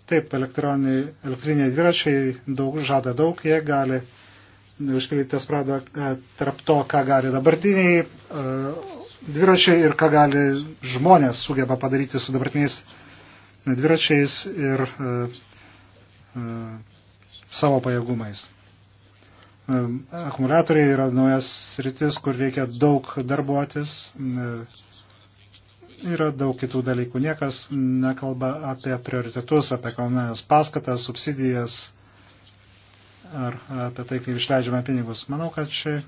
Taip, elektriniai dviračiai daug, žada daug, jie gali užpildyti spradą e, tarp to, ką gali dabartiniai dviračiai ir ką gali žmonės sugeba padaryti su dabartiniais dviračiais ir e, e, savo pajėgumais. E, akumuliatoriai yra naujas rytis, kur reikia daug darbuotis. E, yra daug kitų dalykų. Niekas nekalba apie prioritetus, apie ekonominės paskatas, subsidijas ar apie tai, kaip išleidžiame pinigus. Manau, kad ši e,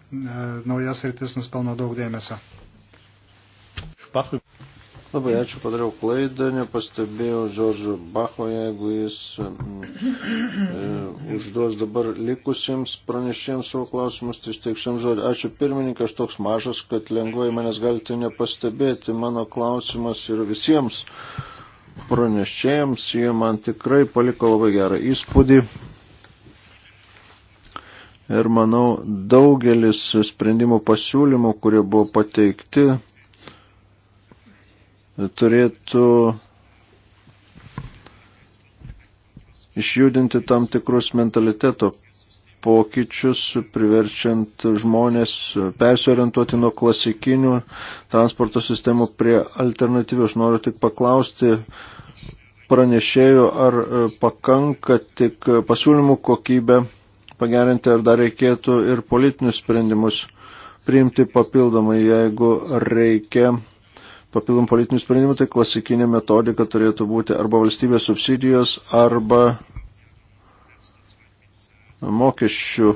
naujas rytis nuspelno daug dėmesio. Bachu. Labai ačiū, padariau klaidą, nepastebėjau Žoržo Bacho, jeigu jis mm, e, užduos dabar likusiems pranešėjams savo klausimus, tai tiek šiam žodžiu. Ačiū pirmininkai, aš toks mažas, kad lengvai manęs galite nepastebėti. Mano klausimas yra visiems pranešėjams, jie man tikrai paliko labai gerą įspūdį. Ir manau, daugelis sprendimų pasiūlymų, kurie buvo pateikti, turėtų išjudinti tam tikrus mentaliteto pokyčius, priverčiant žmonės persiorientuoti nuo klasikinių transporto sistemų prie alternatyvių. Aš noriu tik paklausti pranešėjų, ar pakanka tik pasiūlymų kokybę pagerinti, ar dar reikėtų ir politinius sprendimus priimti papildomai, jeigu reikia papildomų politinių sprendimų, tai klasikinė metodika turėtų būti arba valstybės subsidijos, arba mokesčių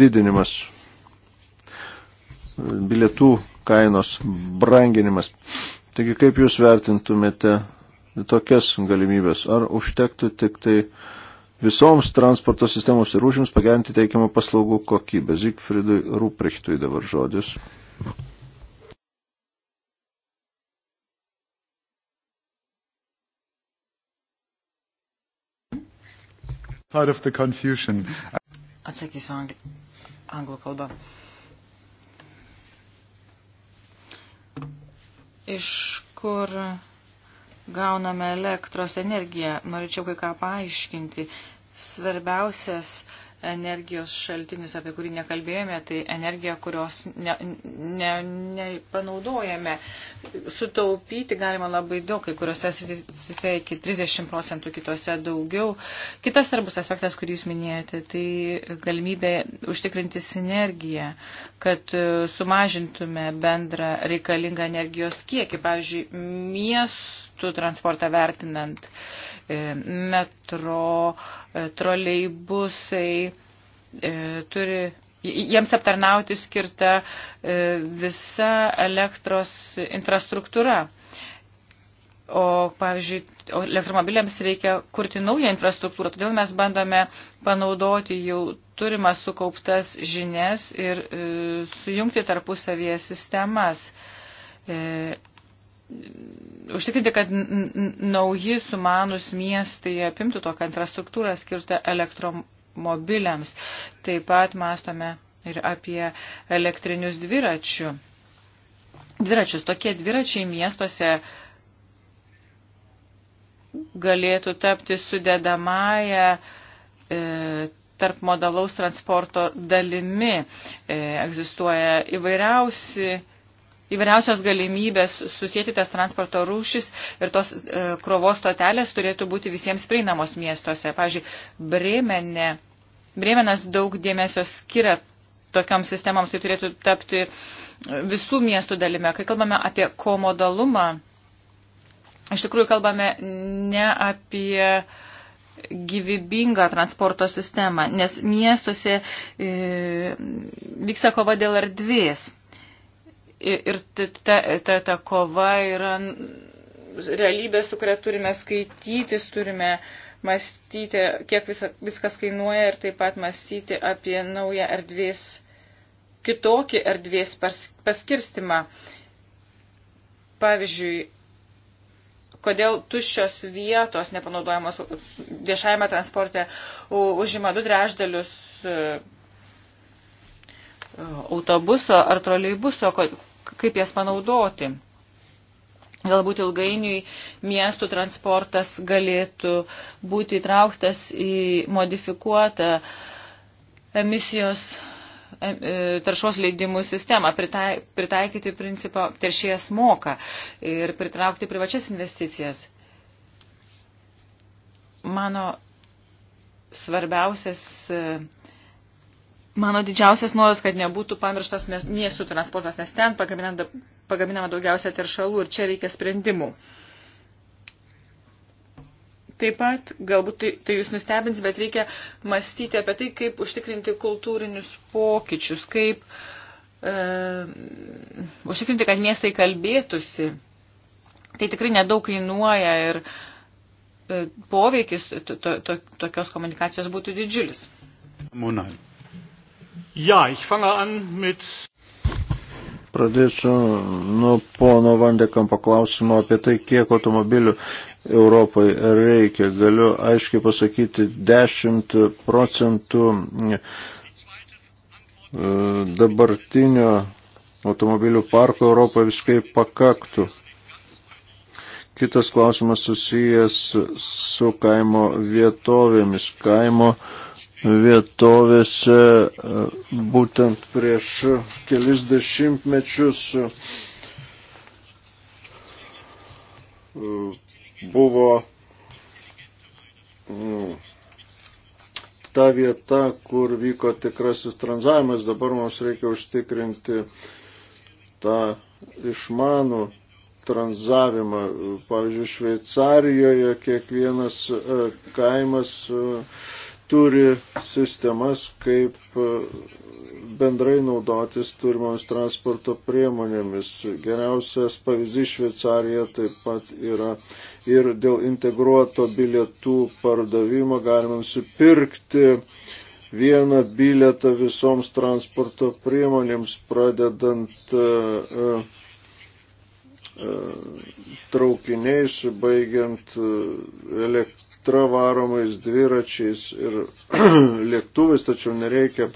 didinimas, bilietų kainos branginimas. Taigi kaip jūs vertintumėte tokias galimybės? Ar užtektų tik tai visoms transporto sistemos ir užims pagerinti teikiamą paslaugų kokybę? Zygfridui Ruprechtui dabar žodis. Thank you. part of the confusion. Atsakysiu angl anglų kalbą. Iš kur gauname elektros energiją? Norėčiau kai ką paaiškinti. Svarbiausias uh, energijos šaltinis, apie kurį nekalbėjome, tai energija, kurios nepanaudojame. Ne, ne, ne Sutaupyti galima labai daug, kai kuriuose srityse iki 30 procentų, kitose daugiau. Kitas svarbus aspektas, kurį jūs minėjote, tai galimybė užtikrinti sinergiją, kad e, sumažintume bendrą reikalingą energijos kiekį. Pavyzdžiui, miestų mastu transportą vertinant e, metro, e, troleibusai e, turi jiems aptarnauti skirta visa elektros infrastruktūra. O, pavyzdžiui, elektromobiliams reikia kurti naują infrastruktūrą, todėl mes bandome panaudoti jau turimas sukauptas žinias ir e, sujungti tarpusavyje sistemas. E, užtikrinti, kad nauji sumanus miestai apimtų tokią infrastruktūrą skirtą elektromobiliams. Taip pat mastome ir apie elektrinius dviračių. dviračius. Tokie dviračiai miestuose galėtų tapti sudėdamąją e, tarp modalaus transporto dalimi. E, egzistuoja įvairiausi įvairiausios galimybės susijęti tas transporto rūšis ir tos e, krovos stotelės turėtų būti visiems prieinamos miestuose. Pavyzdžiui, Bremene, Bremenas daug dėmesio skiria tokioms sistemoms, tai turėtų tapti e, visų miestų dalime. Kai kalbame apie komodalumą, iš tikrųjų kalbame ne apie gyvybingą transporto sistemą, nes miestuose e, vyksta kova dėl erdvės ir ta, ta, ta kova yra realybė, su kuria turime skaitytis, turime mąstyti, kiek visa, viskas kainuoja ir taip pat mąstyti apie naują erdvės, kitokį erdvės pas, paskirstimą. Pavyzdžiui, kodėl tuščios vietos nepanaudojamos viešajame transporte užima du trešdalius e, autobuso ar troleibuso, kaip jas panaudoti. Galbūt ilgainiui miestų transportas galėtų būti įtrauktas į modifikuotą emisijos e, e, taršos leidimų sistemą, pritaikyti principą teršėjas moka ir pritraukti privačias investicijas. Mano svarbiausias e, Mano didžiausias noras, kad nebūtų pamirštas miestų transportas, nes ten pagaminama daugiausia teršalų ir čia reikia sprendimų. Taip pat, galbūt tai, tai jūs nustebins, bet reikia mąstyti apie tai, kaip užtikrinti kultūrinius pokyčius, kaip e, užtikrinti, kad miestai kalbėtųsi. Tai tikrai nedaug kainuoja ir e, poveikis to, to, to, tokios komunikacijos būtų didžiulis. Monai. Ja, ich fange an mit. Pradėsiu nuo pono Vandekampo klausimo apie tai, kiek automobilių Europai reikia. Galiu aiškiai pasakyti, 10 procentų e, dabartinio automobilių parko Europoje visiškai pakaktų. Kitas klausimas susijęs su kaimo vietovėmis. Kaimo uh, vietovėse būtent prieš kelis dešimtmečius buvo ta vieta, kur vyko tikrasis tranzavimas, dabar mums reikia užtikrinti tą išmanų tranzavimą. Pavyzdžiui, Šveicarijoje kiekvienas e, kaimas uh, turi sistemas, kaip e, bendrai naudotis turimomis transporto priemonėmis. Geriausias pavyzdys Šveicarija taip pat yra ir dėl integruoto bilietų pardavimo galima nusipirkti vieną bilietą visoms transporto priemonėms, pradedant uh, uh, traukiniais, baigiant uh, elektronikos elektrą varomais dviračiais ir lėktuvais, tačiau nereikia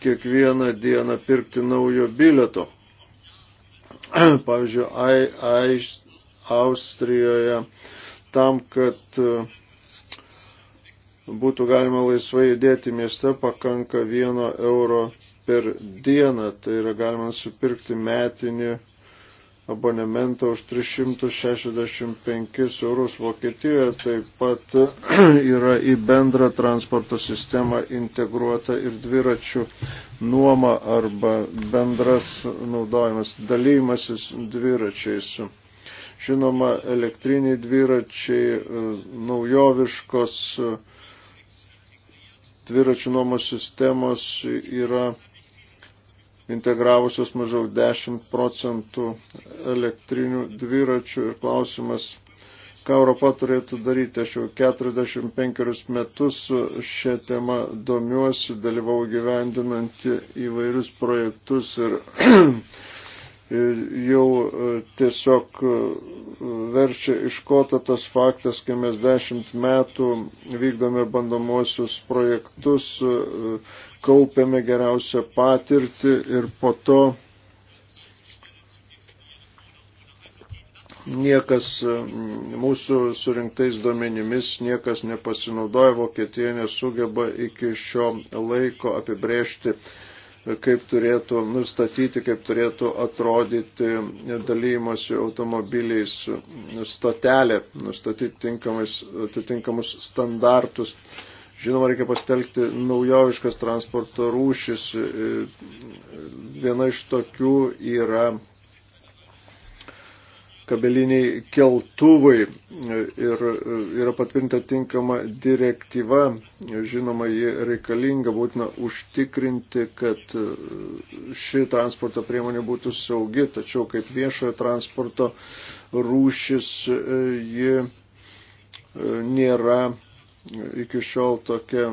kiekvieną dieną pirkti naujo bileto. Pavyzdžiui, ai, ai, Austrijoje tam, kad e, būtų galima laisvai judėti mieste, pakanka vieno euro per dieną. Tai yra galima supirkti metinį abonementą už 365 eurus Vokietijoje, taip pat yra į bendrą transporto sistemą integruota ir dviračių nuoma arba bendras naudojimas, dalymasis dviračiais. Žinoma, elektriniai dviračiai, e, naujoviškos e, dviračių nuomos sistemos yra integravusios mažiau 10 procentų elektrinių dviračių ir klausimas, ką Europa turėtų daryti. Aš jau 45 metus šią temą domiuosi, dalyvau gyvendinant įvairius projektus ir jau e, tiesiog e, verčia iš koto tas faktas, kai mes dešimt metų vykdome bandomuosius projektus, e, kaupiame geriausią patirtį ir po to niekas mūsų surinktais duomenimis niekas nepasinaudoja, Vokietija nesugeba iki šio laiko apibrėžti kaip turėtų nustatyti, kaip turėtų atrodyti dalymosi automobiliais stotelė, nustatyti tinkamais, atitinkamus standartus. Žinoma, reikia pastelgti naujoviškas transporto rūšis. Viena iš tokių yra kabeliniai keltuvai e, ir e, yra patvirtinta tinkama direktyva. Žinoma, ji reikalinga, būtina užtikrinti, kad e, ši transporto priemonė būtų saugi, tačiau kaip viešojo transporto rūšis ji nėra iki šiol tokia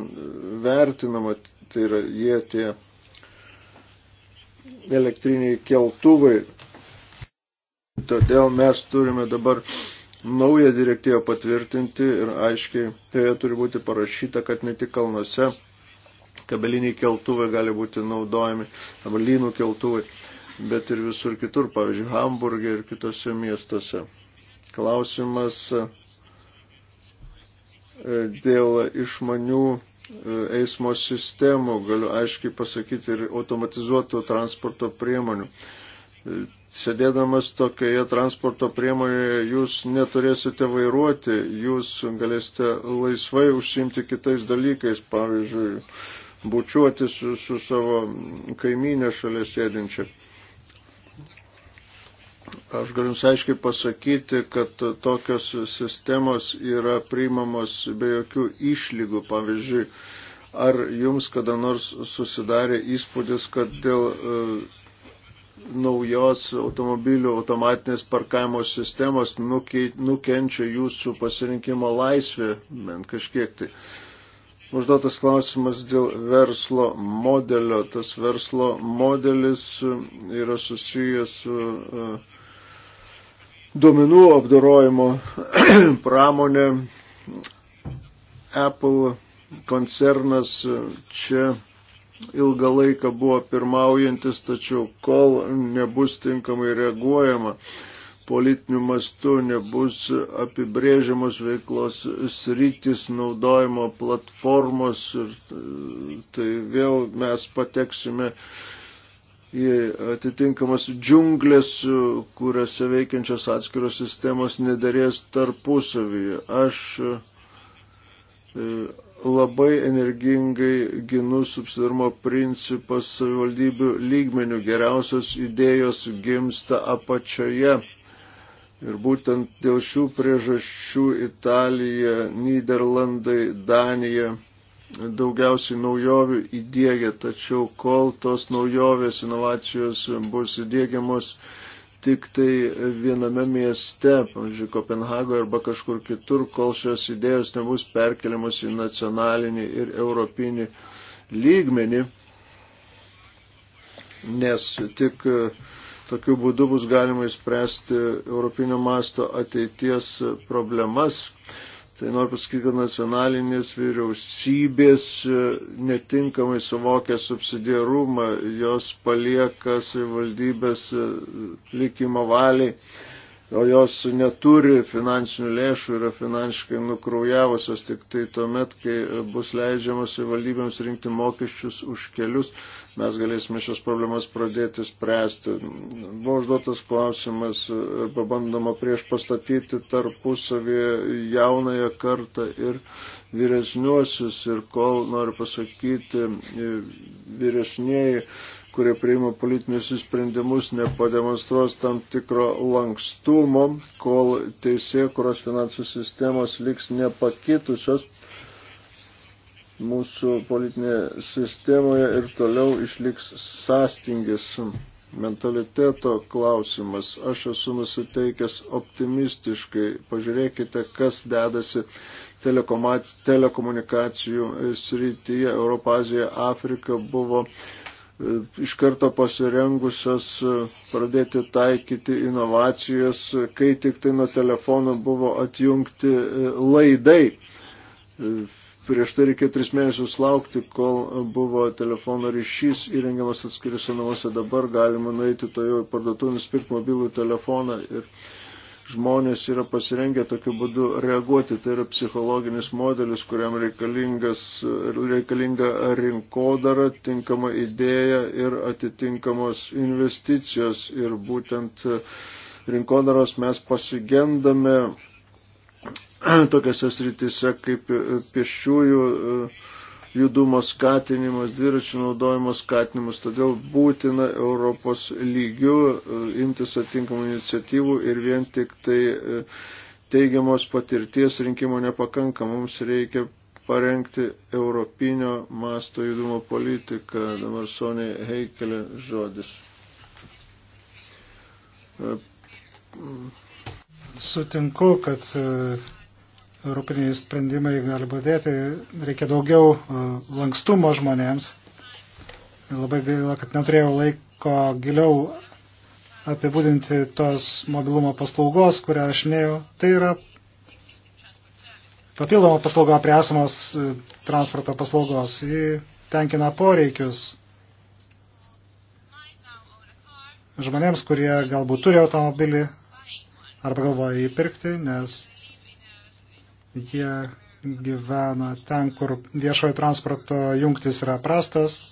vertinama, tai yra jie tie elektriniai keltuvai Todėl mes turime dabar naują direktyvą patvirtinti ir aiškiai joje turi būti parašyta, kad ne tik kalnuose kabeliniai keltuvai gali būti naudojami, arba lynų keltuvai, bet ir visur kitur, pavyzdžiui, Hamburgė ir kitose miestuose. Klausimas e, dėl išmanių e, eismo sistemų, galiu aiškiai pasakyti, ir automatizuotų transporto priemonių e, Sėdėdamas tokioje transporto priemonėje jūs neturėsite vairuoti, jūs galėsite laisvai užsimti kitais dalykais, pavyzdžiui, bučiuoti su, su savo kaiminė šalia sėdinčia. Aš galiu jums aiškiai pasakyti, kad tokios sistemos yra priimamos be jokių išlygų. Pavyzdžiui, ar jums kada nors susidarė įspūdis, kad dėl uh, naujos automobilių automatinės parkavimo sistemos nukenčia jūsų pasirinkimo laisvė, bent kažkiek tai. Užduotas klausimas dėl verslo modelio. Tas verslo modelis e, yra susijęs su e, duomenų apdorojimo pramonė. Apple koncernas e, čia ilgą laiką buvo pirmaujantis, tačiau kol nebus tinkamai reaguojama, politiniu mastu nebus apibrėžiamos veiklos sritis naudojimo platformos ir tai vėl mes pateksime į atitinkamas džiunglės, kuriuose veikiančios atskiros sistemos nedarės tarpusavyje. Aš e, labai energingai ginu subsidarumo principas savivaldybių lygmenių. Geriausios idėjos gimsta apačioje. Ir būtent dėl šių priežasčių Italija, Niderlandai, Danija daugiausiai naujovių įdėgia, tačiau kol tos naujovės inovacijos bus įdėgiamos, tik tai viename mieste, pavyzdžiui, Kopenhagoje arba kažkur kitur, kol šios idėjos nebus perkeliamos į nacionalinį ir europinį lygmenį, nes tik e, tokiu būdu bus galima įspręsti europinio masto ateities problemas. Tai noriu pasakyti, kad nacionalinės vyriausybės e, netinkamai suvokia subsidiarumą, jos palieka savivaldybės e, likimo valiai o jos neturi finansinių lėšų, yra finansiškai nukraujavusios tik tai tuomet, kai bus leidžiamas valdybėms rinkti mokesčius už kelius, mes galėsime šios problemas pradėti spręsti. Buvo užduotas klausimas ir pabandoma prieš pastatyti tarpusavį jaunąją kartą ir vyresniuosius ir kol noriu pasakyti vyresnėjai kurie priima politinius sprendimus, nepademonstruos tam tikro lankstumo, kol teisė, kurios finansų sistemos liks nepakitusios mūsų politinėje sistemoje ir toliau išliks sąstingis mentaliteto klausimas. Aš esu nusiteikęs optimistiškai. Pažiūrėkite, kas dedasi telekomunikacijų srityje. Europazijoje, Afrika buvo iš karto pasirengusios e, pradėti taikyti inovacijas, kai tik tai nuo telefono buvo atjungti e, laidai. E, prieš tai reikėjo tris mėnesius laukti, kol buvo telefono ryšys įrengiamas atskiriuose namuose. Dabar galima nueiti to jau į parduotuvę, nusipirkti mobilų telefoną ir žmonės yra pasirengę tokiu būdu reaguoti. Tai yra psichologinis modelis, kuriam reikalinga rinkodara, tinkama idėja ir atitinkamos investicijos. Ir būtent rinkodaros mes pasigendame tokiose sritise kaip pėsčiųjų judumo skatinimas, dviračių naudojimo skatinimas. Todėl būtina Europos lygių e, imtis atinkamų iniciatyvų ir vien tik tai e, teigiamos patirties rinkimo nepakanka. Mums reikia parengti europinio masto judumo politiką. Dabar Sonė Heikelė žodis. E, Sutinku, kad europiniai sprendimai gali padėti. Reikia daugiau e, lankstumo žmonėms. Labai gaila, kad neturėjau laiko giliau apibūdinti tos mobilumo paslaugos, kurią aš nėjau. Tai yra papildoma paslauga prie esamos e, transporto paslaugos. Ji tenkina poreikius žmonėms, kurie galbūt turi automobilį arba galvoja jį pirkti, nes Jie gyvena ten, kur viešojo transporto jungtis yra prastas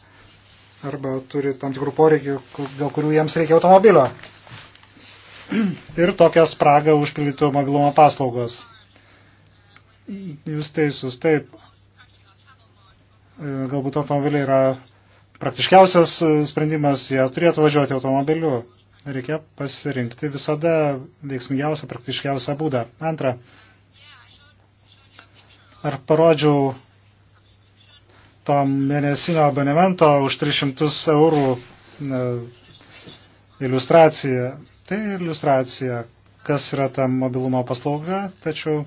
arba turi tam tikrų poreikių, dėl kurių jiems reikia automobilio. Ir tokią spragą užpildytų mobilumo paslaugos. Jūs teisus, taip. E, galbūt automobiliai yra praktiškiausias e, sprendimas, jie turėtų važiuoti automobiliu. Reikia pasirinkti visada veiksmingiausią, praktiškiausią būdą. Antra, ar parodžiau to mėnesinio abonemento už 300 eurų e, iliustracija. Tai iliustracija, kas yra ta mobilumo paslauga, tačiau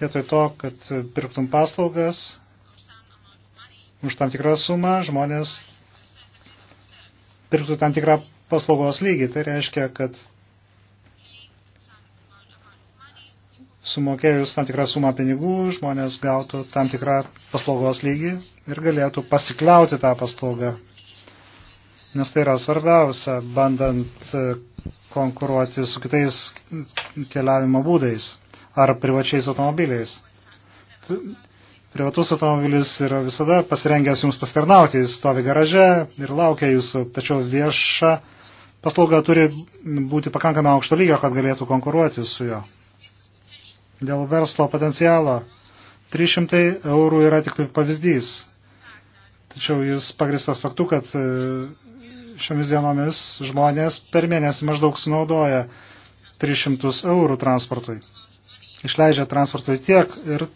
vietoj to, kad pirktum paslaugas už tam tikrą sumą, žmonės pirktų tam tikrą paslaugos lygį. Tai reiškia, kad sumokėjus tam tikrą sumą pinigų, žmonės gautų tam tikrą paslaugos lygį ir galėtų pasikliauti tą paslaugą. Nes tai yra svarbiausia, bandant e, konkuruoti su kitais keliavimo būdais ar privačiais automobiliais. Privatus automobilis yra visada pasirengęs jums pasitarnauti, jis stovi garaže ir laukia jūsų, tačiau vieša paslauga turi būti pakankamai aukšto lygio, kad galėtų konkuruoti su juo. Dėl verslo potencialo 300 eurų yra tik tai pavyzdys. Tačiau jis pagristas faktu, kad e, šiomis dienomis žmonės per mėnesį maždaug sunaudoja 300 eurų transportui. Išleidžia transportui tiek ir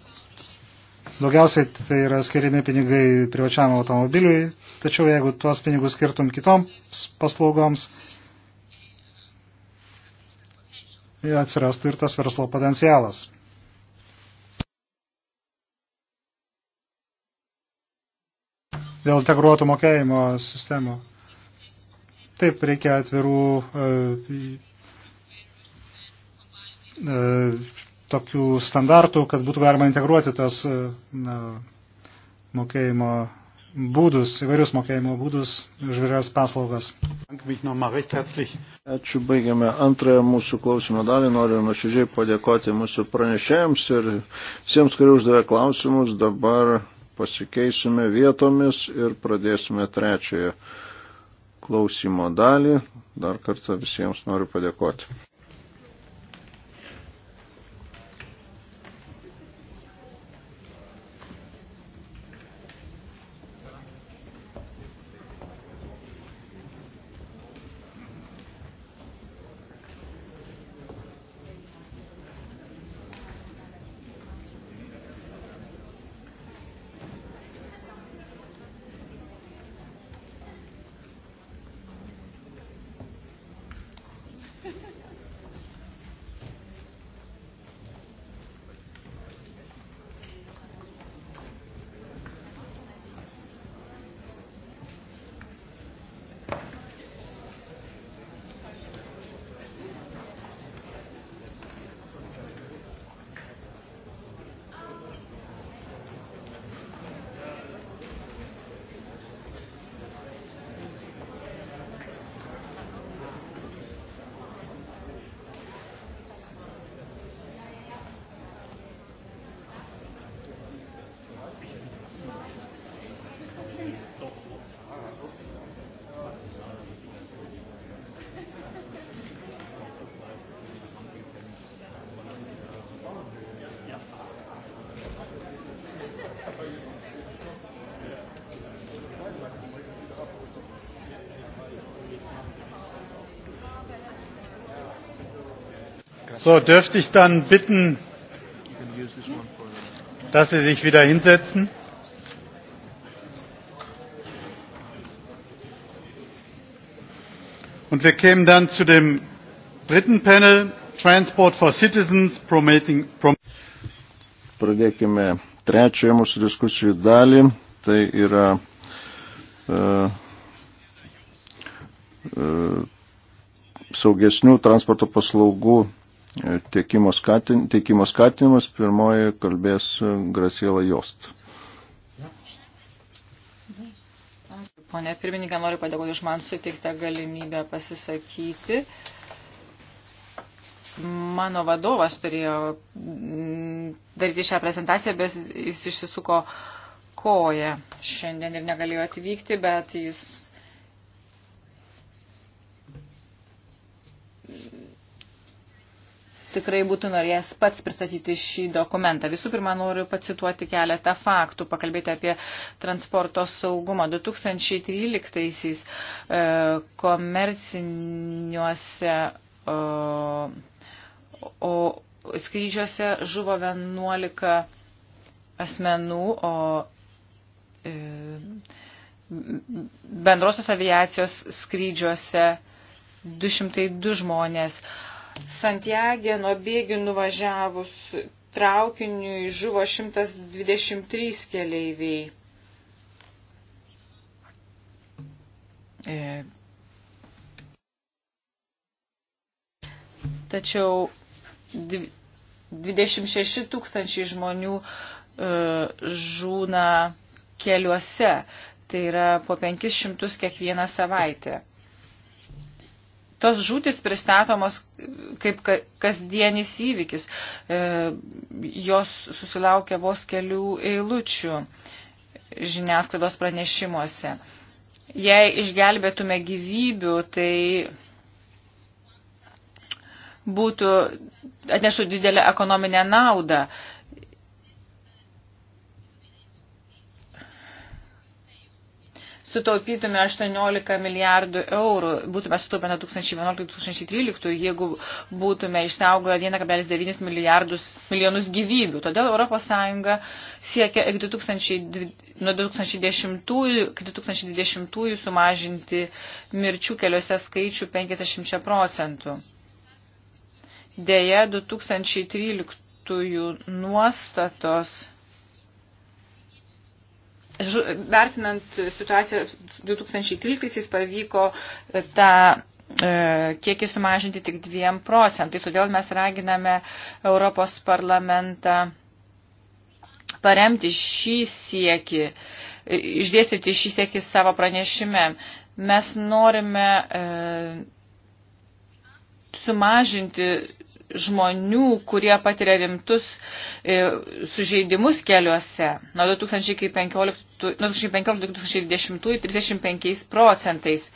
daugiausiai tai yra skiriami pinigai privačiam automobiliui, tačiau jeigu tuos pinigus skirtum kitoms paslaugoms, atsirastų ir tas verslo potencialas. Dėl integruotų mokėjimo sistemų. Taip, reikia atvirų e, e, tokių standartų, kad būtų galima integruoti tas e, na, mokėjimo būdus, įvairius mokėjimo būdus už vyrias paslaugas. Ačiū, baigiame antrąją mūsų klausimo dalį. Noriu nuoširdžiai padėkoti mūsų pranešėjams ir visiems, kurie uždavė klausimus. Dabar pasikeisime vietomis ir pradėsime trečiąją klausimo dalį. Dar kartą visiems noriu padėkoti. So, dürfte ich dann bitten, dass Sie sich wieder hinsetzen? Und wir kämen dann zu dem dritten Panel, Transport for Citizens, Promoting. Prom Pradėkime trečiąją mūsų diskusijų dalį. Tai yra uh, uh, saugesnių transporto paslaugų teikimo skatin, skatinimas. Pirmoji kalbės Grasiela Jost. Pone pirmininkė, noriu padėkoti už man suteiktą galimybę pasisakyti. Mano vadovas turėjo mm, daryti šią prezentaciją, bet jis išsisuko koją šiandien ir negalėjo atvykti, bet jis tikrai būtų norėjęs pats pristatyti šį dokumentą. Visų pirma, noriu pacituoti keletą faktų, pakalbėti apie transporto saugumą. 2013-aisiais e, komerciniuose o, e, o, skrydžiuose žuvo 11 asmenų, o e, bendrosios aviacijos skrydžiuose 202 žmonės. E, Santiagė nuo bėgių nuvažiavus traukiniui žuvo 123 keleiviai. E. Tačiau 26 tūkstančiai žmonių e, žūna keliuose, tai yra po 500 kiekvieną savaitę tos žūtis pristatomos kaip kasdienis įvykis. E, jos susilaukia vos kelių eilučių žiniasklaidos pranešimuose. Jei išgelbėtume gyvybių, tai būtų atnešų didelę ekonominę naudą. sutaupytume 18 milijardų eurų, būtume sutaupę nuo 2011-2013, jeigu būtume išsaugoję 1,9 milijardus milijonus gyvybių. Todėl ES siekia iki 2000, nuo 2010 iki 2020 sumažinti mirčių keliuose skaičių 50 procentų. Deja, 2013 nuostatos vertinant situaciją 2013 pavyko tą e, kiekį sumažinti tik 2 procentai. Todėl mes raginame Europos parlamentą paremti šį siekį, e, išdėstyti šį siekį savo pranešime. Mes norime e, sumažinti žmonių, kurie patiria rimtus e, sužeidimus keliuose nuo 2015-2020 35 procentais.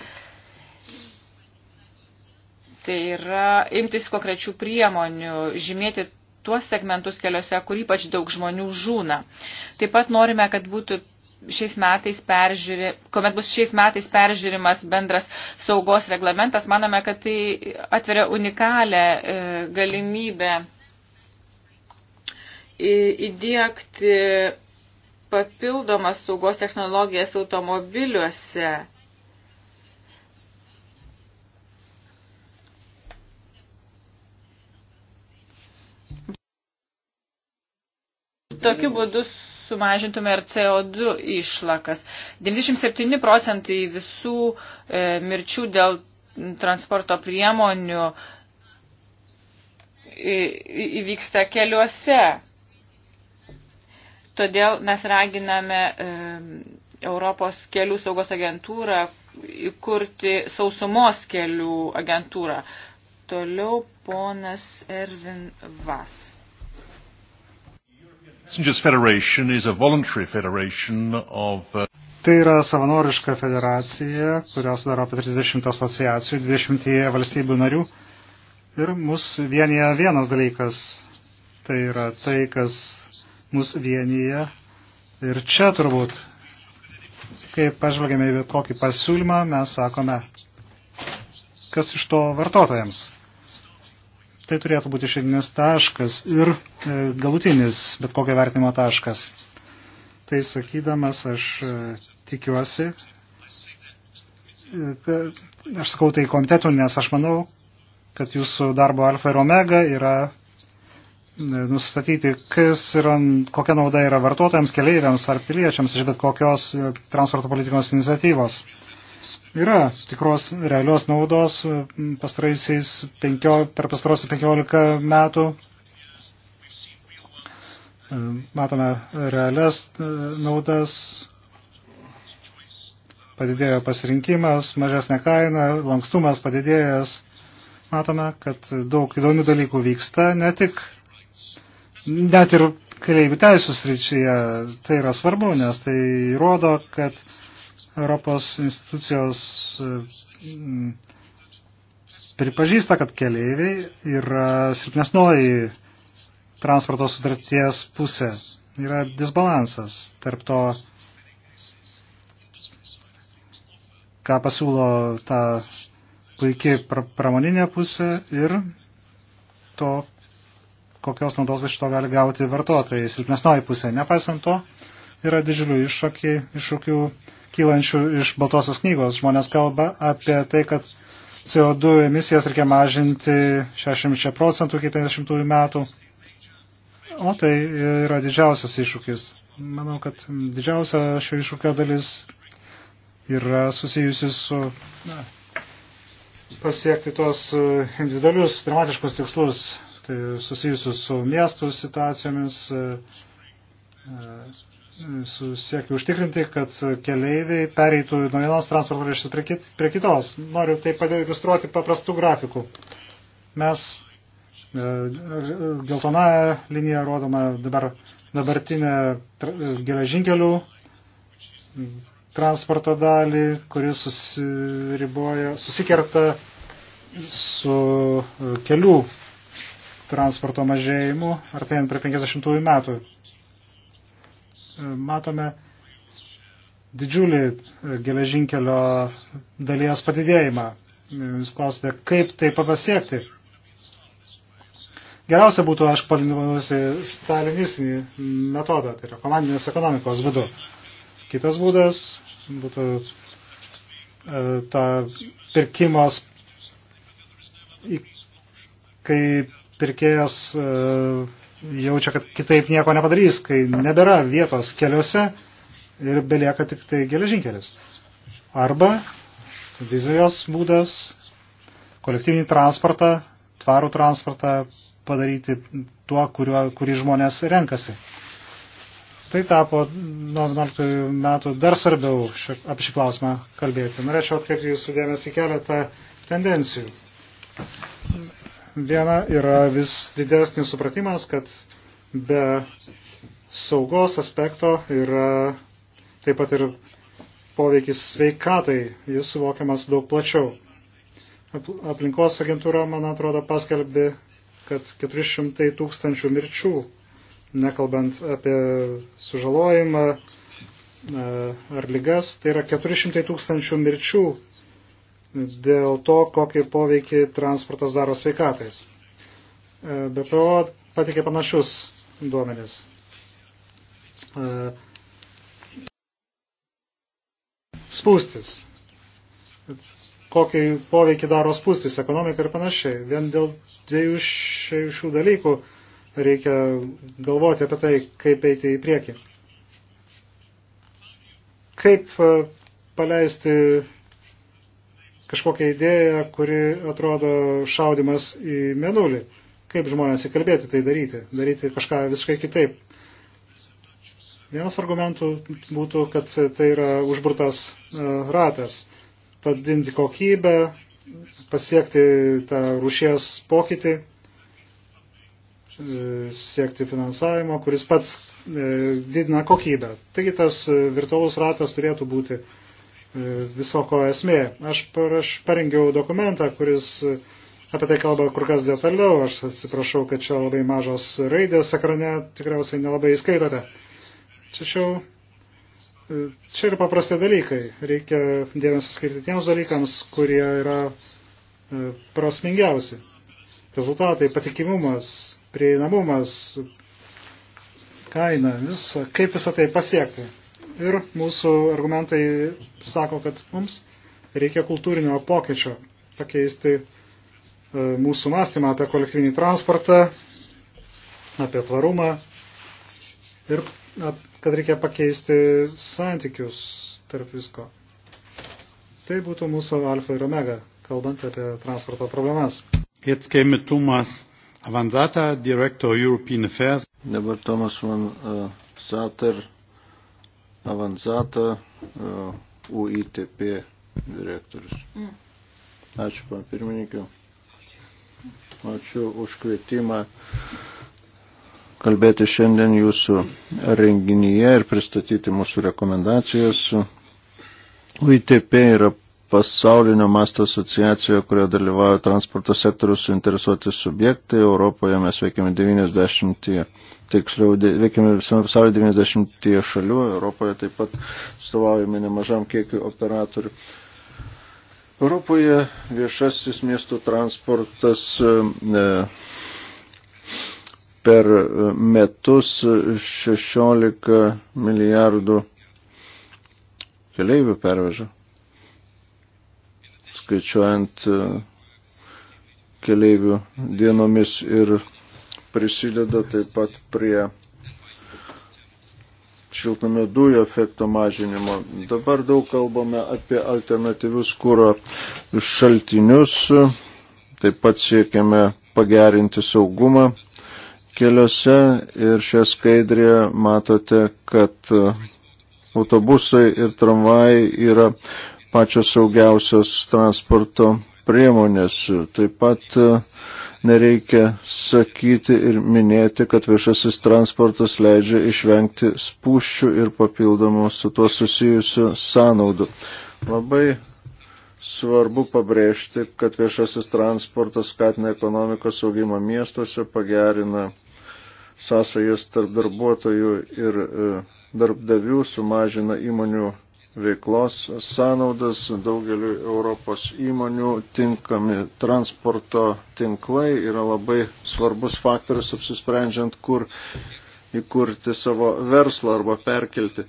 Tai yra imtis konkrečių priemonių, žymėti tuos segmentus keliuose, kur ypač daug žmonių žūna. Taip pat norime, kad būtų šiais metais peržiūri, kuomet bus šiais metais peržiūrimas bendras saugos reglamentas, manome, kad tai atveria unikalią e, galimybę įdėkti papildomas saugos technologijas automobiliuose. Tokiu būdu sumažintume ir CO2 išlakas. 97 procentai visų e, mirčių dėl transporto priemonių įvyksta keliuose. Todėl mes raginame e, Europos kelių saugos agentūrą įkurti sausumos kelių agentūrą. Toliau ponas Ervin Vas. Uh, tai yra savanoriška federacija, kurios daro apie 30 asociacijų, 20 valstybių narių. Ir mus vienyje vienas dalykas. Tai yra tai, kas mus vienyje. Ir čia turbūt, kai pažvelgėme į kokį pasiūlymą, mes sakome, kas iš to vartotojams tai turėtų būti išėdinis taškas ir e, galutinis bet kokio vertinimo taškas. Tai sakydamas, aš e, tikiuosi, e, aš sakau tai komitetų, nes aš manau, kad jūsų darbo alfa ir omega yra nustatyti, kas yra, kokia nauda yra vartotojams, keleiviams ar piliečiams iš bet kokios transporto politikos iniciatyvos. Yra tikros realios naudos e, penkio, per pastarosius 15 metų. E, matome realias e, naudas, padidėjo pasirinkimas, mažesnė kaina, lankstumas padidėjęs. Matome, kad daug įdomių dalykų vyksta, ne tik, net ir keliaivių teisų sričiai. Tai yra svarbu, nes tai rodo, kad Europos institucijos e, pripažįsta, kad keleiviai yra silpnesnoji transporto sutarties pusė. Yra disbalansas tarp to, ką pasiūlo ta puikiai pramoninė pusė ir to, kokios naudos iš to gali gauti vartotojai. Silpnesnoji pusė. Nepaisant to, yra didžiulių iššūkių kylančių iš Baltosios knygos. Žmonės kalba apie tai, kad CO2 emisijas reikia mažinti 60 procentų iki 50 metų. O tai yra didžiausias iššūkis. Manau, kad didžiausia šio iššūkio dalis yra susijusi su na, pasiekti tuos e, individualius dramatiškus tikslus, tai susijusius su miestų situacijomis, e, e, su siekiu užtikrinti, kad keleiviai pereitų nuo vienos transporto rūšės prie, kit, prie kitos. Noriu tai iliustruoti paprastų grafikų. Mes e, geltona linija rodoma dabar dabartinę geležinkelių transporto dalį, kuris susiriboja, susikerta su e, kelių transporto mažėjimu artėjant prie 50 metų. E, matome didžiulį e, geležinkelio dalies padidėjimą. E, jūs klausite, kaip tai pasiekti? Geriausia būtų, aš palinimuosi stalinistinį metodą, tai yra komandinės ekonomikos būdu. Kitas būdas būtų e, ta pirkimas, kai pirkėjas e, jaučia, kad kitaip nieko nepadarys, kai nebėra vietos keliuose ir belieka tik tai geležinkelis. Arba vizijos būdas kolektyvinį transportą, tvarų transportą padaryti tuo, kuriuo, kurį žmonės renkasi. Tai tapo nuo 19 metų dar svarbiau šio, apie šį klausimą kalbėti. Norėčiau atkreipti jūsų dėmesį keletą tendencijų. Viena yra vis didesnis supratimas, kad be saugos aspekto yra taip pat ir poveikis sveikatai, jis suvokiamas daug plačiau. Aplinkos agentūra, man atrodo, paskelbė, kad 400 tūkstančių mirčių, nekalbant apie sužalojimą e, ar lygas, tai yra 400 tūkstančių mirčių dėl to, kokį poveikį transportas daro sveikatais. E, BPO patikė panašius duomenis. E, spūstis. Kokį poveikį daro spūstis ekonomikai ir panašiai. Vien dėl dviejų šių dalykų reikia galvoti apie tai, kaip eiti į priekį. Kaip e, paleisti kažkokią idėją, kuri atrodo šaudimas į menulį. Kaip žmonės įkalbėti tai daryti, daryti kažką visiškai kitaip. Vienas argumentų būtų, kad tai yra užburtas e, ratas. Padinti kokybę, pasiekti tą rūšies pokytį, e, siekti finansavimo, kuris pats e, didina kokybę. Taigi tas virtualus ratas turėtų būti uh, E, viso ko esmė. Aš, aš parengiau dokumentą, kuris e, apie tai kalba kur kas detaliau. Aš atsiprašau, kad čia labai mažos raidės ekrane, tikriausiai nelabai įskaitote. Tačiau e, čia yra paprasti dalykai. Reikia dėmesio skirti tiems dalykams, kurie yra prasmingiausi. Rezultatai, patikimumas, prieinamumas, kaina, visa, kaip visą tai pasiekti. Ir mūsų argumentai sako, kad mums reikia kultūrinio pokyčio, pakeisti e, mūsų mąstymą apie kolektyvinį transportą, apie tvarumą ir kad reikia pakeisti santykius tarp visko. Tai būtų mūsų alfa ir omega, kalbant apie transporto problemas. Dabar Tomas Van e, Sater, Avanzata UITP uh, direktorius. Mm. Ačiū, pan pirmininkė. Ačiū už kvietimą kalbėti šiandien jūsų renginyje ir pristatyti mūsų rekomendacijas. UITP yra pasaulinio masto asociacijoje, kurioje dalyvauja transporto sektorius suinteresuoti subjektai. Europoje mes veikiame 90, tiksliau, veikiame visame pasaulyje 90 šalių, Europoje taip pat stovaujame nemažam kiekiu operatorių. Europoje viešasis miestų transportas e, per metus 16 milijardų keleivių perveža skaičiuojant e, keleivių dienomis ir prisideda taip pat prie šiltnamio dujų efekto mažinimo. Dabar daug kalbame apie alternatyvius kūro šaltinius, taip pat siekiame pagerinti saugumą keliuose ir šią skaidrėje matote, kad autobusai ir tramvai yra pačios saugiausios transporto priemonės. Taip pat e, nereikia sakyti ir minėti, kad viešasis transportas leidžia išvengti spūščių ir papildomų su tuo susijusių sąnaudų. Labai svarbu pabrėžti, kad viešasis transportas skatina ekonomikos augimą miestuose, pagerina sąsajas tarp darbuotojų ir e, darbdavių, sumažina įmonių veiklos sąnaudas daugeliu Europos įmonių tinkami transporto tinklai yra labai svarbus faktorius apsisprendžiant, kur įkurti savo verslą arba perkelti.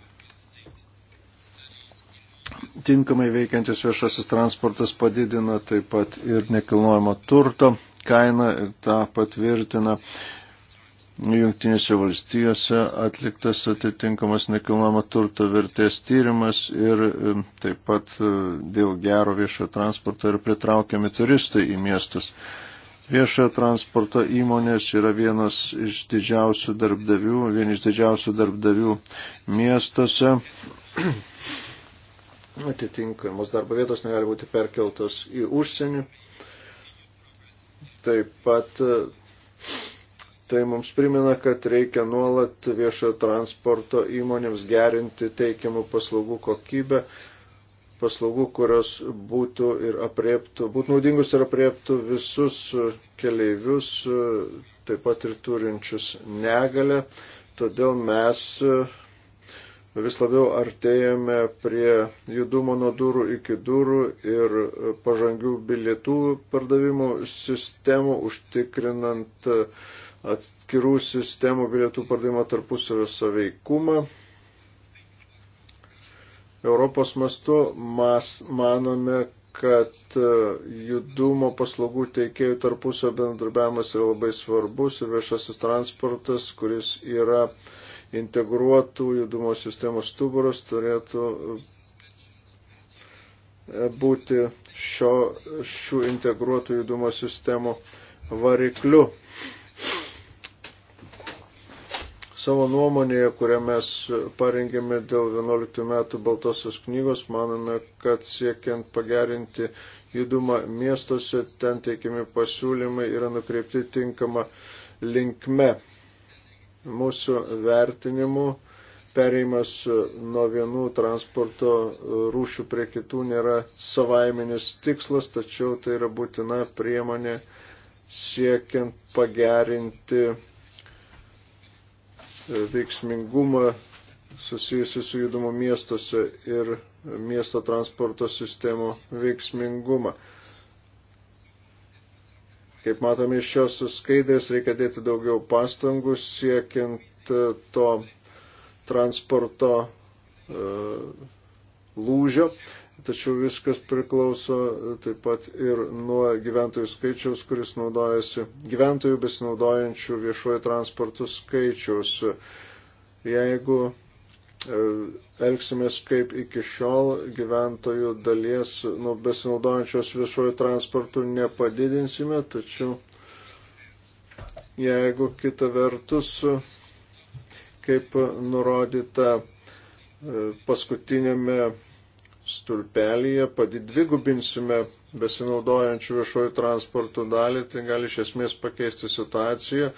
Tinkamai veikiantis viešasis transportas padidina taip pat ir nekilnojamo turto kainą ir tą patvirtina Junktinėse valstijose atliktas atitinkamas nekilnojamo turto vertės tyrimas ir e, taip pat e, dėl gero viešojo transporto ir pritraukiami turistai į miestus. Viešojo transporto įmonės yra vienas iš didžiausių darbdavių, vieni iš didžiausių darbdavių miestuose. Atitinkamos darbo vietos negali būti perkeltos į užsienį. Taip pat e, Tai mums primena, kad reikia nuolat viešojo transporto įmonėms gerinti teikiamų paslaugų kokybę, paslaugų, kurios būtų, ir apriektų, būtų naudingus ir apriektų visus keleivius, taip pat ir turinčius negalę. Todėl mes vis labiau artėjame prie judumo nuo durų iki durų ir pažangių bilietų pardavimų sistemų, užtikrinant uh, atskirų sistemų bilietų pardavimo tarpusavio saveikumą. Europos mastu mes manome, kad e, judumo paslaugų teikėjų tarpusio bendradarbiavimas yra labai svarbus ir viešasis transportas, kuris yra integruotų judumo sistemos stuburas, turėtų e, būti šio, šių integruotų judumo sistemų varikliu. Savo nuomonėje, kurią mes parengėme dėl 11 metų Baltosios knygos, manome, kad siekiant pagerinti judumą miestuose, ten teikiami pasiūlymai yra nukreipti tinkama linkme. Mūsų vertinimu pereimas nuo vienų transporto rūšių prie kitų nėra savaiminis tikslas, tačiau tai yra būtina priemonė siekiant pagerinti veiksmingumą susijusi su judumu miestuose ir miesto transporto sistemų veiksmingumą. Kaip matome iš šios skaidrės, reikia dėti daugiau pastangų siekiant e, to transporto e, lūžio tačiau viskas priklauso e, taip pat ir nuo gyventojų skaičiaus, kuris naudojasi, gyventojų besinaudojančių viešuoju transportu skaičiaus. Jeigu e, elgsimės kaip iki šiol, gyventojų dalies nu, besinaudojančios viešuoju transportu nepadidinsime, tačiau jeigu kita vertus, kaip nurodyta e, paskutinėme stulpelyje padidvigubinsime besinaudojančių viešojų transportų dalį, tai gali iš esmės pakeisti situaciją.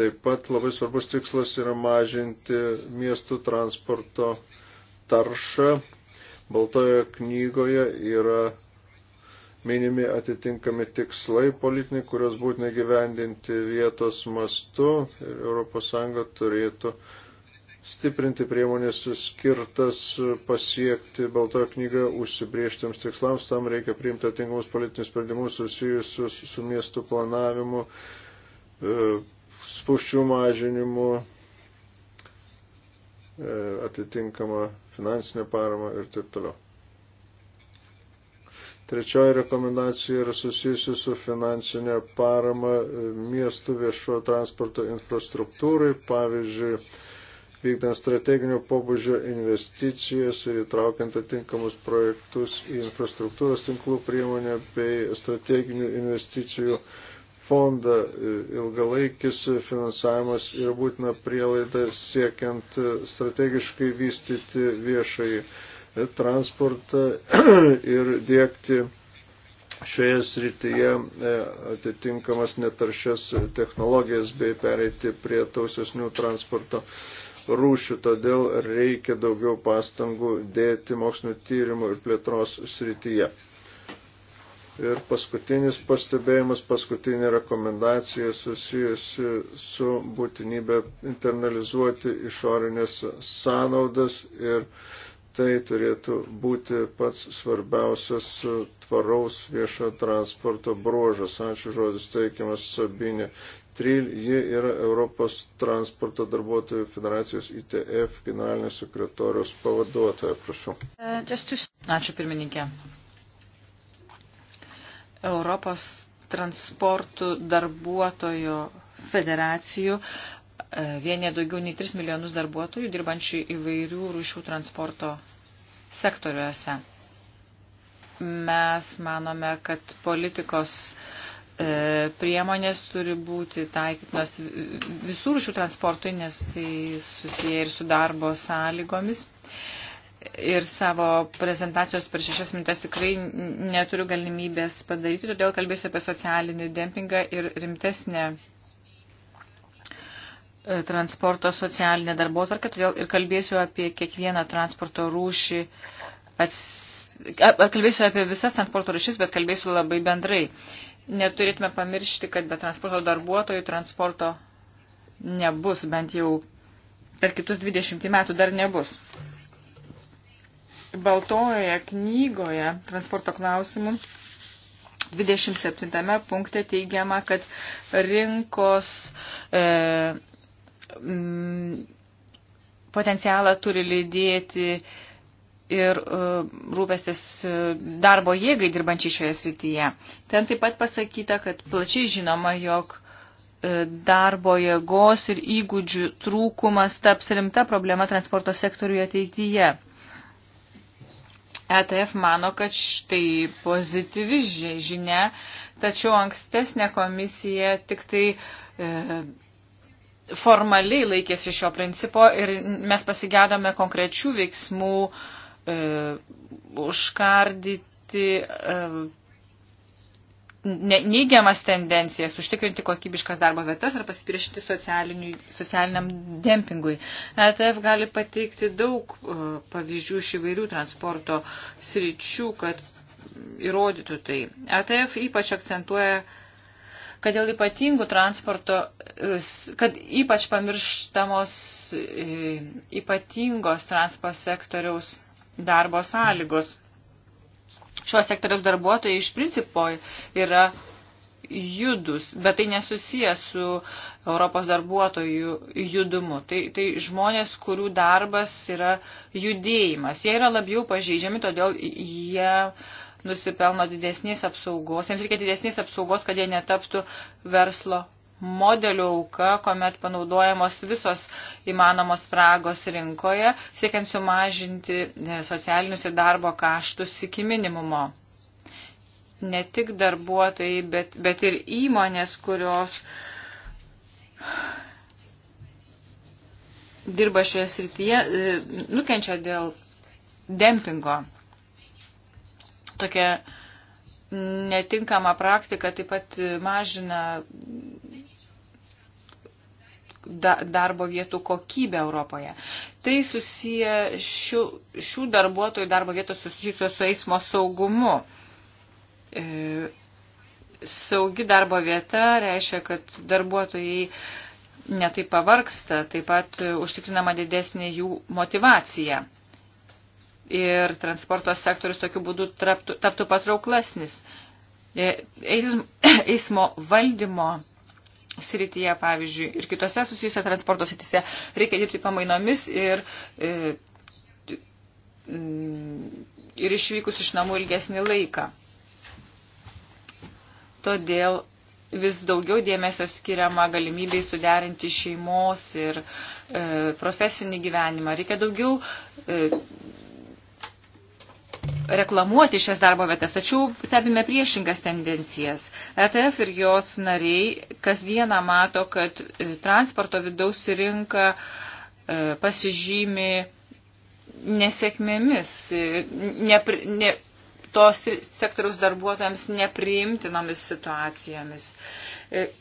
Taip pat labai svarbus tikslas yra mažinti miestų transporto taršą. Baltoje knygoje yra minimi atitinkami tikslai politiniai, kurios būtina gyvendinti vietos mastu ir ES turėtų uh, stiprinti priemonės skirtas pasiekti Baltojo knygą užsibriežtiems tikslams. Tam reikia priimti atinkamus politinius sprendimus susijusius su, su miestų planavimu, e, spuščių mažinimu, e, atitinkama finansinė parama ir taip toliau. Trečioji rekomendacija yra susijusi su finansinė parama miestų viešo transporto infrastruktūrai, pavyzdžiui, vykdant strateginio pobūdžio investicijas ir įtraukiant atinkamus projektus į infrastruktūros tinklų priemonę bei strateginių investicijų fondą. Ilgalaikis finansavimas yra būtina prielaida siekiant strategiškai vystyti viešai transportą ir dėkti šioje srityje e, atitinkamas netaršias technologijas bei pereiti prie tausesnių transporto rūšių, todėl reikia daugiau pastangų dėti mokslinio tyrimų ir plėtros srityje. Ir paskutinis pastebėjimas, paskutinė rekomendacija susijusi su būtinybė internalizuoti išorinės sąnaudas ir tai turėtų būti pats svarbiausias tvaraus viešo transporto bruožas. Ačiū žodis teikiamas Sabinė. Tril, ji yra Europos transporto darbuotojų federacijos ITF generalinės sekretorijos pavaduotoja. Prašau. Uh, Ačiū pirmininkė. Europos transportų darbuotojų federacijų uh, vienė daugiau nei 3 milijonus darbuotojų dirbančių įvairių rūšių transporto sektoriuose. Mes manome, kad politikos uh, E, priemonės turi būti taikytinos visų rūšių transportui, nes tai susiję ir su darbo sąlygomis. Ir savo prezentacijos per šešias mintas tikrai neturiu galimybės padaryti, todėl kalbėsiu apie socialinį dempingą ir rimtesnę e, transporto socialinę darbo tvarką, todėl ir kalbėsiu apie kiekvieną transporto rūšį ats... Kalbėsiu apie visas transporto rūšis, bet kalbėsiu labai bendrai. Uh, neturėtume pamiršti, kad be transporto darbuotojų transporto nebus, bent jau per kitus 20 metų dar nebus. Baltojoje knygoje transporto klausimų 27 punkte teigiama, kad rinkos e, m, potencialą turi lydėti e, ir e, rūpestis e, darbo jėgai dirbančiai šioje srityje. Ten taip pat pasakyta, kad plačiai žinoma, jog e, darbo jėgos ir įgūdžių trūkumas taps rimta problema transporto sektoriuje ateityje. ETF mano, kad štai pozityvi žinia, tačiau ankstesnė komisija tik tai e, formaliai laikėsi šio principo ir mes pasigėdome konkrečių veiksmų e, e, užkardyti e, neigiamas tendencijas, užtikrinti kokybiškas darbo vietas ar pasipriešinti socialiniam dempingui. ETF gali pateikti daug e, pavyzdžių iš įvairių transporto sričių, kad įrodytų tai. ETF ypač akcentuoja, kad dėl ypatingų transporto, e, kad ypač pamirštamos e, ypatingos transporto sektoriaus darbo sąlygos. Šios sektoriaus darbuotojai iš principo yra judus, bet tai nesusiję su Europos darbuotojų judumu. Tai, tai žmonės, kurių darbas yra judėjimas. Jie yra labiau pažeidžiami, todėl jie nusipelno didesnės apsaugos. Jiems reikia didesnės apsaugos, kad jie netaptų verslo modelių auka, kuomet panaudojamos visos įmanomos spragos rinkoje, siekiant sumažinti e, socialinius ir darbo kaštus iki minimumo. Ne tik darbuotojai, bet, bet ir įmonės, kurios dirba šioje srityje, e, nukenčia dėl dempingo. Tokia netinkama praktika taip pat mažina darbo vietų kokybę Europoje. Tai susiję šių, šių darbuotojų darbo vietos susijusios su eismo saugumu. E, saugi darbo vieta reiškia, kad darbuotojai netai pavarksta, taip pat užtikrinama didesnė jų motivacija. Ir transporto sektorius tokiu būdu traptų, taptų patrauklesnis. E, eismo valdymo srityje, pavyzdžiui, ir kitose susijusio transporto srityse reikia dirbti pamainomis ir, e, mm, ir išvykus iš namų ilgesnį laiką. Todėl vis daugiau dėmesio skiriama galimybei suderinti šeimos ir e, profesinį gyvenimą. Reikia daugiau e, reklamuoti šias darbo vietas, tačiau stebime priešingas tendencijas. ETF ir jos nariai kasdieną mato, kad e, transporto vidaus rinka e, pasižymi nesėkmėmis, e, nepri, ne, tos sektoriaus darbuotojams nepriimtinomis situacijomis.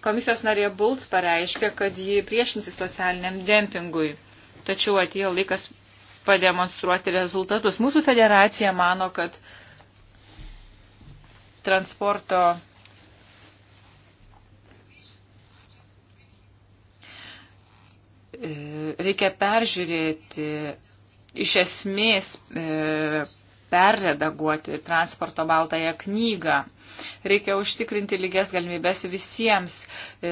Komisijos narė Bultz pareiškė, kad ji priešinsi socialiniam dempingui. Tačiau atėjo laikas pademonstruoti rezultatus. Mūsų federacija mano, kad transporto e, reikia peržiūrėti iš esmės e, perredaguoti transporto baltąją knygą. Reikia užtikrinti lygias galimybės visiems e,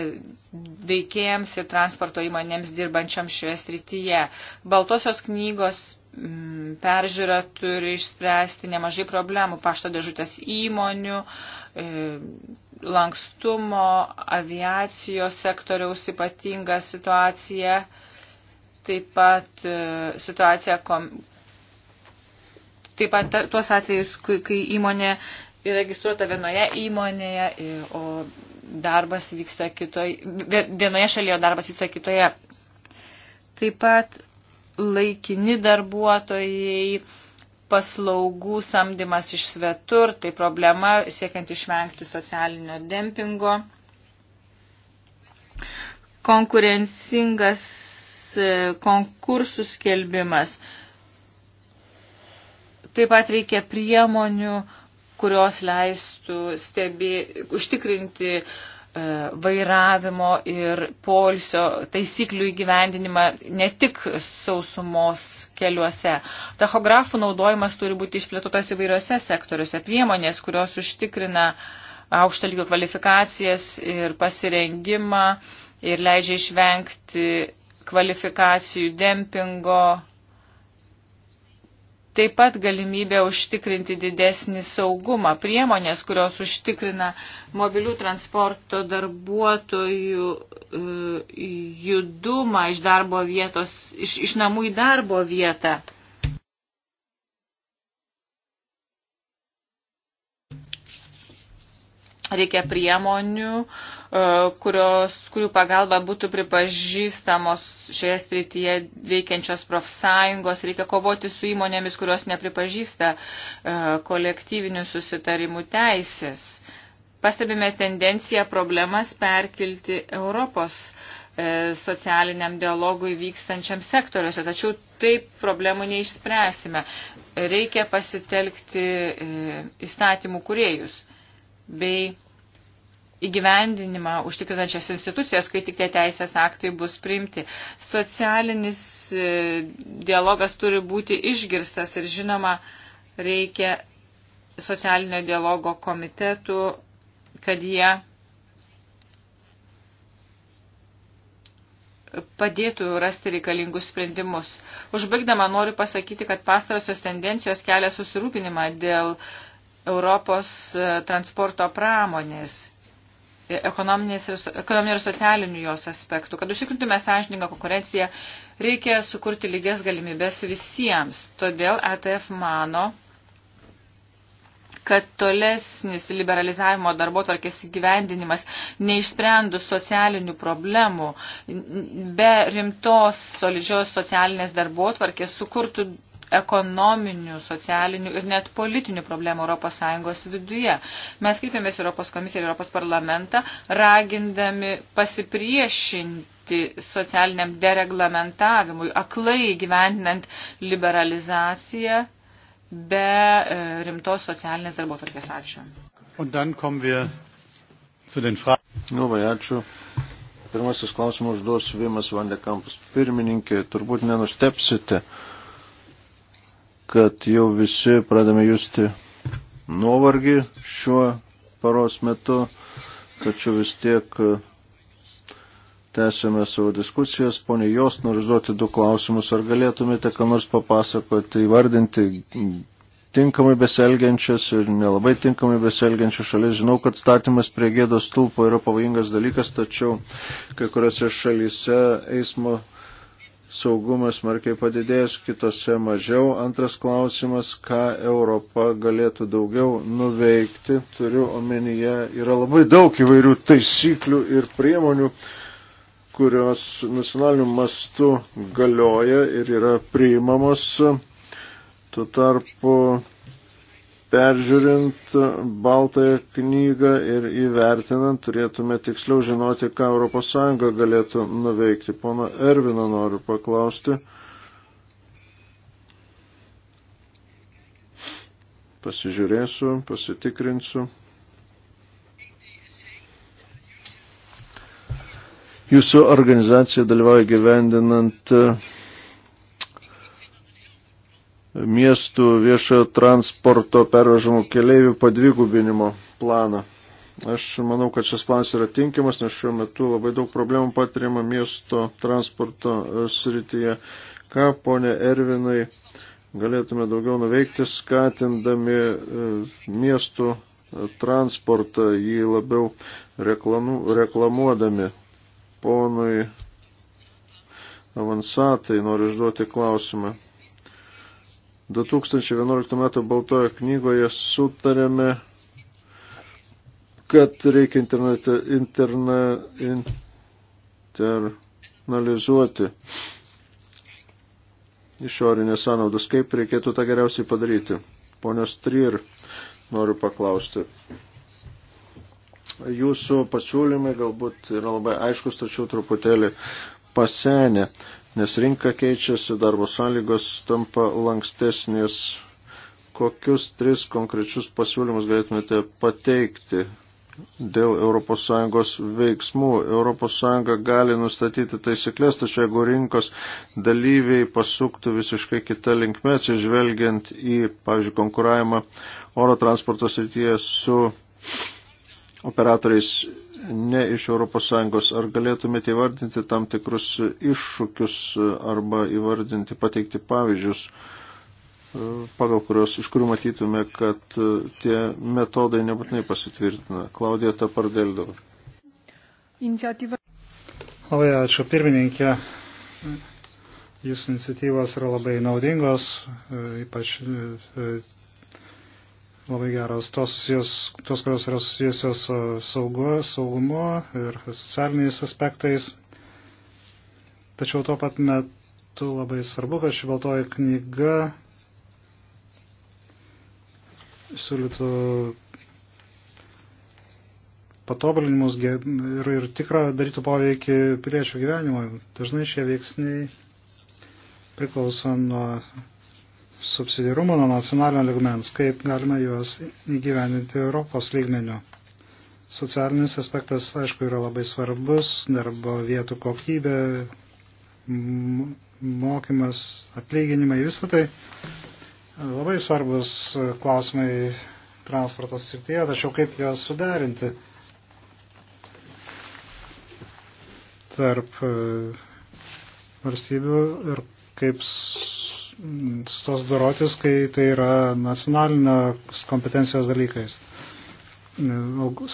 veikėjams ir transporto įmonėms dirbančiam šioje srityje. Baltosios knygos mm, peržiūra turi išspręsti nemažai problemų pašto dėžutės įmonių, e, lankstumo, aviacijos sektoriaus ypatinga situacija, taip pat e, situacija, taip pat tuos atvejus, kai įmonė registruota vienoje įmonėje, o darbas vyksta kitoje, vienoje šalyje, o darbas vyksta kitoje. Taip pat laikini darbuotojai, paslaugų samdymas iš svetur, tai problema siekiant išvengti socialinio dempingo. Konkurencingas e, konkursų skelbimas. Taip pat reikia priemonių, kurios leistų stebė, užtikrinti e, vairavimo ir polsio taisyklių įgyvendinimą ne tik sausumos keliuose. Tachografų naudojimas turi būti išplėtotas įvairiose sektoriuose. Priemonės, kurios užtikrina aukštą lygio kvalifikacijas ir pasirengimą ir leidžia išvengti kvalifikacijų dempingo taip pat galimybė užtikrinti didesnį saugumą. Priemonės, kurios užtikrina mobilių transporto darbuotojų e, judumą iš, darbo vietos, iš, iš namų į darbo vietą. Reikia priemonių, uh, E, kurios, kurių pagalba būtų pripažįstamos šioje srityje veikiančios profsąjungos. Reikia kovoti su įmonėmis, kurios nepripažįsta e, kolektyvinių susitarimų teisės. Pastebime tendenciją problemas perkilti Europos e, socialiniam dialogui vykstančiam sektoriuose. Tačiau taip problemų neišspręsime. Reikia pasitelkti įstatymų kuriejus bei įgyvendinimą užtikrinančias institucijas, kai tik tie teisės aktai bus priimti. Socialinis e, dialogas turi būti išgirstas ir žinoma, reikia socialinio dialogo komitetų, kad jie padėtų rasti reikalingus sprendimus. Užbaigdama noriu pasakyti, kad pastarosios tendencijos kelia susirūpinimą dėl Europos e, transporto pramonės ekonominės ir, ekonominių ir socialinių jos aspektų. Kad užtikrintume sąžiningą konkurenciją, reikia sukurti lygias galimybės visiems. Todėl ETF mano, kad tolesnis liberalizavimo darbo tvarkės įgyvendinimas, neišsprendus socialinių problemų, be rimtos solidžios socialinės darbo tvarkės sukurtų ekonominių, socialinių ir net politinių problemų ES viduje. Mes kreipėmės Europos komisiją ir Europos parlamentą, ragindami pasipriešinti socialiniam dereglamentavimui, aklai gyvendinant liberalizaciją be e, rimtos socialinės darbotvarkės. Ačiū. Labai ačiū. Pirmasis klausimas užduos Vimas Vandekampus. Pirmininkė, turbūt nenustepsite, kad jau visi pradame justi nuovargį šiuo paros metu, tačiau vis tiek e, tęsėme savo diskusijas. Pone Jos, noriu užduoti du klausimus. Ar galėtumėte ką nors papasakoti, įvardinti tinkamai beselgiančias ir nelabai tinkamai beselgiančias šalis? Žinau, kad statymas prie gėdos tulpo yra pavojingas dalykas, tačiau kai kuriuose šalyse eismo saugumas smarkiai padidėjęs, kitose mažiau. Antras klausimas, ką Europa galėtų daugiau nuveikti, turiu omenyje, yra labai daug įvairių taisyklių ir priemonių, kurios nacionaliniu mastu galioja ir yra priimamos. Tuo tarpu peržiūrint baltąją knygą ir įvertinant, turėtume tiksliau žinoti, ką ES galėtų nuveikti. Pono Ervino noriu paklausti. Pasižiūrėsiu, pasitikrinsiu. Jūsų organizacija dalyvauja gyvendinant uh, miestų viešojo transporto pervežamų keleivių padvigubinimo planą. Aš manau, kad šis planas yra tinkimas, nes šiuo metu labai daug problemų patiriama miesto transporto e, srityje. Ką, ponė Ervinai, galėtume daugiau nuveikti, skatindami e, miestų e, transportą, jį labiau reklamu, reklamuodami. Ponui Avansatai noriu išduoti klausimą. 2011 m. Baltojo knygoje sutarėme, kad reikia internete, interna, internalizuoti išorinės sąnaudas. Kaip reikėtų tą geriausiai padaryti? Ponios Trier, noriu paklausti. Jūsų pasiūlymai galbūt yra labai aiškus, tačiau truputėlį pasenę nes rinka keičiasi, darbo sąlygos tampa lankstesnės. Kokius tris konkrečius pasiūlymus galėtumėte pateikti dėl ES veiksmų? ES gali nustatyti taisyklės, tačiau jeigu rinkos dalyviai pasuktų visiškai kitą linkmę, atsižvelgiant į, pavyzdžiui, konkuravimą oro transporto srityje su operatoriais ne iš ES. Ar galėtumėte įvardinti tam tikrus iššūkius e, arba įvardinti, pateikti pavyzdžius, e, pagal kurios, iš kurių matytume, kad e, tie metodai nebūtinai pasitvirtina. Klaudija Tapardėl dabar. Iniciatyva. Labai ačiū pirmininkė. Jūsų iniciatyvos yra labai naudingos, ypač labai geros, tos, susijos, tos kurios yra susijusios su saugu, saugumu ir socialiniais aspektais. Tačiau tuo pat metu labai svarbu, kad ši baltoji knyga siūlytų patobulinimus ir, ir tikrą darytų poveikį piliečių gyvenimui. Dažnai šie veiksniai priklauso nuo subsidiarumo nuo nacionalinio ligmens, kaip galima juos įgyveninti Europos lygmeniu. Socialinis aspektas, aišku, yra labai svarbus, darbo vietų kokybė, mokymas, atlyginimai, visą tai labai svarbus klausimai transporto srityje, tačiau kaip juos suderinti tarp e, valstybių ir kaip su tos dorotis, kai tai yra nacionalinės kompetencijos dalykais.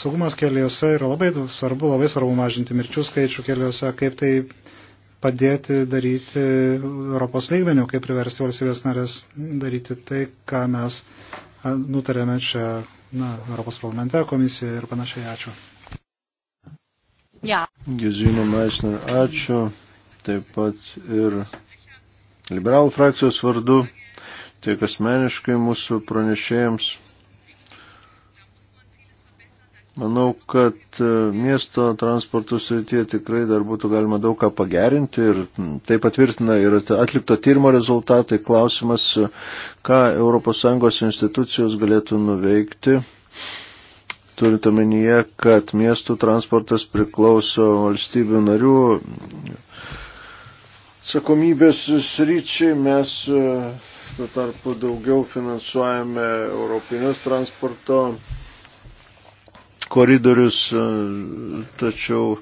Saugumas keliuose yra labai svarbu, labai svarbu mažinti mirčių skaičių keliuose, kaip tai padėti daryti Europos lygmenių, kaip priversti valstybės narės daryti tai, ką mes nutarėme čia na, Europos parlamente, komisijoje ir panašiai. Ačiū. Ja. Gezinė Maisner, ačiū. Taip pat ir liberalų frakcijos vardu, tiek asmeniškai mūsų pranešėjams. Manau, kad e, miesto transporto srityje tikrai dar būtų galima daug ką pagerinti ir tai patvirtina ir atlikto tyrimo rezultatai. Klausimas, e, ką ES institucijos galėtų nuveikti, turint omenyje, kad miestų transportas priklauso valstybių narių atsakomybės sryčiai mes e, tuo tarpu daugiau finansuojame Europinės transporto koridorius, e, tačiau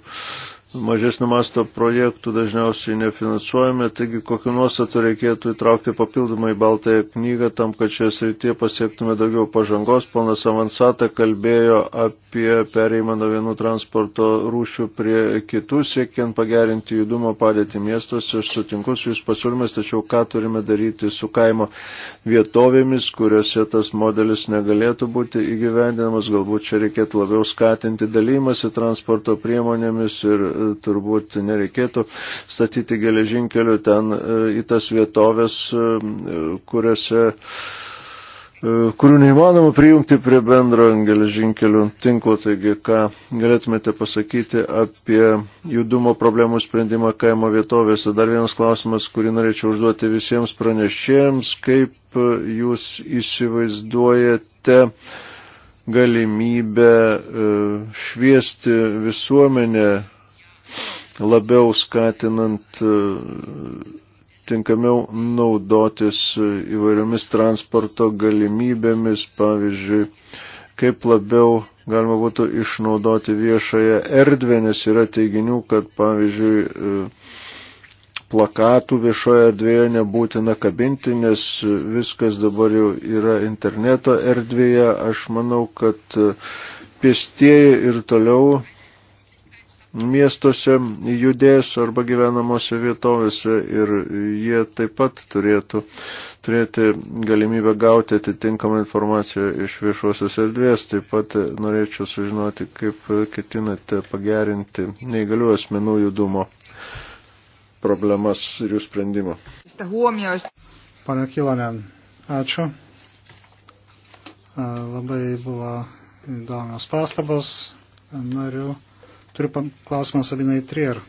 mažesnio masto projektų dažniausiai nefinansuojame, taigi kokiu nuostatu reikėtų įtraukti papildomai į Baltąją knygą tam, kad šioje srityje pasiektume daugiau pažangos. Ponas Avansata kalbėjo apie pereimą nuo vienų transporto rūšių prie kitų, siekiant pagerinti judumo padėti miestuose. Aš sutinku su jūs pasiūlymės, tačiau ką turime daryti su kaimo vietovėmis, kuriuose tas modelis negalėtų būti įgyvendinamas. Galbūt čia reikėtų labiau skatinti dalymasi transporto priemonėmis ir turbūt nereikėtų statyti geležinkelių ten e, į tas vietovės, e, kuriuose e, kurių neįmanoma prijungti prie bendro geležinkelių tinklo. Taigi, ką galėtumėte pasakyti apie judumo problemų sprendimą kaimo vietovėse? Dar vienas klausimas, kurį norėčiau užduoti visiems pranešėjams. Kaip jūs įsivaizduojate galimybę šviesti visuomenę labiau skatinant e, tinkamiau naudotis įvairiomis transporto galimybėmis, pavyzdžiui, kaip labiau galima būtų išnaudoti viešoje erdvę, nes yra teiginių, kad pavyzdžiui, e, plakatų viešoje erdvėje nebūtina kabinti, nes viskas dabar jau yra interneto erdvėje. Aš manau, kad e, pėstieji ir toliau miestuose judės arba gyvenamose vietovėse ir jie taip pat turėtų turėti galimybę gauti atitinkamą informaciją iš viešosios erdvės. Taip pat norėčiau sužinoti, kaip ketinate pagerinti neįgalių asmenų judumo problemas ir jų sprendimą. Pane Kilonen, ačiū. Labai buvo įdomios pastabos narių. Turiu klausimą Sabinai Trier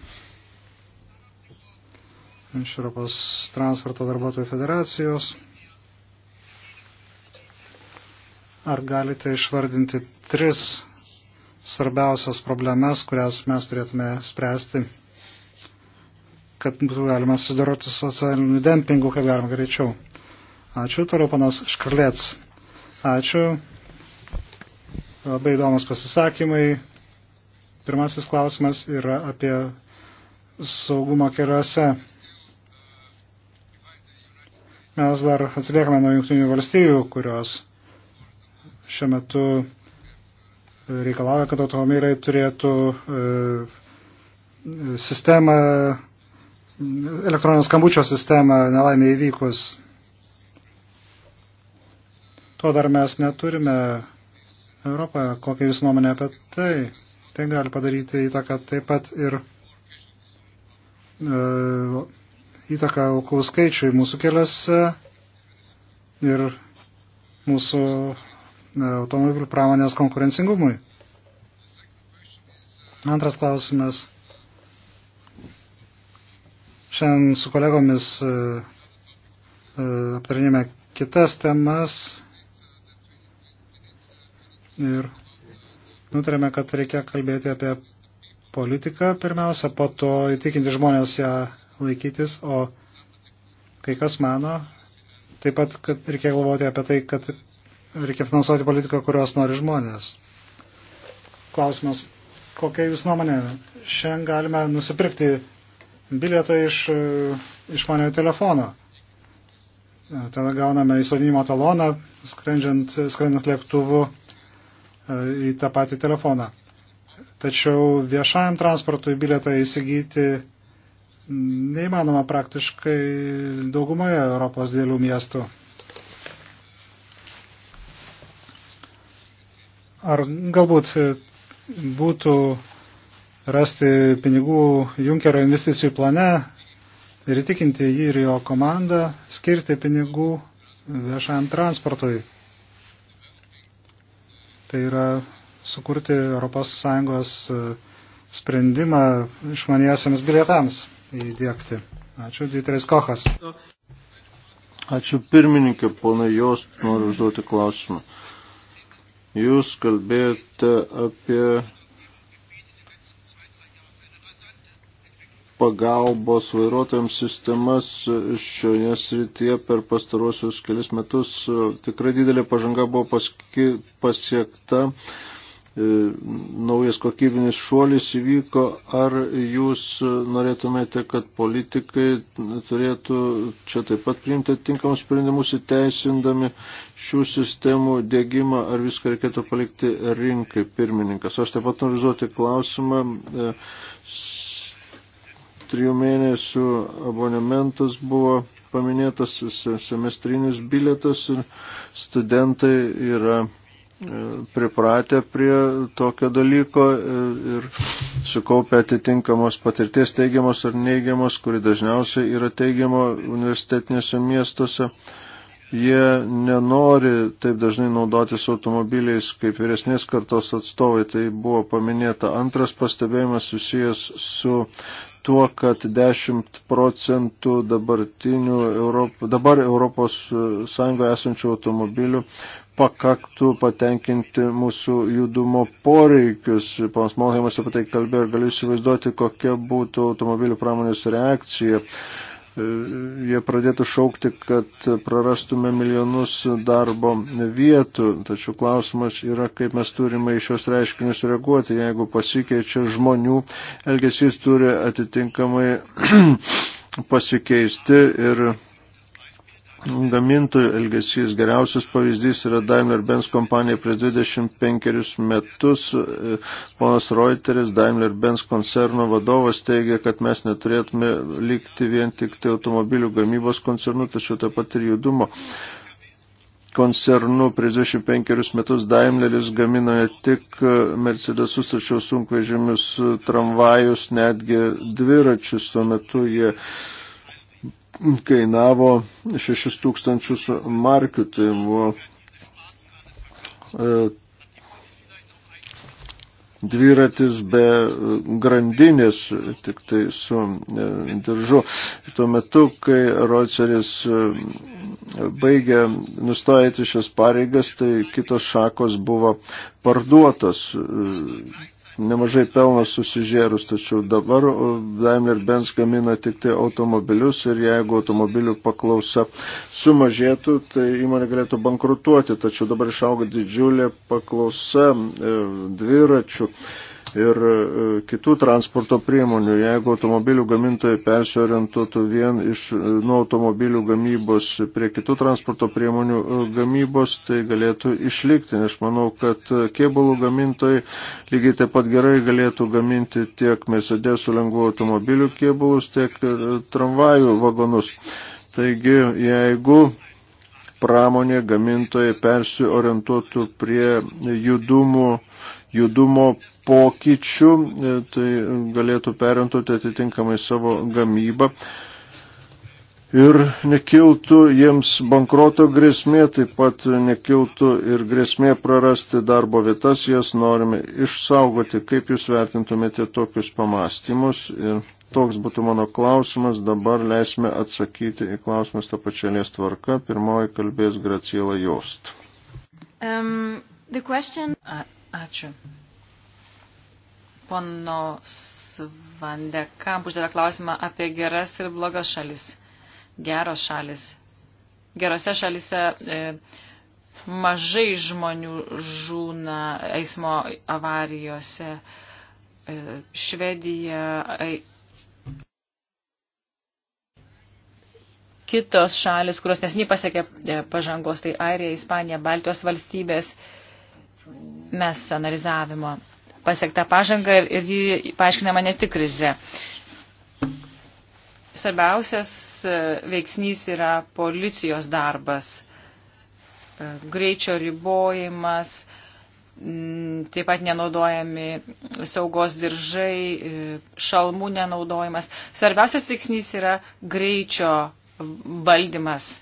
iš Europos transporto darbuotojų federacijos. Ar galite išvardinti tris svarbiausias problemas, kurias mes turėtume spręsti, kad būtų galima sudaroti socialinių dempingų, kaip galima greičiau. Ačiū, toliau panas Škarlėts. Ačiū. Labai įdomus pasisakymai, Pirmasis klausimas yra apie saugumą keliuose. Mes dar atsiliekame nuo jungtinių valstybių, kurios šiuo metu reikalauja, kad automobiliai turėtų e, sistemą, elektroninio skambučio sistemą nelaimė įvykus. To dar mes neturime Europoje. Kokia jūs nuomonė apie tai? Tai gali padaryti įtaką taip pat ir e, įtaką aukų skaičiui mūsų keliuose ir mūsų e, automobilių pramonės konkurencingumui. Antras klausimas. Šiandien su kolegomis e, e, aptarinėme kitas temas ir nutarėme, kad reikia kalbėti apie politiką pirmiausia, po to įtikinti žmonės ją laikytis, o kai kas mano, taip pat, kad reikia galvoti apie tai, kad reikia finansuoti politiką, kurios nori žmonės. Klausimas, kokia jūs nuomonė? Šiandien galime nusipirkti bilietą iš e, išmaniojo telefono. E, tada gauname įsodinimo taloną, skrendžiant, skrendant lėktuvu E, į tą patį telefoną. Tačiau viešajam transportui biletą įsigyti neįmanoma praktiškai daugumoje Europos dėlių miestų. Ar galbūt būtų rasti pinigų Junkerio investicijų plane ir įtikinti jį ir jo komandą skirti pinigų viešajam transportui. Tai yra sukurti ES e, sprendimą išmaniesiams bilietams įdėkti. Ačiū, Dieteris Kochas. Ačiū pirmininkė, ponai Jos, noriu užduoti klausimą. Jūs kalbėjote apie pagalbos vairuotojams sistemas šioje srityje per pastaruosius kelis metus tikrai didelė pažanga buvo paski, pasiekta, e, naujas kokybinis šuolis įvyko. Ar jūs norėtumėte, kad politikai turėtų čia taip pat priimti tinkamus sprendimus įteisindami šių sistemų dėgymą, ar viską reikėtų palikti rinkai pirmininkas? Aš taip pat noriu užduoti klausimą e, trijų mėnesių abonementas buvo paminėtas, semestrinis biletas ir studentai yra e, pripratę prie tokio dalyko e, ir sukaupę atitinkamos patirties teigiamos ar neigiamos, kuri dažniausiai yra teigiama universitetinėse miestuose. Jie nenori taip dažnai naudotis automobiliais kaip vyresnės kartos atstovai. Tai buvo paminėta antras pastebėjimas susijęs su tuo, kad 10 procentų dabartinių Europo, dabar Europos e, Sąjungoje esančių automobilių pakaktų patenkinti mūsų judumo poreikius. Panas Molheimas apie tai kalbėjo ir galiu įsivaizduoti, kokia būtų automobilių pramonės reakcija jie pradėtų šaukti, kad prarastume milijonus darbo vietų. Tačiau klausimas yra, kaip mes turime į šios reiškinius reaguoti. Jeigu pasikeičia žmonių, elgesys turi atitinkamai pasikeisti ir gamintojų elgesys. Geriausias pavyzdys yra Daimler-Benz kompanija prieš 25 metus. Ponas Reuteris, Daimler-Benz koncerno vadovas, teigia, kad mes neturėtume likti vien tik tai automobilių gamybos koncernu, tačiau taip pat ir judumo. Koncernu prieš 25 metus Daimleris gamina ne tik Mercedesus, tačiau sunkvežimius, tramvajus, netgi dviračius. Tuo metu jie uh, kainavo 6 tūkstančius markių. Tai buvo e, dviratis be grandinės, tik tai su e, diržu. Tuo metu, kai Roceris e, baigė nustojati šias pareigas, tai kitos šakos buvo parduotos. E, nemažai pelno susižėrus, tačiau dabar Daimler-Benz gamina tik tai automobilius ir jeigu automobilių paklausa sumažėtų, tai įmonė galėtų bankrutuoti, tačiau dabar išauga didžiulė paklausa e, dviračių. E, ir e, kitų transporto priemonių. Jeigu automobilių gamintojai persiorientuotų vien iš e, nuo automobilių gamybos prie kitų transporto priemonių e, gamybos, tai galėtų išlikti, nes manau, kad kėbulų gamintojai lygiai taip pat gerai galėtų gaminti tiek Mercedesų lengvų automobilių kėbulus, tiek tramvajų vagonus. Taigi, jeigu pramonė gamintojai persiorientuotų prie judumų, judumo pokyčių, e, tai galėtų perintuoti atitinkamai savo gamybą. Ir nekiltų jiems bankroto grėsmė, taip pat nekiltų ir grėsmė prarasti darbo vietas, jas norime išsaugoti. Kaip jūs vertintumėte tokius pamastymus? Ir toks būtų mano klausimas, dabar leisime atsakyti į klausimus tą pačialės tvarka. Pirmoji kalbės Graciela Jost. Um, question... A, ačiū. Ponos Vandekamp uždavė klausimą apie geras ir blogas šalis. Geros šalis. Gerose šalise e, mažai žmonių žūna eismo avarijose. E, Švedija, e, kitos šalis, kurios nesiniai pasiekė e, pažangos, tai Airija, Ispanija, Baltijos valstybės, mes analizavimo pasiektą pažangą ir, ir jį paaiškinama ne tik krize. Svarbiausias e, veiksnys yra policijos darbas, e, greičio ribojimas, taip pat nenaudojami saugos diržai, e, šalmų nenaudojimas. Svarbiausias veiksnys yra greičio valdymas.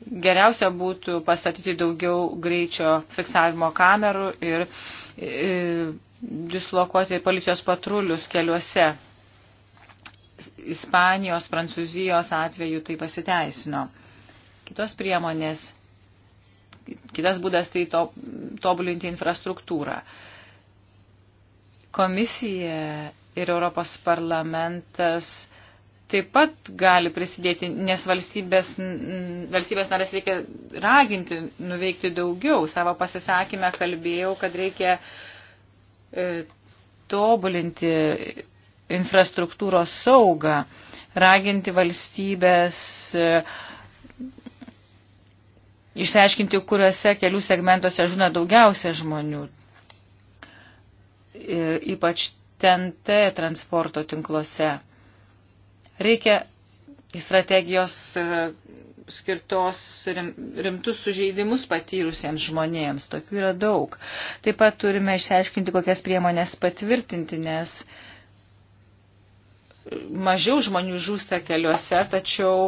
Geriausia būtų pastatyti daugiau greičio fiksavimo kamerų ir E, dislokuoti policijos patrulius keliuose. Ispanijos, Prancūzijos atveju tai pasiteisino. Kitos priemonės, kitas būdas tai to, tobulinti infrastruktūrą. Komisija ir Europos parlamentas taip pat gali prisidėti, nes valstybės, valstybės narės reikia raginti nuveikti daugiau. Savo pasisakymę kalbėjau, kad reikia e, tobulinti infrastruktūros saugą, raginti valstybės e, išsiaiškinti, kuriuose kelių segmentuose žūna daugiausia žmonių. E, ypač TNT transporto tinkluose Reikia strategijos e, skirtos rimtus sužeidimus patyrusiems žmonėms. Tokių yra daug. Taip pat turime išsiaiškinti, kokias priemonės patvirtinti, nes mažiau žmonių žūsta keliuose, tačiau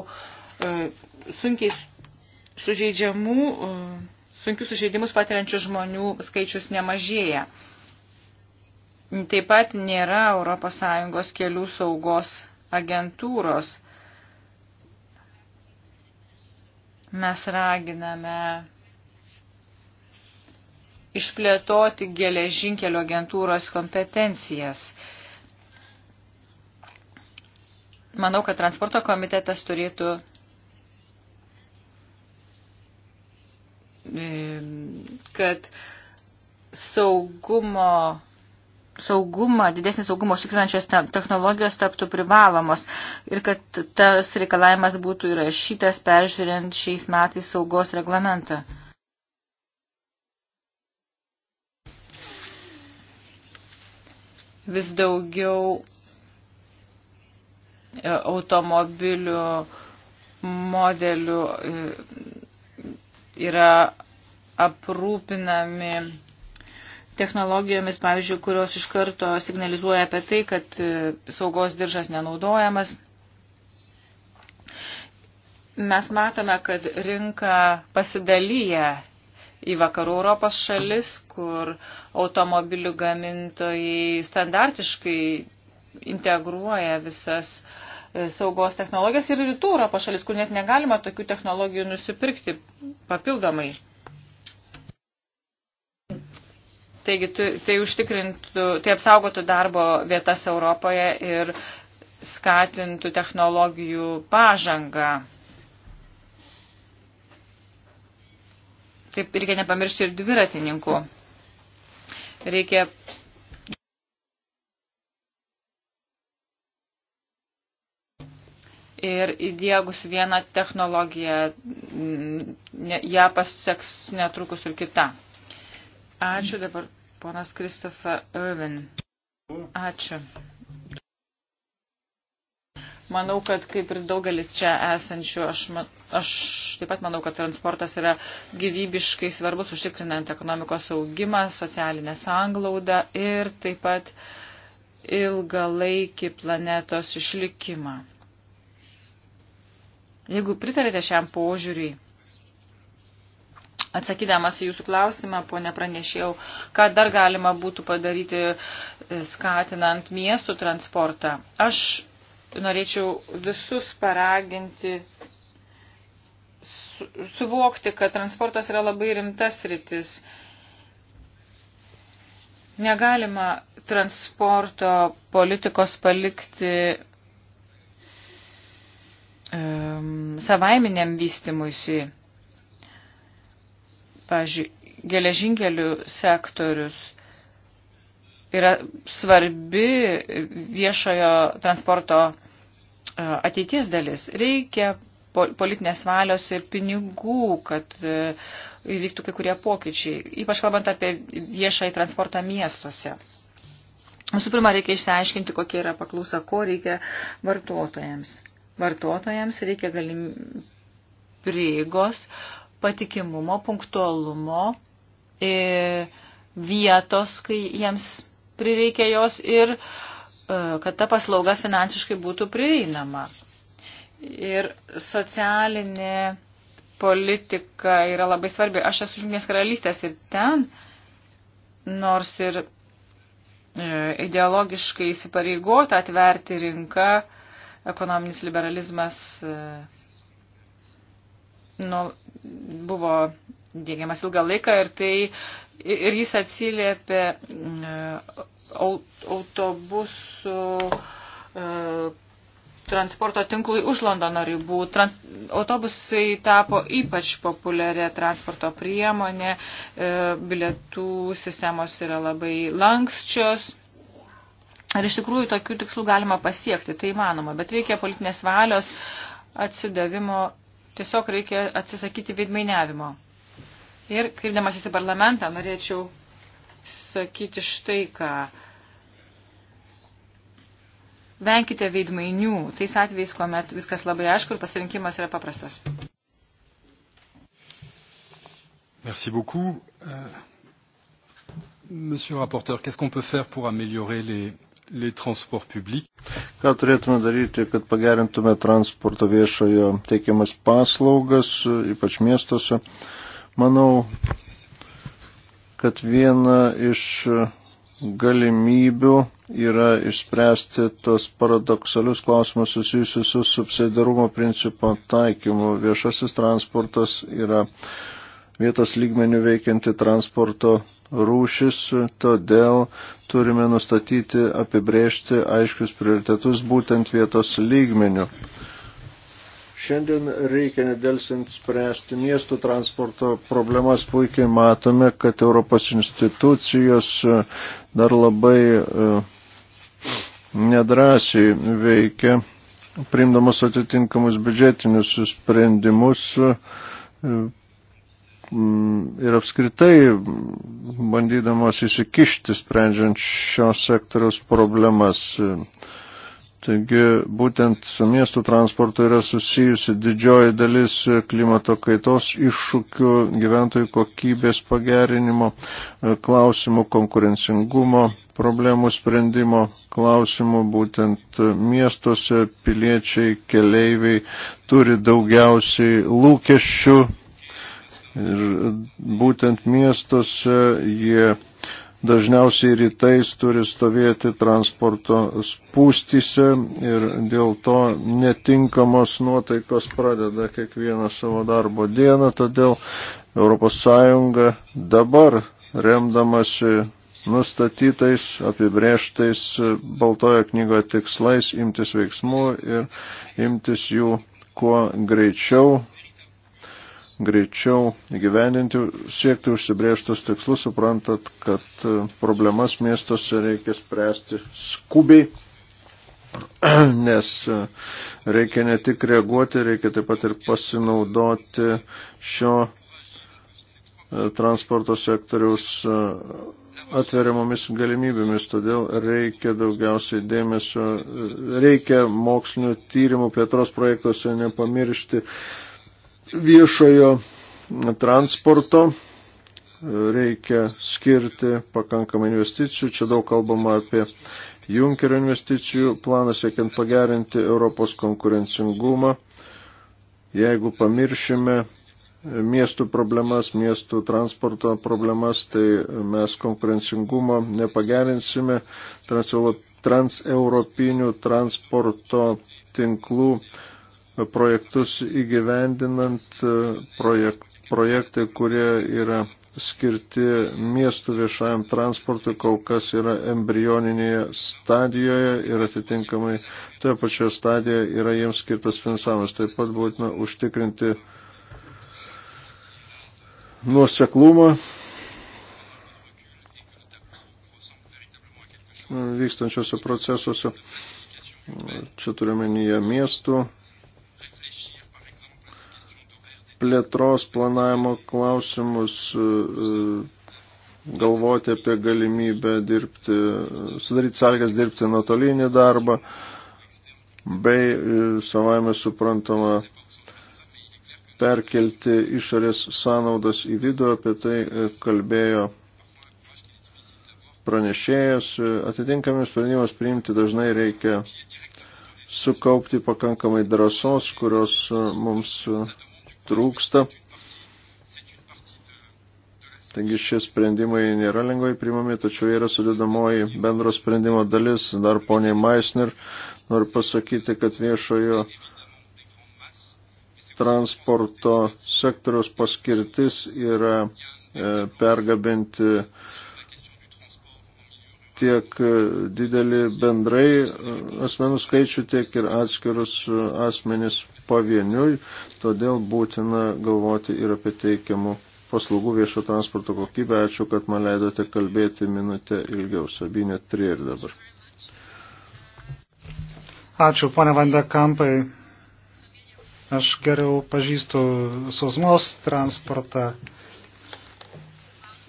e, sunkiai sužeidžiamų, e, sunkių sužeidimus patiriančių žmonių skaičius nemažėja. Taip pat nėra ES kelių saugos agentūros. Mes raginame išplėtoti geležinkelio agentūros kompetencijas. Manau, kad transporto komitetas turėtų e, kad saugumo saugumą, didesnį saugumą užtikrinančios technologijos taptų privalomos ir kad tas reikalavimas būtų įrašytas peržiūrint šiais metais saugos reglamentą. Vis daugiau e, automobilių modelių e, yra aprūpinami technologijomis, pavyzdžiui, kurios iš karto signalizuoja apie tai, kad e, saugos diržas nenaudojamas. Mes matome, kad rinka pasidalyja į vakarų Europos šalis, kur automobilių gamintojai standartiškai integruoja visas e, saugos technologijas ir rytų Europos šalis, kur net negalima tokių technologijų nusipirkti papildomai. Taigi tai užtikrintų, tai apsaugotų darbo vietas Europoje ir skatintų technologijų pažangą. Taip reikia nepamiršti ir dviratininkų. Reikia ir įdiegus vieną technologiją, ją paseks netrukus ir kita. Ačiū dabar ponas Kristofa Irvin. Ačiū. Manau, kad kaip ir daugelis čia esančių, aš, aš taip pat manau, kad transportas yra gyvybiškai svarbus užtikrinant ekonomikos augimą, socialinę sanglaudą ir taip pat ilgalaikį planetos išlikimą. Jeigu pritarėte šiam požiūriui, Atsakydamas į jūsų klausimą, ponė pranešėjau, ką dar galima būtų padaryti e, skatinant miestų transportą. Aš norėčiau visus paraginti suvokti, kad transportas yra labai rimtas rytis. Negalima transporto politikos palikti um, savaiminiam vystimuisi. Pavyzdžiui, geležinkelių sektorius yra svarbi viešojo transporto e, ateities dalis. Reikia politinės valios ir pinigų, kad e, įvyktų kai kurie pokyčiai, ypač kalbant apie viešąjį transportą miestuose. Visų pirma, reikia išsiaiškinti, kokia yra paklausa, ko reikia vartotojams. Vartotojams reikia galim prieigos, patikimumo, punktualumo, e, vietos, kai jiems prireikia jos ir e, kad ta paslauga finansiškai būtų prieinama. Ir socialinė politika yra labai svarbi. Aš esu Žemės karalystės ir ten, nors ir e, ideologiškai įsipareigota atverti rinką, ekonominis liberalizmas nu, buvo dėgiamas ilgą laiką ir, tai, ir jis atsiliepė mm, autobusų e, transporto tinklui už Londono ribų. Trans, autobusai tapo ypač populiaria transporto priemonė, e, bilietų sistemos yra labai lankščios. Ar iš tikrųjų tokių tikslų galima pasiekti, tai įmanoma, bet reikia politinės valios atsidavimo Tiesiog reikia atsisakyti veidmainiavimo. Ir kreipdamasis į parlamentą norėčiau sakyti štai ką. Venkite veidmainių, tais atvejais, kuomet viskas labai aišku ir pasirinkimas yra paprastas. Merci beaucoup. Euh, monsieur le rapporteur, qu'est-ce qu'on peut faire pour améliorer les, Ką turėtume daryti, kad pagerintume transporto viešojo teikiamas paslaugas, ypač miestuose? Manau, kad viena iš galimybių yra išspręsti tos paradoksalius klausimus susijusius su subsidarumo principo taikymu. Viešasis transportas yra vietos lygmenių veikianti transporto rūšis, todėl turime nustatyti, apibrėžti aiškius prioritetus būtent vietos lygmenių. Šiandien reikia nedelsint spręsti miestų transporto problemas. Puikiai matome, kad Europos institucijos dar labai e, nedrasiai veikia, primdamas atitinkamus biudžetinius sprendimus e, Mm, ir apskritai mm, bandydamos įsikišti sprendžiant šios sektoriaus problemas. Taigi būtent su miestų transportu yra susijusi didžioji dalis klimato kaitos iššūkių, gyventojų kokybės pagerinimo, e, klausimų konkurencingumo, problemų sprendimo, klausimų būtent e, miestuose piliečiai, keleiviai turi daugiausiai lūkesčių Ir būtent miestuose jie dažniausiai rytais turi stovėti transporto spūstyse ir dėl to netinkamos nuotaikos pradeda kiekvieną savo darbo dieną, todėl ES dabar remdamasi nustatytais, apibrieštais Baltojo knygoje tikslais imtis veiksmų ir imtis jų kuo greičiau greičiau gyveninti, siekti užsibrėžtus tikslus, suprantat, kad e, problemas miestuose reikia spręsti skubiai, nes e, reikia ne tik reaguoti, reikia taip pat ir pasinaudoti šio e, transporto sektoriaus atveriamomis galimybėmis, todėl reikia daugiausiai dėmesio, reikia mokslinių tyrimų plėtros projektuose nepamiršti viešojo transporto reikia skirti pakankamai investicijų. Čia daug kalbama apie Junkerio investicijų planą siekiant pagerinti Europos konkurencingumą. Jeigu pamiršime miestų problemas, miestų transporto problemas, tai mes konkurencingumo nepagerinsime. Transeuropinių transporto tinklų projektus įgyvendinant e, projekt, projektai, kurie yra skirti miestų viešajam transportui, kol kas yra embrioninėje stadijoje ir atitinkamai toje pačioje stadijoje yra jiems skirtas finansavimas. Taip pat būtina užtikrinti nuoseklumą vykstančiose procesuose. Čia turime minėję miestų plėtros planavimo klausimus, e, galvoti apie galimybę dirbti, sudaryti sąlygas dirbti nuotolinį darbą, bei e, savaime suprantama perkelti išorės sąnaudas į vidų, apie tai e, kalbėjo pranešėjas. Atitinkami sprendimas priimti dažnai reikia sukaupti pakankamai drąsos, kurios mums trūksta. Taigi šie sprendimai nėra lengvai primami, tačiau yra sudėdamoji bendro sprendimo dalis. Dar poniai Maisner noriu pasakyti, kad viešojo transporto sektoriaus paskirtis yra e, pergabinti tiek e, didelį bendrai e, asmenų skaičių, tiek ir atskirus e, asmenis pavieniui, todėl būtina galvoti ir apie teikiamų paslaugų viešo transporto kokybę. Ačiū, kad man leidote kalbėti minutę ilgiau. Sabinė Trier dabar. Ačiū, pane Vandekampai. Aš geriau pažįstu sausmos transportą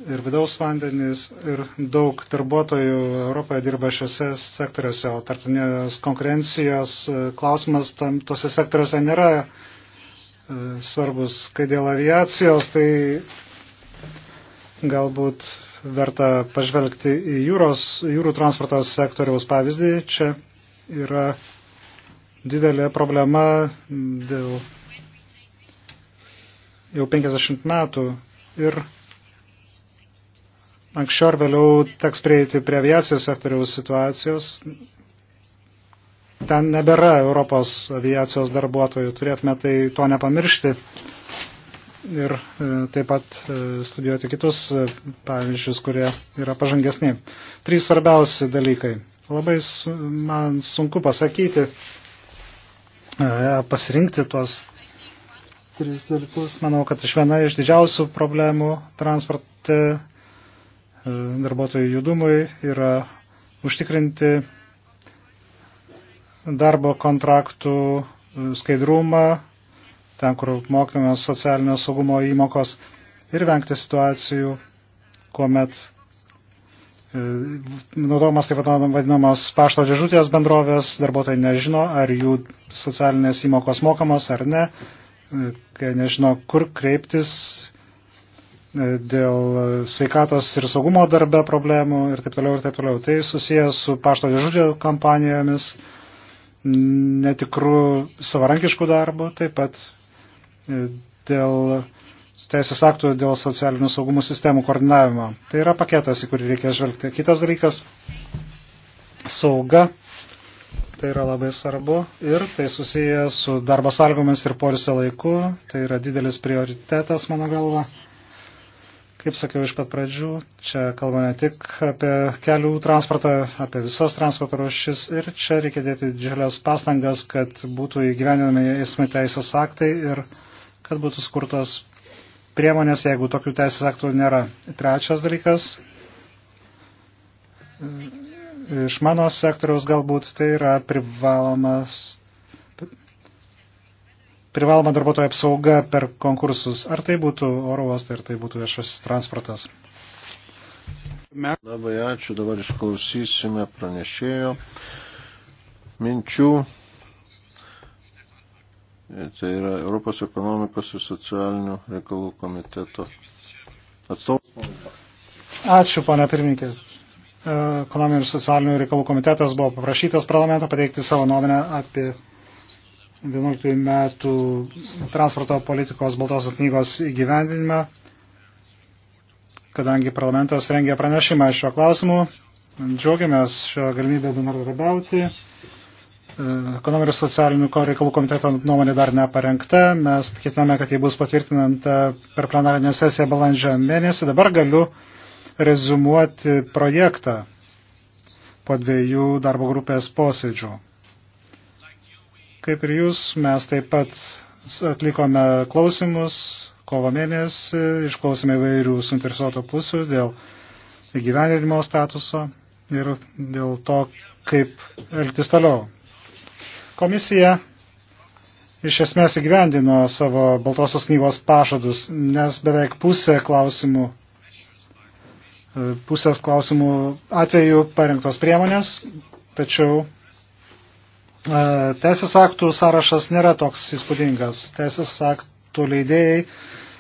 ir vidaus vandenys ir daug darbuotojų Europoje dirba šiuose sektoriuose, o tarptautinės konkurencijos e, klausimas tam, tose sektoriuose nėra e, svarbus. Kai dėl aviacijos, tai galbūt verta pažvelgti į jūros, jūrų transporto sektoriaus pavyzdį. Čia yra didelė problema dėl jau 50 metų ir anksčiau ar vėliau teks prieiti prie aviacijos sektoriaus situacijos. Ten nebėra Europos aviacijos darbuotojų, turėtume tai to nepamiršti ir e, taip pat e, studijuoti kitus e, pavyzdžius, kurie yra pažangesni. Trys svarbiausi dalykai. Labai su, man sunku pasakyti, pasirinkti tuos tris dalykus. Manau, kad iš viena iš didžiausių problemų transporte darbuotojų judumui yra užtikrinti darbo kontraktų e, skaidrumą, ten, kur mokymės socialinio saugumo įmokos ir vengti situacijų, kuomet e, naudojamas taip vadinamas pašto dėžutės bendrovės, darbuotojai nežino, ar jų socialinės įmokos mokamos ar ne, e, kai nežino, kur kreiptis dėl sveikatos ir saugumo darbe problemų ir taip toliau ir taip toliau. Tai susijęs su pašto dėžutė kampanijomis, netikrų savarankiškų darbų, taip pat e, dėl teisės aktų dėl socialinių saugumų sistemų koordinavimo. Tai yra paketas, į kurį reikia žvelgti. Kitas dalykas - sauga. Tai yra labai svarbu ir tai susiję su darbo sąlygomis ir polisio laiku. Tai yra didelis prioritetas, mano galva. Kaip sakiau iš pat pradžių, čia kalbame ne tik apie kelių transportą, apie visas transporto rušis ir čia reikia dėti didžiulės pastangas, kad būtų įgyveninami eismo teisės aktai ir kad būtų skurtos priemonės, jeigu tokių teisės aktų nėra. Trečias dalykas iš mano sektoriaus galbūt tai yra privalomas privaloma darbuotojų apsauga per konkursus, ar tai būtų oro uostai, ar tai būtų viešas transportas. Labai ačiū, dabar išklausysime pranešėjo minčių. Tai yra Europos ekonomikos ir socialinių reikalų komiteto atstovas. Ačiū, pana pirmininkė. Ekonominių ir socialinių reikalų komitetas buvo paprašytas parlamento pateikti savo nuomonę apie 2011 metų transporto politikos baltos knygos įgyvendinimą, kadangi parlamentas rengia pranešimą šiuo klausimu. Džiaugiamės šią galimybę bendradarbiauti. Ekonominio ir socialinių reikalų komiteto nuomonė dar neparengta. Mes ketiname, kad jie bus patvirtinanta per plenarinę sesiją balandžio mėnesį. Dabar galiu rezumuoti projektą po dviejų darbo grupės posėdžių. Kaip ir jūs, mes taip pat atlikome klausimus kovo mėnesį, išklausėme įvairių suinteresuoto pusių dėl įgyvenimo statuso ir dėl to, kaip elgtis toliau. Komisija iš esmės įgyvendino savo Baltosios knygos pažadus, nes beveik pusė klausimų, e, pusės klausimų atveju parengtos priemonės, tačiau E, teisės aktų sąrašas nėra toks įspūdingas. Teisės aktų leidėjai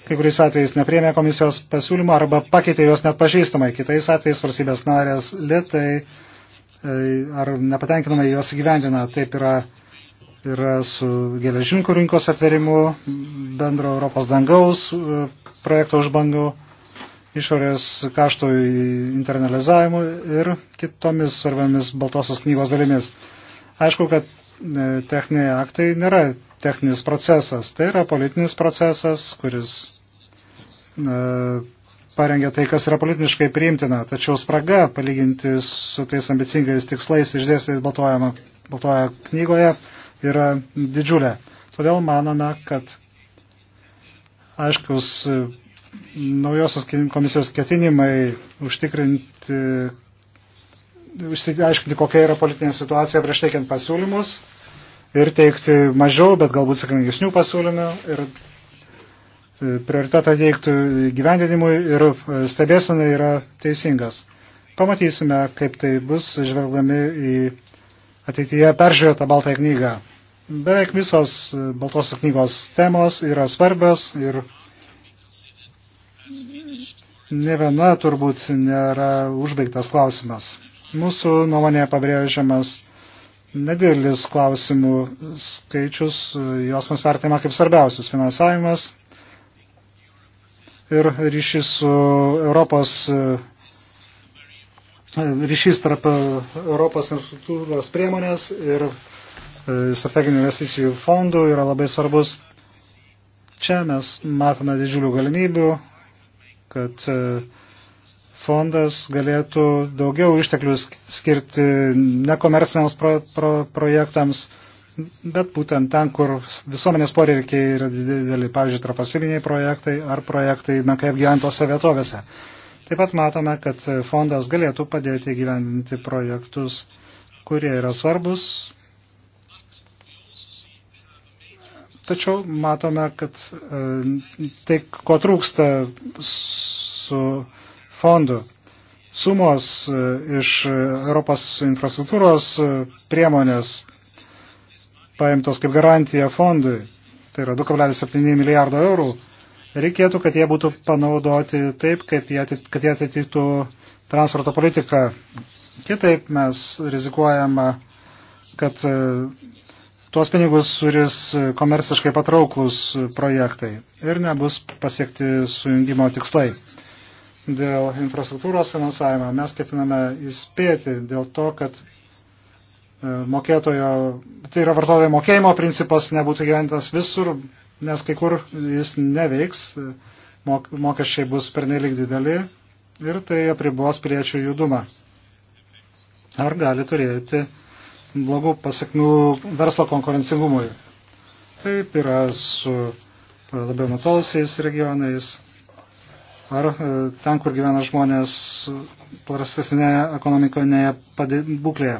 kai kuriais atvejais nepriemė komisijos pasiūlymą arba pakeitė juos nepažįstamai. Kitais atvejais valstybės narės litai e, ar nepatenkinamai juos įgyvendina. Taip yra, yra su geležinkų rinkos atverimu, bendro Europos dangaus e, projekto užbangų išorės kaštų internalizavimu ir kitomis svarbiamis Baltosios knygos dalimis. Aišku, kad e, techniniai aktai nėra techninis procesas, tai yra politinis procesas, kuris e, parengė tai, kas yra politiškai priimtina, tačiau spraga palyginti su tais ambicingais tikslais išdėstyti baltoje knygoje yra didžiulė. Todėl manome, kad aiškus e, naujosios komisijos ketinimai užtikrinti, išsiaiškinti, kokia yra politinė situacija prieš teikiant pasiūlymus ir teikti mažiau, bet galbūt sėkmingesnių pasiūlymų ir e, prioritetą teiktų gyvendinimui ir e, stebėsena yra teisingas. Pamatysime, kaip tai bus, žvelgdami į ateityje peržiūrėtą baltąją knygą. Beveik visos e, baltosios knygos temos yra svarbios ir ne viena turbūt nėra užbaigtas klausimas. Mūsų nuomonėje pabrėžiamas nedėlis klausimų skaičius, juos mes vertėme kaip svarbiausius finansavimas ir ryšys su Europos ryšys tarp Europos infrastruktūros priemonės ir e, strateginių investicijų fondų yra labai svarbus. Čia mes matome didžiulių galimybių, kad uh, fondas galėtų daugiau išteklių skirti nekomerciniams pro, pro, projektams, bet būtent ten, kur visuomenės poreikiai yra dideli, pavyzdžiui, trapasviliniai projektai ar projektai menkai apgyventose vietovėse. Taip pat matome, kad fondas galėtų padėti gyvendinti projektus, kurie yra svarbus. Tačiau matome, kad tai, ko trūksta su fondų. Sumos e, iš e, Europos infrastruktūros e, priemonės paimtos kaip garantija fondui, tai yra 2,7 milijardo eurų, reikėtų, kad jie būtų panaudoti taip, kaip jie, kad jie atitiktų transporto politiką. Kitaip mes rizikuojame, kad tuos pinigus suris komerciškai patrauklus projektai ir nebus pasiekti sujungimo tikslai dėl infrastruktūros finansavimo mes ketiname įspėti dėl to, kad e, mokėtojo, tai yra vartotojo mokėjimo principas nebūtų gyventas visur, nes kai kur jis neveiks, e, mok, mokesčiai bus pernelyg dideli ir tai apribos priečių judumą. Ar gali turėti blogų pasiekmių verslo konkurencingumui. Taip yra su labiau nutolusiais regionais, ar e, ten, kur gyvena žmonės prastesnėje ekonominėje būklėje.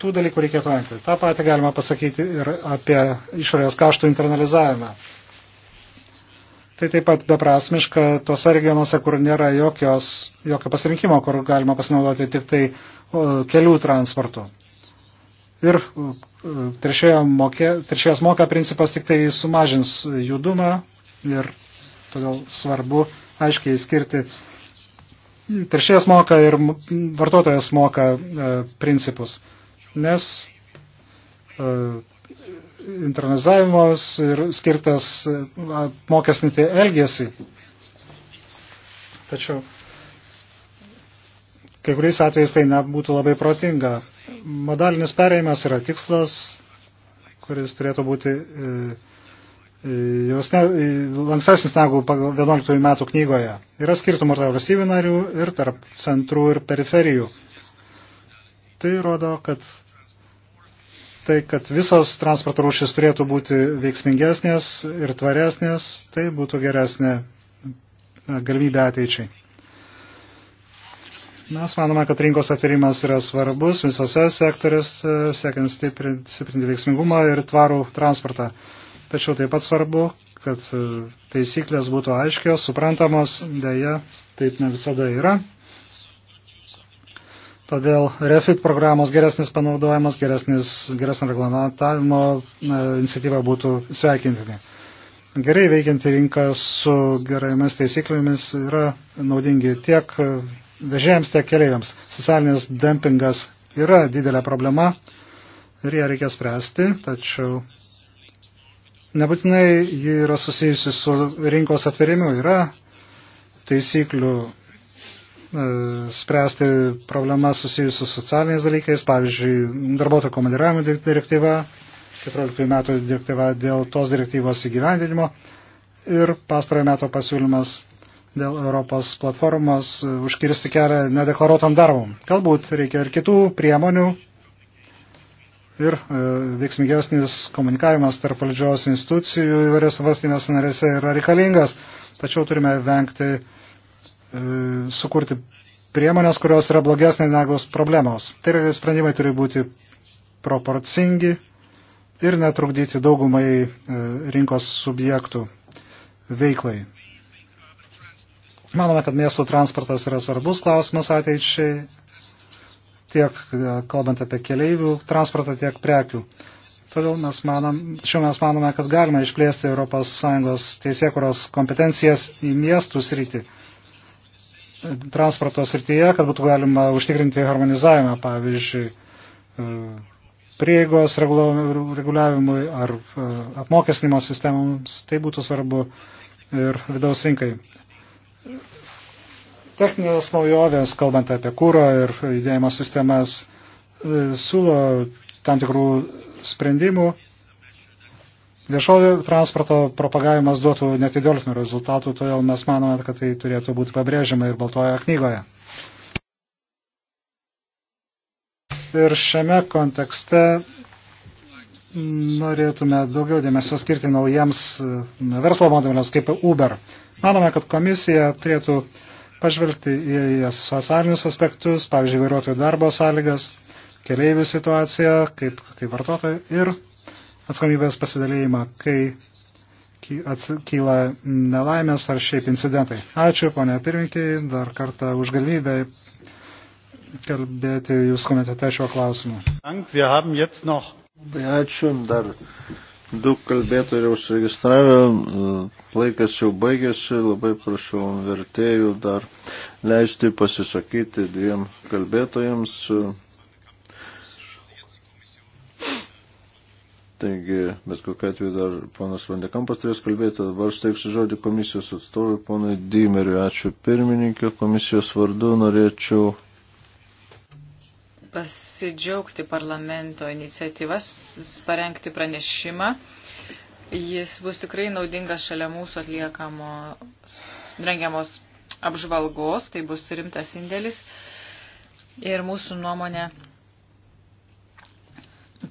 Tų dalykų reikėtų vengti. Ta patį galima pasakyti ir apie išorės kaštų internalizavimą. Tai taip pat beprasmiška tose regionuose, kur nėra jokios, jokio pasirinkimo, kur galima pasinaudoti tik tai kelių transportu. Ir trešėjas moka principas tik tai sumažins judumą ir Todėl svarbu aiškiai skirti teršėjas moka ir vartotojas moka e, principus. Nes e, internalizavimas ir skirtas e, mokestinti elgesį. Tačiau kai kuriais atvejais tai nebūtų labai protinga. Modalinis perėjimas yra tikslas, kuris turėtų būti e, jos ne, lankstesnis negu 11 metų knygoje. Yra skirtumų tarp valstybių narių ir tarp centrų ir periferijų. Tai rodo, kad tai, kad visos transporto rūšis turėtų būti veiksmingesnės ir tvaresnės, tai būtų geresnė e, galimybė ateičiai. Mes manome, kad rinkos atvirimas yra svarbus visose sektoriuose, siekiant stiprinti veiksmingumą ir tvarų transportą. Tačiau taip pat svarbu, kad e, taisyklės būtų aiškios, suprantamos, dėja, taip ne visada yra. Todėl refit programos geresnis panaudojimas, geresnis, geresnio reglamentavimo e, iniciatyva būtų sveikintini. Gerai veikianti rinka su geraimis taisyklėmis yra naudingi tiek vežėjams, tiek keliaiviams. Socialinis dumpingas yra didelė problema ir ją reikia spręsti, tačiau Nebūtinai ji yra susijusi su rinkos atverimu, yra taisyklių e, spręsti problemas susijusius su socialiniais dalykais, pavyzdžiui, darbuotojų komandiravimo direktyva, 14 metų direktyva dėl tos direktyvos įgyvendinimo ir pastarojo meto pasiūlymas dėl Europos platformos e, užkirsti kelią nedeklaruotam darbom. Galbūt reikia ir kitų priemonių, ir e, veiksmingesnis komunikavimas tarp valdžios institucijų įvairios valstybės narėse yra reikalingas, tačiau turime vengti e, sukurti priemonės, kurios yra blogesnė negu problemos. Tai yra, sprendimai turi būti proporcingi ir netrukdyti daugumai e, rinkos subjektų veiklai. Manome, kad miesto transportas yra svarbus klausimas ateičiai tiek e, kalbant apie keleivių transportą, tiek prekių. Todėl mes manom, šiuo mes manome, kad galima išplėsti ES teisėkuros kompetencijas į miestų sritį, transporto srityje, kad būtų galima užtikrinti harmonizavimą, pavyzdžiui, e, prieigos reguliavimui ar e, apmokestinimo sistemoms. Tai būtų svarbu ir vidaus rinkai. Techninės naujovės, kalbant apie kūro ir judėjimo sistemas, e, siūlo tam tikrų sprendimų. Viešojo transporto propagavimas duotų netidėltinių rezultatų, todėl mes manome, kad tai turėtų būti pabrėžiama ir baltojoje knygoje. Ir šiame kontekste norėtume daugiau dėmesio skirti naujiems e, verslo modeliams kaip Uber. Manome, kad komisija turėtų uh, pažvelgti į socialinius aspektus, pavyzdžiui, vairuotojų darbo sąlygas, keleivių situaciją, kaip, kaip vartotojų ir atsakomybės pasidalėjimą, kai kyla nelaimės ar šiaip incidentai. Ačiū, ponė pirminkiai, dar kartą už galimybę kalbėti jūs komitete šiuo klausimu. Ačiū, dar Du kalbėtojai jau užsiregistravę, laikas jau baigėsi, labai prašau vertėjų dar leisti pasisakyti dviem kalbėtojams. Taigi, bet kokia atveju dar ponas Vandekampas turės kalbėti, dabar steiksiu žodį komisijos atstovui, ponui Dymeriui, ačiū pirmininkė, komisijos vardu norėčiau pasidžiaugti parlamento iniciatyvas, parengti pranešimą. Jis bus tikrai naudingas šalia mūsų atliekamos, rengiamos apžvalgos, tai bus rimtas indėlis. Ir mūsų nuomonė,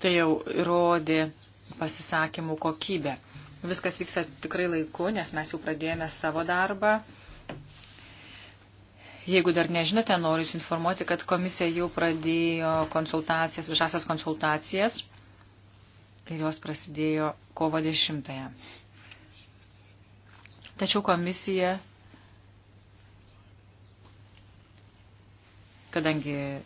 tai jau rodė pasisakymų kokybę. Viskas vyksta tikrai laiku, nes mes jau pradėjome savo darbą Jeigu dar nežinote, noriu Jūs informuoti, kad komisija jau pradėjo konsultacijas, viešasias konsultacijas ir jos prasidėjo kovo 10. -ąją. Tačiau komisija, kadangi e,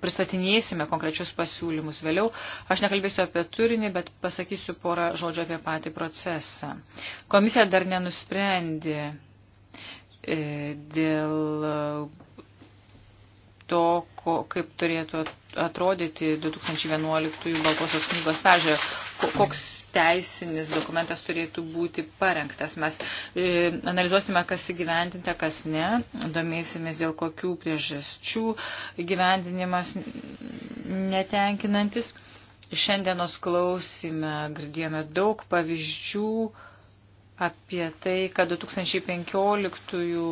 pristatinėsime konkrečius pasiūlymus vėliau. Aš nekalbėsiu apie turinį, bet pasakysiu porą žodžių apie patį procesą. Komisija dar nenusprendė E, dėl e, to, ko, kaip turėtų atrodyti 2011 Baltosios knygos peržiūrė, koks teisinis dokumentas turėtų būti parengtas. Mes e, analizuosime, kas įgyvendinta, kas ne, domėsimės dėl kokių priežasčių įgyvendinimas netenkinantis. Šiandienos klausime girdėjome daug pavyzdžių, e, apie tai, kad 2015-ųjų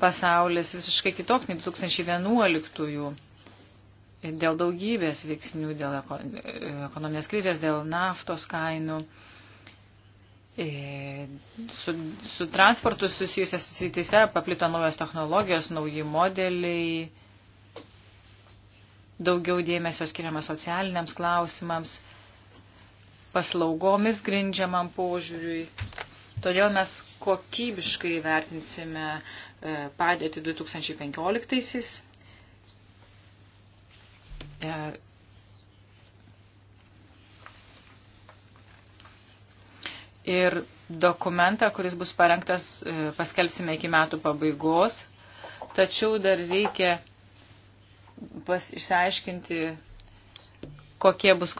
pasaulis visiškai kitoks nei 2011-ųjų. Dėl daugybės veiksnių, dėl ekonominės krizės, dėl naftos kainų, e, su, su transportu susijusios srityse paplito naujos technologijos, nauji modeliai, daugiau dėmesio skiriama socialiniams klausimams paslaugomis grindžiamam požiūriui. Todėl mes kokybiškai vertinsime e, padėti 2015-aisiais. E, ir dokumentą, kuris bus parengtas, e, paskelbsime iki metų pabaigos. Tačiau dar reikia pas, išsiaiškinti kokie bus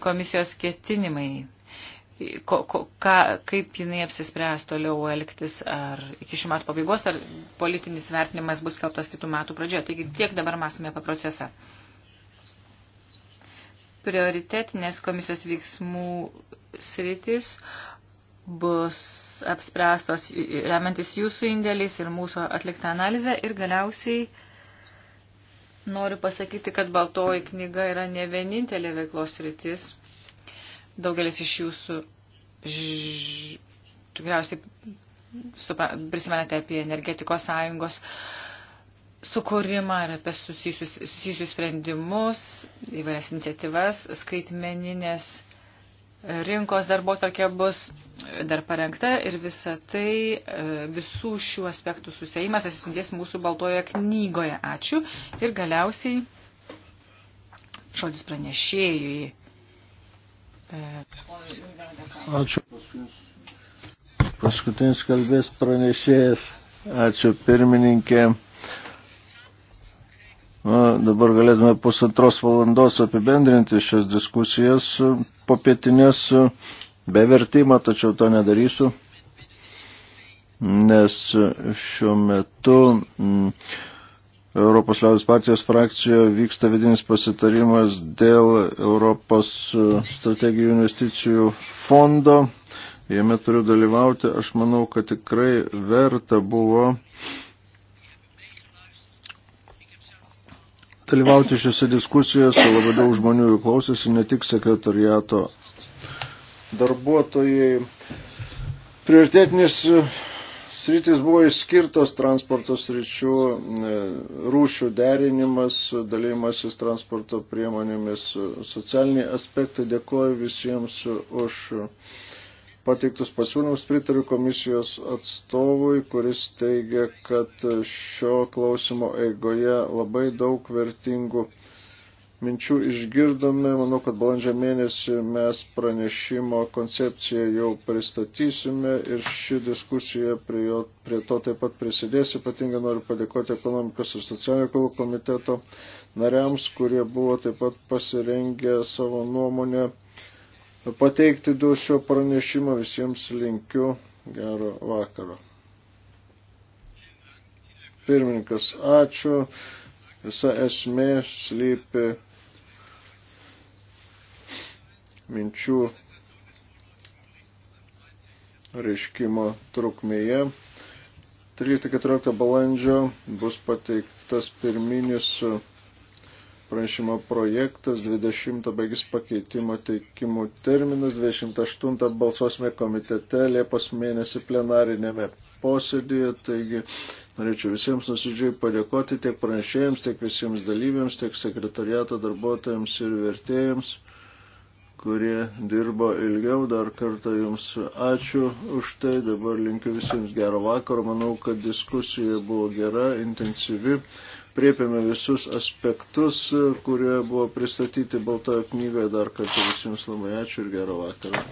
komisijos ketinimai, ko, ko, ką, kaip jinai apsispręs toliau elgtis, ar iki šių metų pabaigos, ar politinis vertinimas bus skelbtas kitų metų pradžioje. Taigi tiek dabar mąstome apie procesą. Prioritetinės komisijos veiksmų sritis bus apspręstos remiantis jūsų indėliais ir mūsų atliktą analizę ir galiausiai Noriu pasakyti, kad baltoji knyga yra ne vienintelė veiklos rytis. Daugelis iš jūsų ž... tikriausiai supra... prisimenate apie energetikos sąjungos sukūrimą ir apie susijusius, susijusius sprendimus, įvairias iniciatyvas, skaitmeninės rinkos darbo tokia bus dar parengta ir visa tai e, visų šių aspektų susėjimas atsispindės mūsų baltoje knygoje. Ačiū. Ir galiausiai žodis pranešėjui. E, Ačiū. Paskutinis kalbės pranešėjas. Ačiū pirmininkė. Na, dabar galėtume pusantros valandos apibendrinti šias diskusijas e, popietinės e, be vertimo, tačiau to nedarysiu, nes e, šiuo metu m, Europos liaudės partijos frakcijoje vyksta vidinis pasitarimas dėl Europos strategijų investicijų fondo. Jame turiu dalyvauti. Aš manau, kad tikrai verta buvo uh, dalyvauti šiuose diskusijose, labai daug žmonių jų klausėsi, ne tik sekretariato darbuotojai. Prioritetinės sritis buvo išskirtos transporto sričių, e, rūšių derinimas, dalymasis transporto priemonėmis, socialiniai aspektai. Dėkuoju visiems už pateiktus pasiūlymus pritariu komisijos atstovui, kuris teigia, kad šio klausimo eigoje labai daug vertingų minčių išgirdome. Manau, kad balandžio mėnesį mes pranešimo koncepciją jau pristatysime ir ši diskusija prie, jo, prie to taip pat prisidės. Ypatingai noriu padėkoti ekonomikos ir socialinių reikalų komiteto nariams, kurie buvo taip pat pasirengę savo nuomonę pateikti dėl šio pranešimo. Visiems linkiu gero vakaro. Pirmininkas, ačiū. Visa esmė slypi minčių reiškimo trukmėje. 13-14 balandžio bus pateiktas pirminis Pranešimo projektas 20 baigis pakeitimo teikimų terminas, 28 balsuosime komitete Liepos mėnesį plenarinėme posėdėje. Taigi norėčiau visiems nusidžiai padėkoti tiek pranešėjams, tiek visiems dalyviams, tiek sekretariato darbuotojams ir vertėjams kurie dirbo ilgiau. Dar kartą Jums ačiū už tai. Dabar linkiu visiems gero vakaro. Manau, kad diskusija buvo gera, intensyvi apriepiame visus aspektus, kurie buvo pristatyti Baltojo knygoje. Dar kartą visiems labai ačiū ir gerą vakarą.